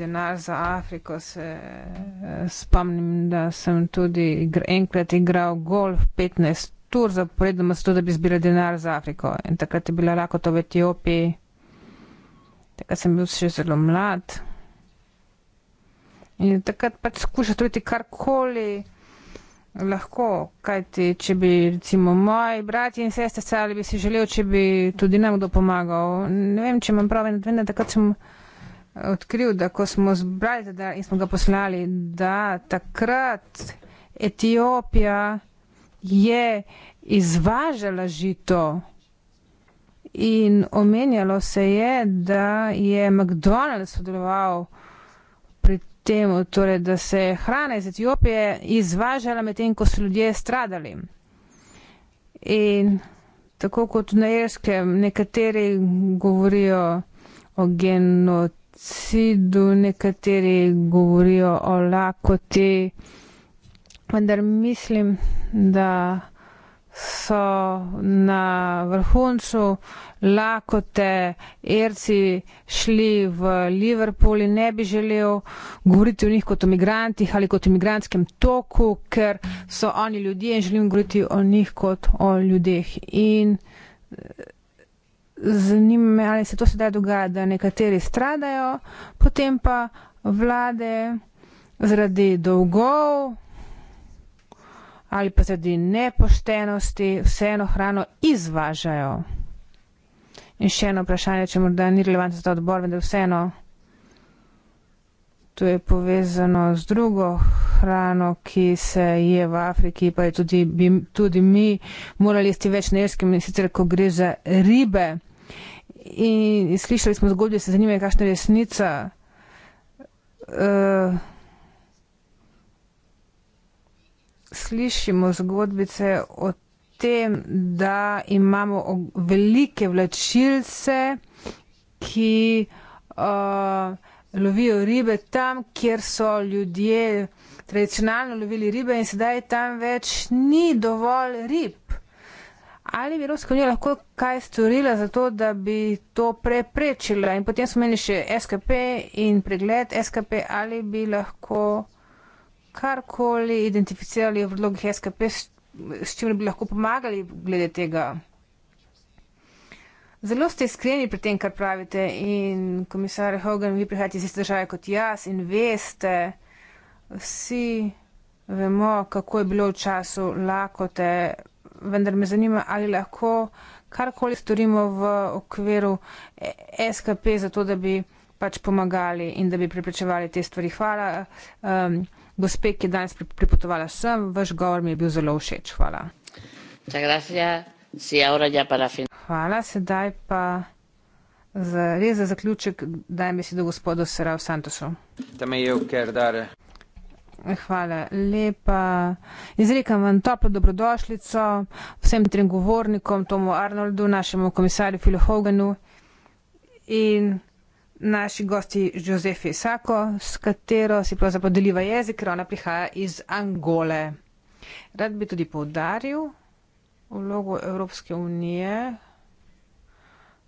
[SPEAKER 1] denar za Afriko. Se, eh, spomnim, da sem tudi enkrat igral golf 15 tur za predem, da bi zbirali denar za Afriko. In takrat je bila rakota v Etiopiji, takrat sem bil še zelo mlad. In takrat pač skušati videti karkoli. Lahko, kajti če bi recimo moji brati in sestre stali, bi si želel, če bi tudi nam kdo pomagal. Ne vem, če imam prav, vendar takrat sem eh, odkril, da ko smo zbrali ta denar in smo ga poslali, da takrat Etiopija je izvažala žito in omenjalo se je, da je McDonald's sodeloval pri tem, torej, da se je hrana iz Etiopije izvažala medtem, ko so ljudje stradali. In tako kot na Irskem, nekateri govorijo o genocidu, nekateri govorijo o lakoti vendar mislim, da so na vrhuncu lakote erci šli v Liverpool in ne bi želel govoriti o njih kot o migrantih ali kot o migrantskem toku, ker so oni ljudje in želim govoriti o njih kot o ljudeh. In eh, zanima me, ali se to sedaj dogaja, da nekateri stradajo, potem pa vlade zaradi dolgov ali pa zaradi nepoštenosti vseeno hrano izvažajo. In še eno vprašanje, če morda ni relevantno za ta odbor, vendar vseeno. To je povezano z drugo hrano, ki se je v Afriki, pa je tudi, bi, tudi mi morali jesti več na jeskem, in sicer ko gre za ribe. In slišali smo zgodbe, se zanimajo, kakšna je resnica. Uh, slišimo zgodbice o tem, da imamo velike vlačilce, ki uh, lovijo ribe tam, kjer so ljudje tradicionalno lovili ribe in sedaj tam več ni dovolj rib. Ali bi Evropska unija lahko kaj storila za to, da bi to preprečila? In potem smo imeli še SKP in pregled SKP, ali bi lahko karkoli identificirali v vlogih SKP, s čim bi lahko pomagali glede tega? Zelo ste iskreni pri tem, kar pravite in komisar Hogan, vi prihajate iz iste države kot jaz in veste, vsi vemo, kako je bilo v času lakote, vendar me zanima, ali lahko karkoli storimo v okviru SKP za to, da bi pač pomagali in da bi preprečevali te stvari. Hvala. Um, gospe, ki je danes pripotovala sem, vaš govor mi je bil zelo všeč. Hvala. Hvala, sedaj pa za, res za zaključek daj besedo gospodu Serav Santosu. Hvala lepa. Izrekam vam toplo dobrodošljico vsem trem govornikom, Tomu Arnoldu, našemu komisarju Filohoganu in naši gosti Josefi Sako, s katero si pravzaprav deliva jezik, ker ona prihaja iz Angole. Rad bi tudi poudaril vlogo Evropske unije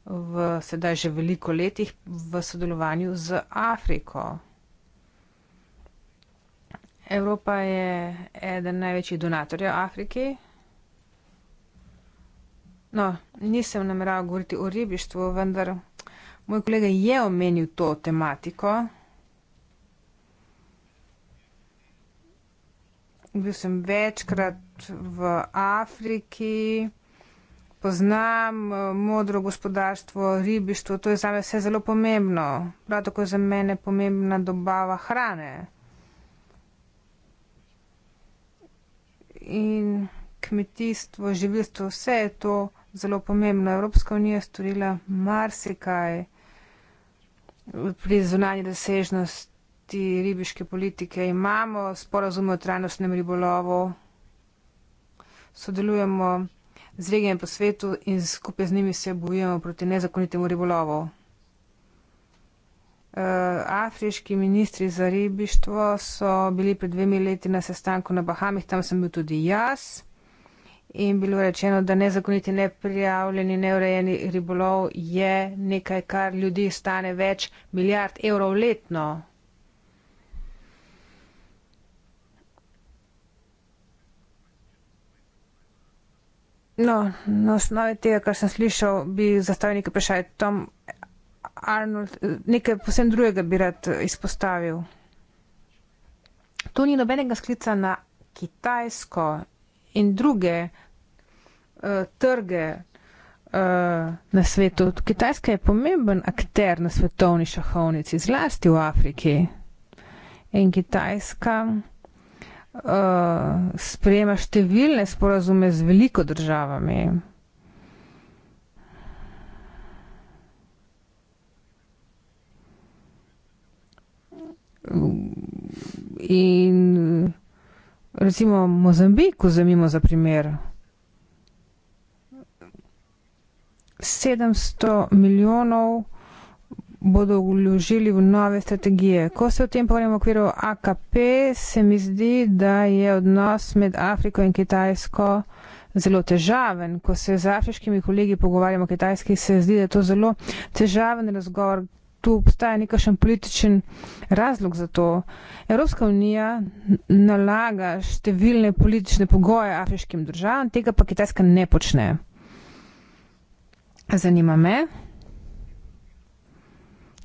[SPEAKER 1] v sedaj že veliko letih v sodelovanju z Afriko. Evropa je eden največjih donatorjev Afriki. No, nisem nameraval govoriti o ribištvu, vendar. Moj kolega je omenil to tematiko. Bil sem večkrat v Afriki, poznam eh, modro gospodarstvo, ribištvo, to je za me vse zelo pomembno. Prav tako je za mene pomembna dobava hrane. In kmetijstvo, živilstvo, vse je to zelo pomembno. Evropska unija je storila marsikaj pri zunanji razsežnosti ribiške politike imamo, sporozume o trajnostnem ribolovu, sodelujemo z regijami po svetu in skupaj z njimi se bojujemo proti nezakonitemu ribolovu. Eh, afriški ministri za ribištvo so bili pred dvemi leti na sestanku na Bahamih, tam sem bil tudi jaz in bilo rečeno, da nezakoniti, neprijavljeni, neurejeni ribolov je nekaj, kar ljudi stane več milijard evrov letno. No, na osnovi tega, kar sem slišal, bi zastavil nekaj vprašanj. Tom Arnold, nekaj posebno drugega bi rad izpostavil. Tu ni nobenega sklica na Kitajsko in druge uh, trge uh, na svetu. Kitajska je pomemben akter na svetovni šahovnici, zlasti v Afriki. In Kitajska uh, sprejema številne sporazume z veliko državami. In recimo Mozambiku, zanimivo za primer. 700 milijonov bodo vložili v nove strategije. Ko se o tem pogovarjamo v okviru AKP, se mi zdi, da je odnos med Afriko in Kitajsko zelo težaven. Ko se z afriškimi kolegi pogovarjamo o Kitajski, se zdi, da je to zelo težaven razgovor, tu obstaja nekakšen političen razlog za to. Evropska unija nalaga številne politične pogoje afriškim državam, tega pa Kitajska ne počne. Zanima me,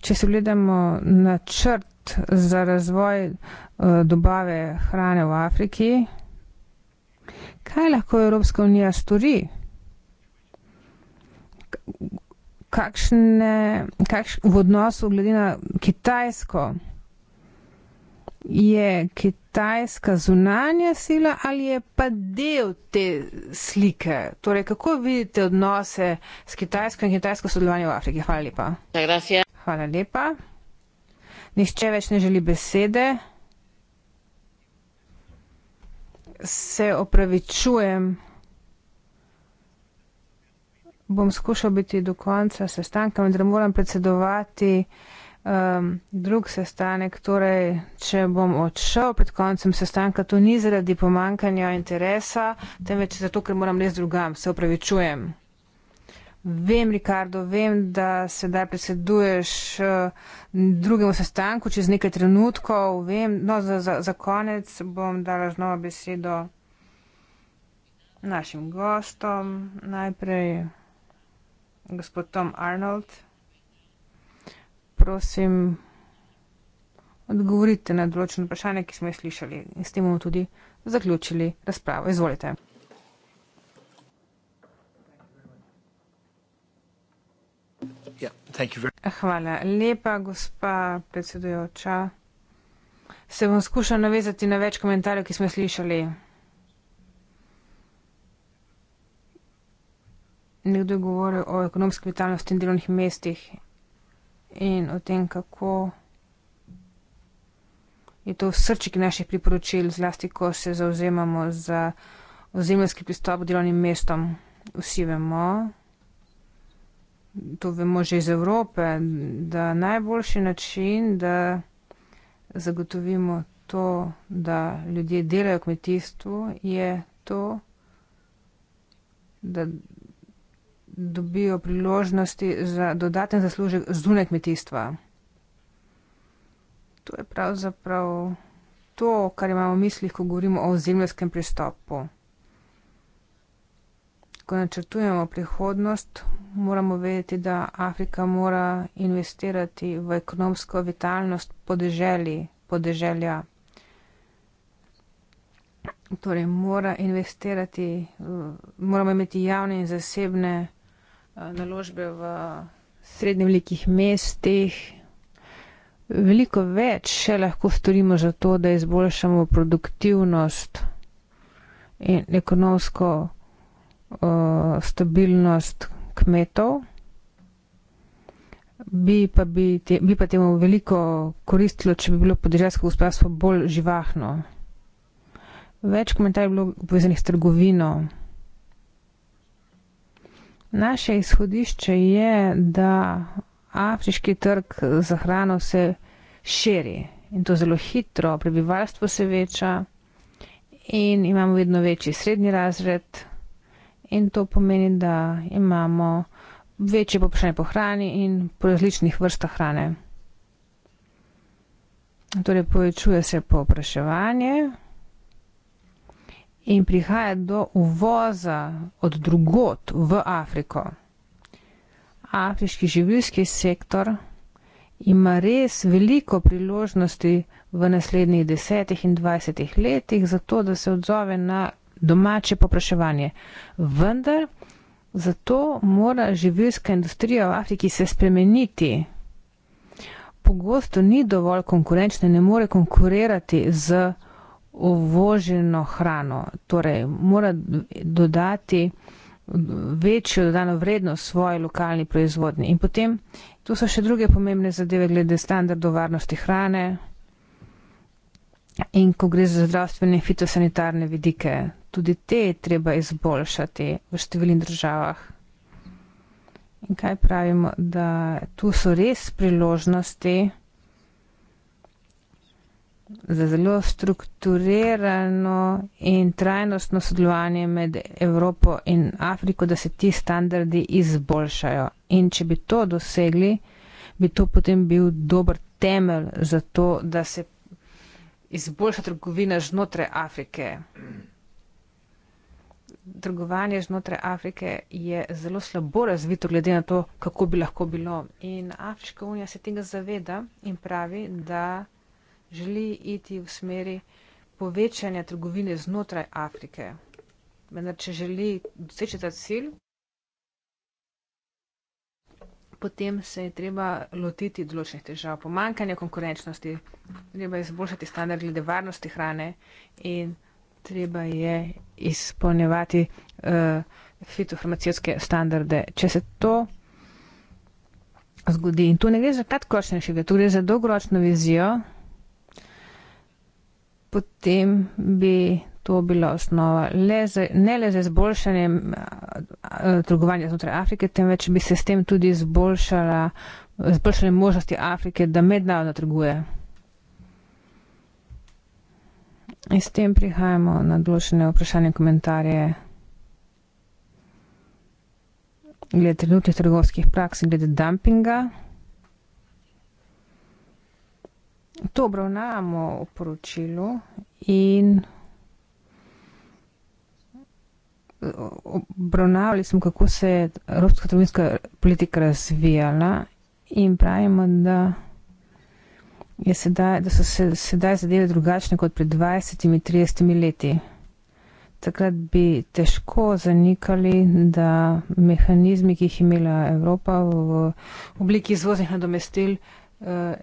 [SPEAKER 1] če se gledamo na črt za razvoj uh, dobave hrane v Afriki, kaj lahko Evropska unija stori? kakšne, kakš, v odnosu glede na Kitajsko, je Kitajska zunanja sila ali je pa del te slike? Torej, kako vidite odnose s Kitajsko in Kitajsko sodelovanje v Afriki? Hvala lepa. Ja, Hvala lepa. Nihče več ne želi besede. Se opravičujem bom skušal biti do konca sestanka, vendar moram predsedovati um, drug sestanek. Torej, če bom odšel pred koncem sestanka, to ni zaradi pomankanja interesa, temveč zato, ker moram res drugam, se opravičujem. Vem, Rikardo, vem, da sedaj predseduješ uh, drugemu sestanku čez nekaj trenutkov. Vem, no, za, za, za konec bom dala znova besedo našim gostom. Najprej gospod Tom Arnold. Prosim, odgovorite na določene vprašanja, ki smo jih slišali in s tem bomo tudi zaključili razpravo. Izvolite. Hvala lepa, gospa predsedujoča. Se bom skušal navezati na več komentarjev, ki smo jih slišali. nekdo govoril o ekonomski vitalnosti in delovnih mestih in o tem, kako je to srček naših priporočil, zlasti ko se zauzemamo za ozemljski pristop k delovnim mestom. Vsi vemo, to vemo že iz Evrope, da najboljši način, da zagotovimo to, da ljudje delajo v kmetijstvu, je to, da dobijo priložnosti za dodaten zaslužek zunaj kmetijstva. To je pravzaprav to, kar imamo v mislih, ko govorimo o zemljskem pristopu. Ko načrtujemo prihodnost, moramo vedeti, da Afrika mora investirati v ekonomsko vitalnost podeželi, podeželja. Torej, mora investirati, eh, moramo imeti javne in zasebne naložbe v srednje velikih mestih. Veliko več še lahko storimo za to, da izboljšamo produktivnost in ekonomsko uh, stabilnost kmetov. Bi pa, bi, te, bi pa temu veliko koristilo, če bi bilo podeželjsko gospodarstvo bolj živahno. Več komentarjev je bilo povezanih s trgovino. Naše izhodišče je, da afriški trg za hrano se širi in to zelo hitro, prebivalstvo se veča in imamo vedno večji srednji razred in to pomeni, da imamo večje popraševanje po hrani in po različnih vrstah hrane. Torej, povečuje se popraševanje in prihaja do uvoza od drugot v Afriko. Afriški živilski sektor ima res veliko priložnosti v naslednjih desetih in dvajsetih letih za to, da se odzove na domače popraševanje. Vendar zato mora živilska industrija v Afriki se spremeniti. Pogosto ni dovolj konkurenčna, ne more konkurirati z uvoženo hrano, torej mora dodati večjo dodano vrednost svoji lokalni proizvodnji. In potem, tu so še druge pomembne zadeve glede standardov varnosti hrane in ko gre za zdravstvene in fitosanitarne vidike, tudi te treba izboljšati v številnih državah. In kaj pravimo, da tu so res priložnosti, za zelo strukturirano in trajnostno sodelovanje med Evropo in Afriko, da se ti standardi izboljšajo. In če bi to dosegli, bi to potem bil dober temelj za to, da se izboljša trgovina znotraj Afrike. Trgovanje znotraj Afrike je zelo slabo razvito, glede na to, kako bi lahko bilo. In Afriška unija se tega zaveda in pravi, da želi iti v smeri povečanja trgovine znotraj Afrike. Vendar, če želi doseči ta cilj, potem se je treba lotiti določenih težav, pomankanja konkurenčnosti, treba je izboljšati standard glede varnosti hrane in treba je izpolnjevati uh, eh, fitofarmacijske standarde. Če se to zgodi in tu ne gre za kratkoročne rešitve, tu gre za dolgoročno vizijo potem bi to bila osnova le za, ne le za izboljšanje eh, trgovanja znotraj Afrike, temveč bi se s tem tudi izboljšale možnosti Afrike, da mednarodno trguje. In s tem prihajamo na določene vprašanje in komentarje glede trenutnih trgovskih praks in glede dumpinga. to obravnavamo v poročilu in obravnavali smo, kako se je evropska trgovinska politika razvijala in pravimo, da, je sedaj, da so se sedaj zadeve drugačne kot pred 20-30 leti. Takrat bi težko zanikali, da mehanizmi, ki jih je imela Evropa v obliki izvoznih nadomestil, eh,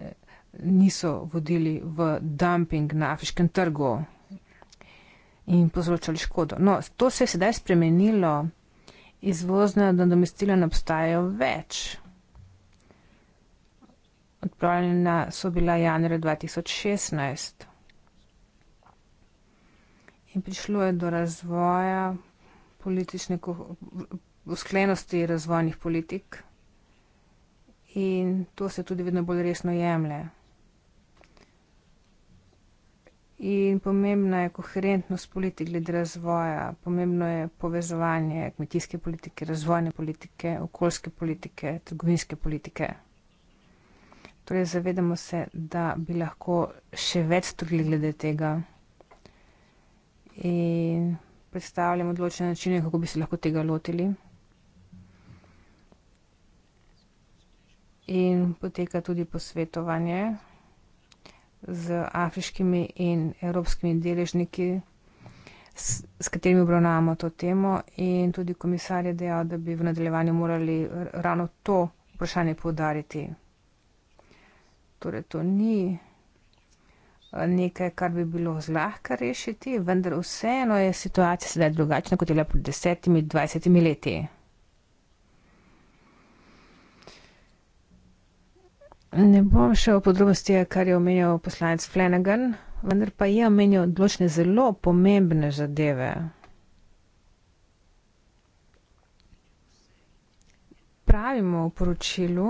[SPEAKER 1] niso vodili v dumping na afriškem trgu in povzročali škodo. No, to se je sedaj spremenilo, izvozna nadomestila ne obstajajo več. Odpravljena so bila januarja 2016 in prišlo je do razvoja politične usklenosti razvojnih politik in to se tudi vedno bolj resno jemlje. In pomembna je koherentnost politik glede razvoja, pomembno je povezovanje kmetijske politike, razvojne politike, okoljske politike, trgovinske politike. Torej, zavedamo se, da bi lahko še več storili glede tega in predstavljamo odločene načine, kako bi se lahko tega lotili. In poteka tudi posvetovanje z afriškimi in evropskimi deležniki, s, s katerimi obravnavamo to temo. In tudi komisar je dejal, da bi v nadaljevanju morali ravno to vprašanje povdariti. Torej, to ni eh, nekaj, kar bi bilo zlahka rešiti, vendar vseeno je situacija sedaj drugačna, kot je bila pred desetimi, dvajsetimi leti. Ne bom šel v podrobnosti, kar je omenjal poslanec Flanagan, vendar pa je omenjal odločne zelo pomembne zadeve. Pravimo v poročilu,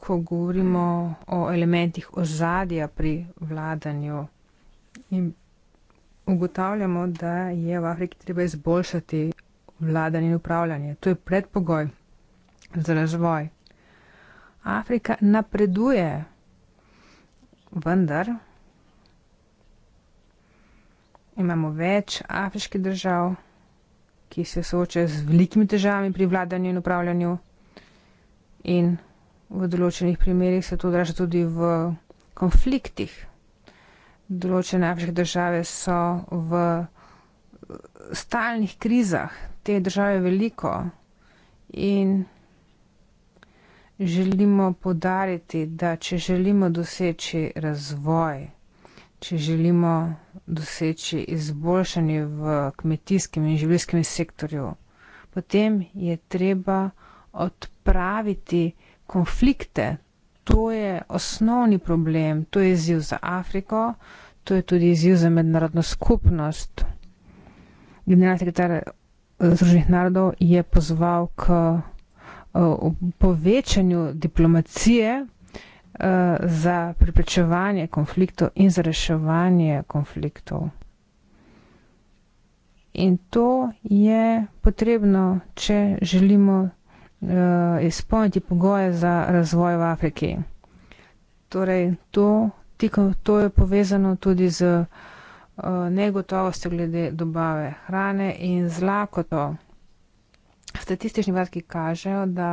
[SPEAKER 1] ko govorimo o elementih ozadja pri vladanju in ugotavljamo, da je v Afriki treba izboljšati vladanje in upravljanje. To je predpogoj za razvoj. Afrika napreduje, vendar imamo več afriških držav, ki se soočajo z velikimi težavami pri vladanju in upravljanju in v določenih primerjih se to odraža tudi v konfliktih. Določene afriške države so v eh, stalnih krizah, te države veliko in želimo podariti, da če želimo doseči razvoj, če želimo doseči izboljšanje v kmetijskem in življenskem sektorju, potem je treba odpraviti konflikte. To je osnovni problem, to je izziv za Afriko, to je tudi izziv za mednarodno skupnost. Generalni sekretar eh, Združenih narodov je pozval k o eh, povečanju diplomacije eh, za preprečevanje konfliktov in za reševanje konfliktov. In to je potrebno, če želimo uh, izpolniti pogoje za razvoj v Afriki. Torej, to, tiko, to je povezano tudi z uh, negotovostjo glede dobave hrane in z lakoto statistični podatki kažejo, da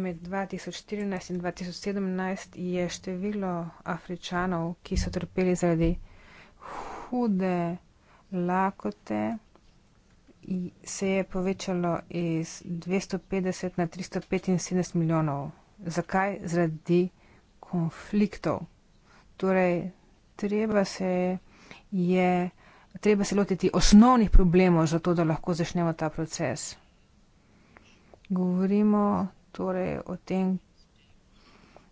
[SPEAKER 1] med 2014 in 2017 je število Afričanov, ki so trpeli zaradi hude lakote, se je povečalo iz 250 na 375 milijonov. Zakaj? Zaradi konfliktov. Torej, treba se je treba se lotiti osnovnih problemov, zato da lahko začnemo ta proces. Govorimo torej o tem,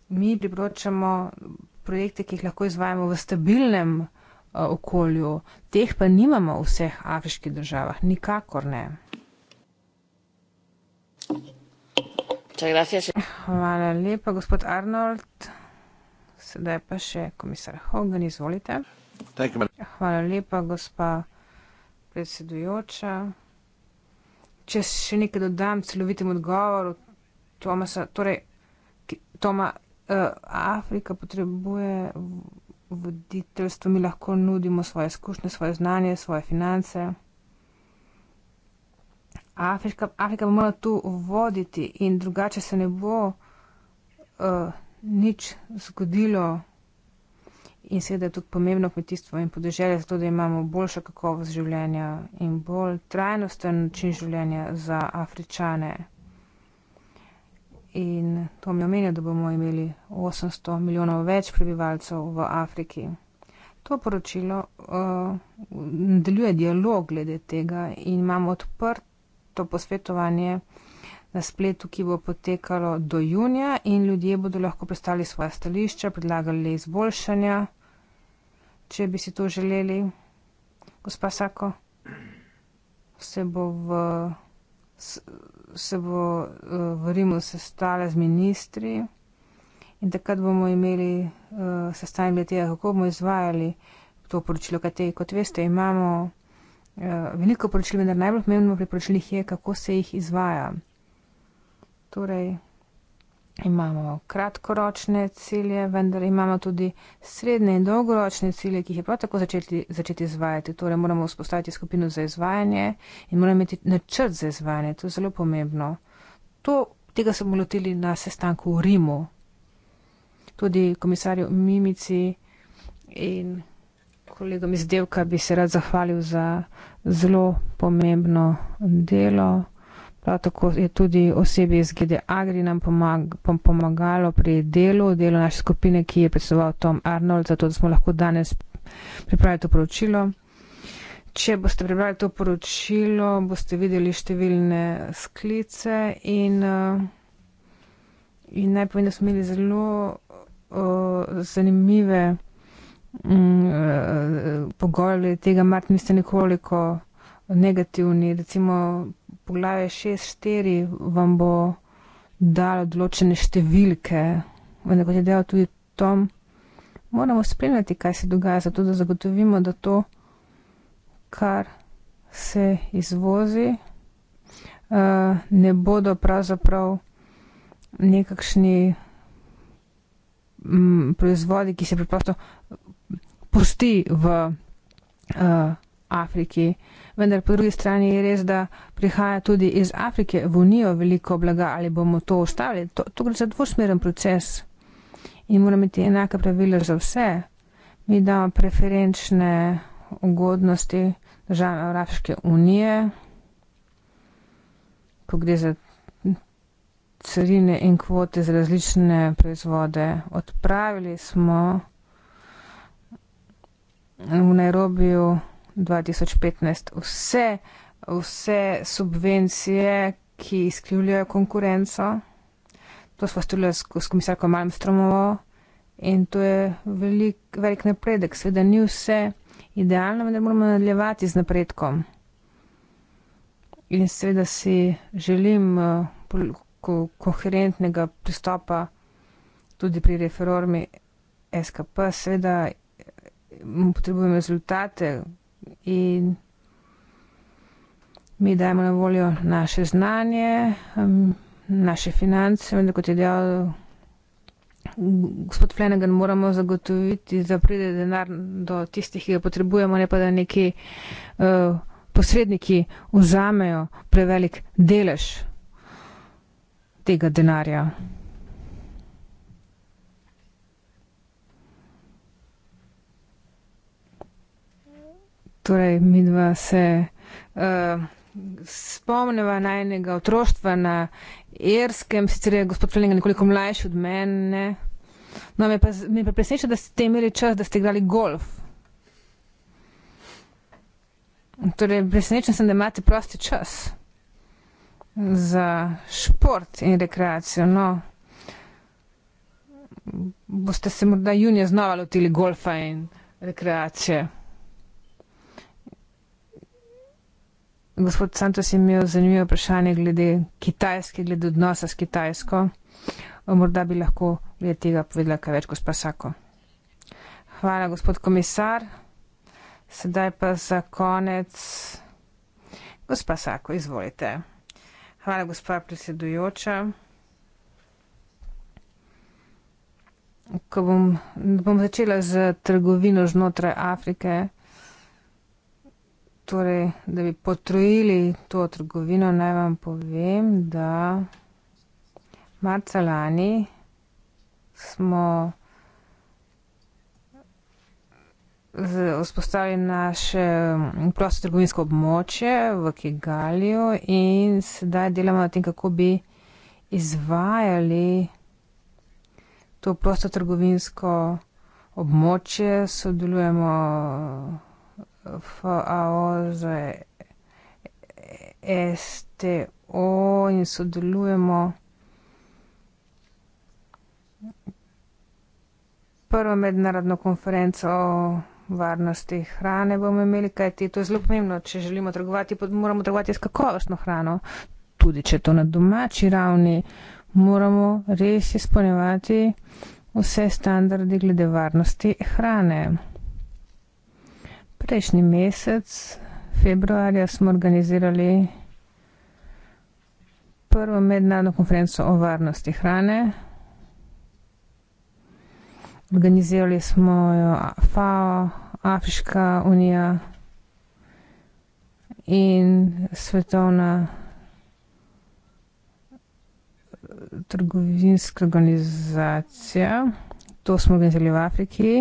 [SPEAKER 1] mi priporočamo projekte, ki jih lahko izvajamo v stabilnem uh, okolju, teh pa nimamo v vseh afriških državah, nikakor ne. Hvala lepa, gospod Arnold. Sedaj pa še komisar Hogan, izvolite. Hvala lepa, gospa predsedujoča. Če še nekaj dodam celovitem odgovoru, Tomasa, torej, Toma, uh, Afrika potrebuje voditeljstvo, mi lahko nudimo svoje izkušnje, svoje znanje, svoje finance. Afrika, Afrika bo morala tu voditi in drugače se ne bo uh, nič zgodilo in seveda tudi pomembno kmetijstvo in podeželje, zato da imamo boljšo kakovost življenja in bolj trajnosten način življenja za Afričane. In to mi omenja, da bomo imeli 800 milijonov več prebivalcev v Afriki. To poročilo uh, eh, deluje dialog glede tega in imamo odprto posvetovanje na spletu, ki bo potekalo do junija in ljudje bodo lahko predstavili svoje stališče, predlagali izboljšanja, če bi si to želeli. Gospa Sako, se bo v, se bo eh, v Rimu sestala z ministri in takrat bomo imeli uh, sestanek glede tega, kako bomo izvajali to poročilo, kateri, kot veste, imamo uh, veliko poročil, vendar najbolj pomembno pri poročilih je, kako se jih izvaja. Torej imamo kratkoročne cilje, vendar imamo tudi srednje in dolgoročne cilje, ki jih je prav tako začeti, začeti izvajati. Torej moramo vzpostaviti skupino za izvajanje in moramo imeti načrt za izvajanje. To je zelo pomembno. To, tega smo lotili na sestanku v Rimu. Tudi komisarju Mimici in kolegom iz Devka bi se rad zahvalil za zelo pomembno delo. Prav tako je tudi osebi iz GD Agri nam pomag pomagalo pri delu, delu naše skupine, ki je predstavoval Tom Arnold, zato da smo lahko danes pripravili to poročilo. Če boste prebrali to poročilo, boste videli številne sklice in, in naj povem, da smo imeli zelo uh, zanimive um, uh, pogovore tega. Martin, niste nekoliko negativni. Recimo, poglavje 6.4 vam bo dalo določene številke, vendar kot je dejal tudi Tom, moramo spremljati, kaj se dogaja, zato da zagotovimo, da to, kar se izvozi, eh, ne bodo pravzaprav nekakšni mm, proizvodi, ki se preprosto pusti v eh, Afriki vendar po drugi strani je res, da prihaja tudi iz Afrike v Unijo veliko blaga, ali bomo to ostavili. To, to gre za dvosmeren proces in mora imeti enaka pravila za vse. Mi damo preferenčne ugodnosti države Evropske unije, ko gre za carine in kvote za različne proizvode. Odpravili smo v Nairobiju 2015 vse, vse subvencije, ki izkljuljajo konkurenco. To smo storili s, s komisarko Malmstromovo in to je velik, velik napredek. Sveda ni vse idealno, vendar moramo nadaljevati z napredkom. In seveda si želim eh, koherentnega pristopa tudi pri reformi SKP. Seveda eh, potrebujem rezultate, in mi dajemo na voljo naše znanje, naše finance, vendar kot je dejal gospod Flanagan, moramo zagotoviti, da pride denar do tistih, ki ga potrebujemo, ne pa da neki eh, posredniki vzamejo prevelik delež tega denarja. torej midva se uh, eh, spomneva najnega otroštva na Erskem, sicer je gospod Frelinga nekoliko mlajši od mene. No, me pa, me pa presneča, da ste imeli čas, da ste igrali golf. Torej, presenečen sem, da imate prosti čas za šport in rekreacijo. No, boste se morda junija znova lotili golfa in rekreacije. gospod Santos je imel zanimivo vprašanje glede kitajske, glede odnosa s kitajsko. Morda bi lahko glede tega povedala kaj več, gospod Sako. Hvala, gospod komisar. Sedaj pa za konec. Gospa Sako, izvolite. Hvala, gospa predsedujoča. Ko bom, bom začela z trgovino znotraj Afrike, torej, da bi potrojili to trgovino, naj vam povem, da marca lani smo vzpostavili naše mm, prostotrgovinsko območje v Kigaliju in sedaj delamo na tem, kako bi izvajali to prostotrgovinsko območje, sodelujemo FAOZSTO in sodelujemo. Prva mednarodna konferenca o varnosti hrane bomo imeli, kaj ti to je zelo pomembno. Če želimo trgovati, moramo trgovati s kakovostno hrano. Tudi če je to na domači ravni, moramo res izpolnjevati vse standarde glede varnosti hrane. Prejšnji mesec, februarja, smo organizirali prvo mednarodno konferenco o varnosti hrane. Organizirali smo jo FAO, Afriška unija in Svetovna trgovinska organizacija. To smo organizirali v Afriki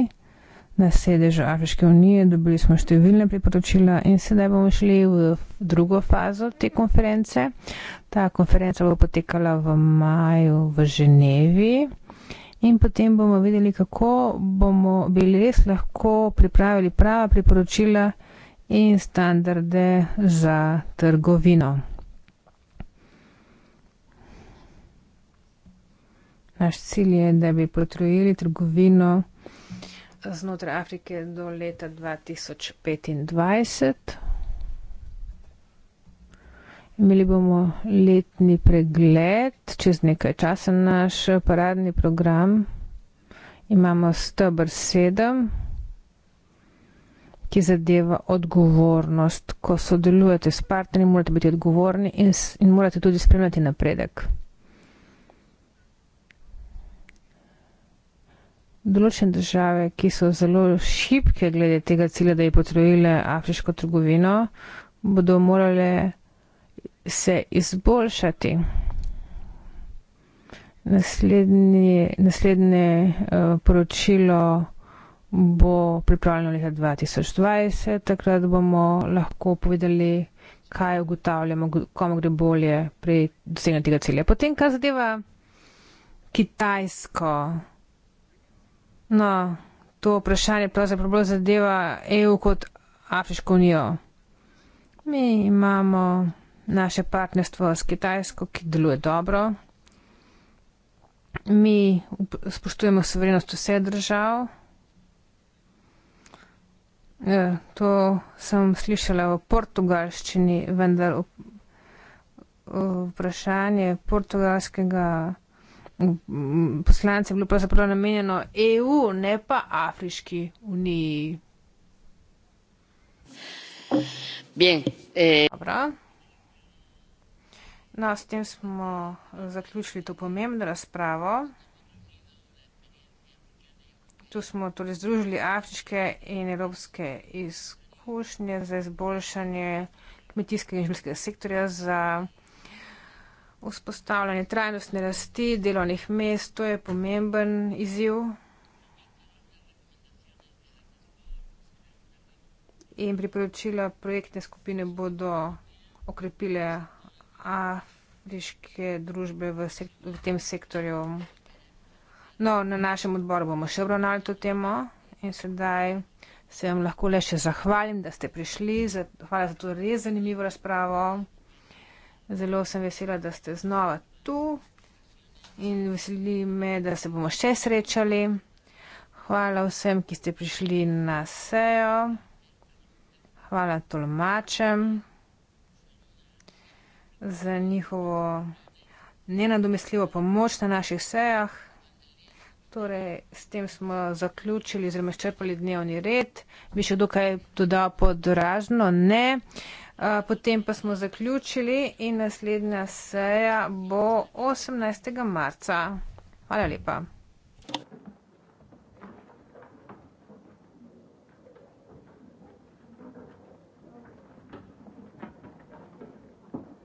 [SPEAKER 1] na sedežu Afriške unije, dobili smo številne priporočila in sedaj bomo šli v drugo fazo te konference. Ta konferenca bo potekala v maju v Ženevi in potem bomo videli, kako bomo bili res lahko pripravili prava priporočila in standarde za trgovino. Naš cilj je, da bi potrojili trgovino znotraj Afrike do leta 2025. Imeli bomo letni pregled, čez nekaj časa naš paradni program. Imamo stebr 7, ki zadeva odgovornost. Ko sodelujete s partnerji, morate biti odgovorni in, in morate tudi spremljati napredek. določene države, ki so zelo šibke glede tega cilja, da je potrojila afriško trgovino, bodo morale se izboljšati. Naslednje, naslednje eh, poročilo bo pripravljeno leta 2020, takrat bomo lahko povedali, kaj ugotavljamo, komu gre bolje pri doseganju tega cilja. Potem, kar zadeva Kitajsko, No, to vprašanje pravzaprav zadeva EU kot Afriško unijo. Mi imamo naše partnerstvo s Kitajsko, ki deluje dobro. Mi spoštujemo soverenost vse držav. E, to sem slišala v portugalščini, vendar vprašanje portugalskega poslance bilo pravzaprav namenjeno EU, ne pa Afriški uniji. Bien, eh. No, s tem smo zaključili to pomembno razpravo. Tu smo torej združili afriške in evropske izkušnje za izboljšanje kmetijskega in življenjskega sektorja za vzpostavljanje trajnostne rasti delovnih mest, to je pomemben izziv. In priporočila projektne skupine bodo okrepile afriške družbe v, sek v tem sektorju. No, na našem odboru bomo še obravnali to temo in sedaj se vam lahko le še zahvalim, da ste prišli. Hvala za to res zanimivo razpravo. Zelo sem vesela, da ste znova tu in veseli me, da se bomo še srečali. Hvala vsem, ki ste prišli na sejo. Hvala tolmačem za njihovo nenadomestljivo pomoč na naših sejah. Torej, s tem smo zaključili, zelo izčrpali dnevni red. Bi še dokaj dodal podražno? Ne. Uh, potem pa smo zaključili in naslednja seja bo 18. marca. Hvala lepa.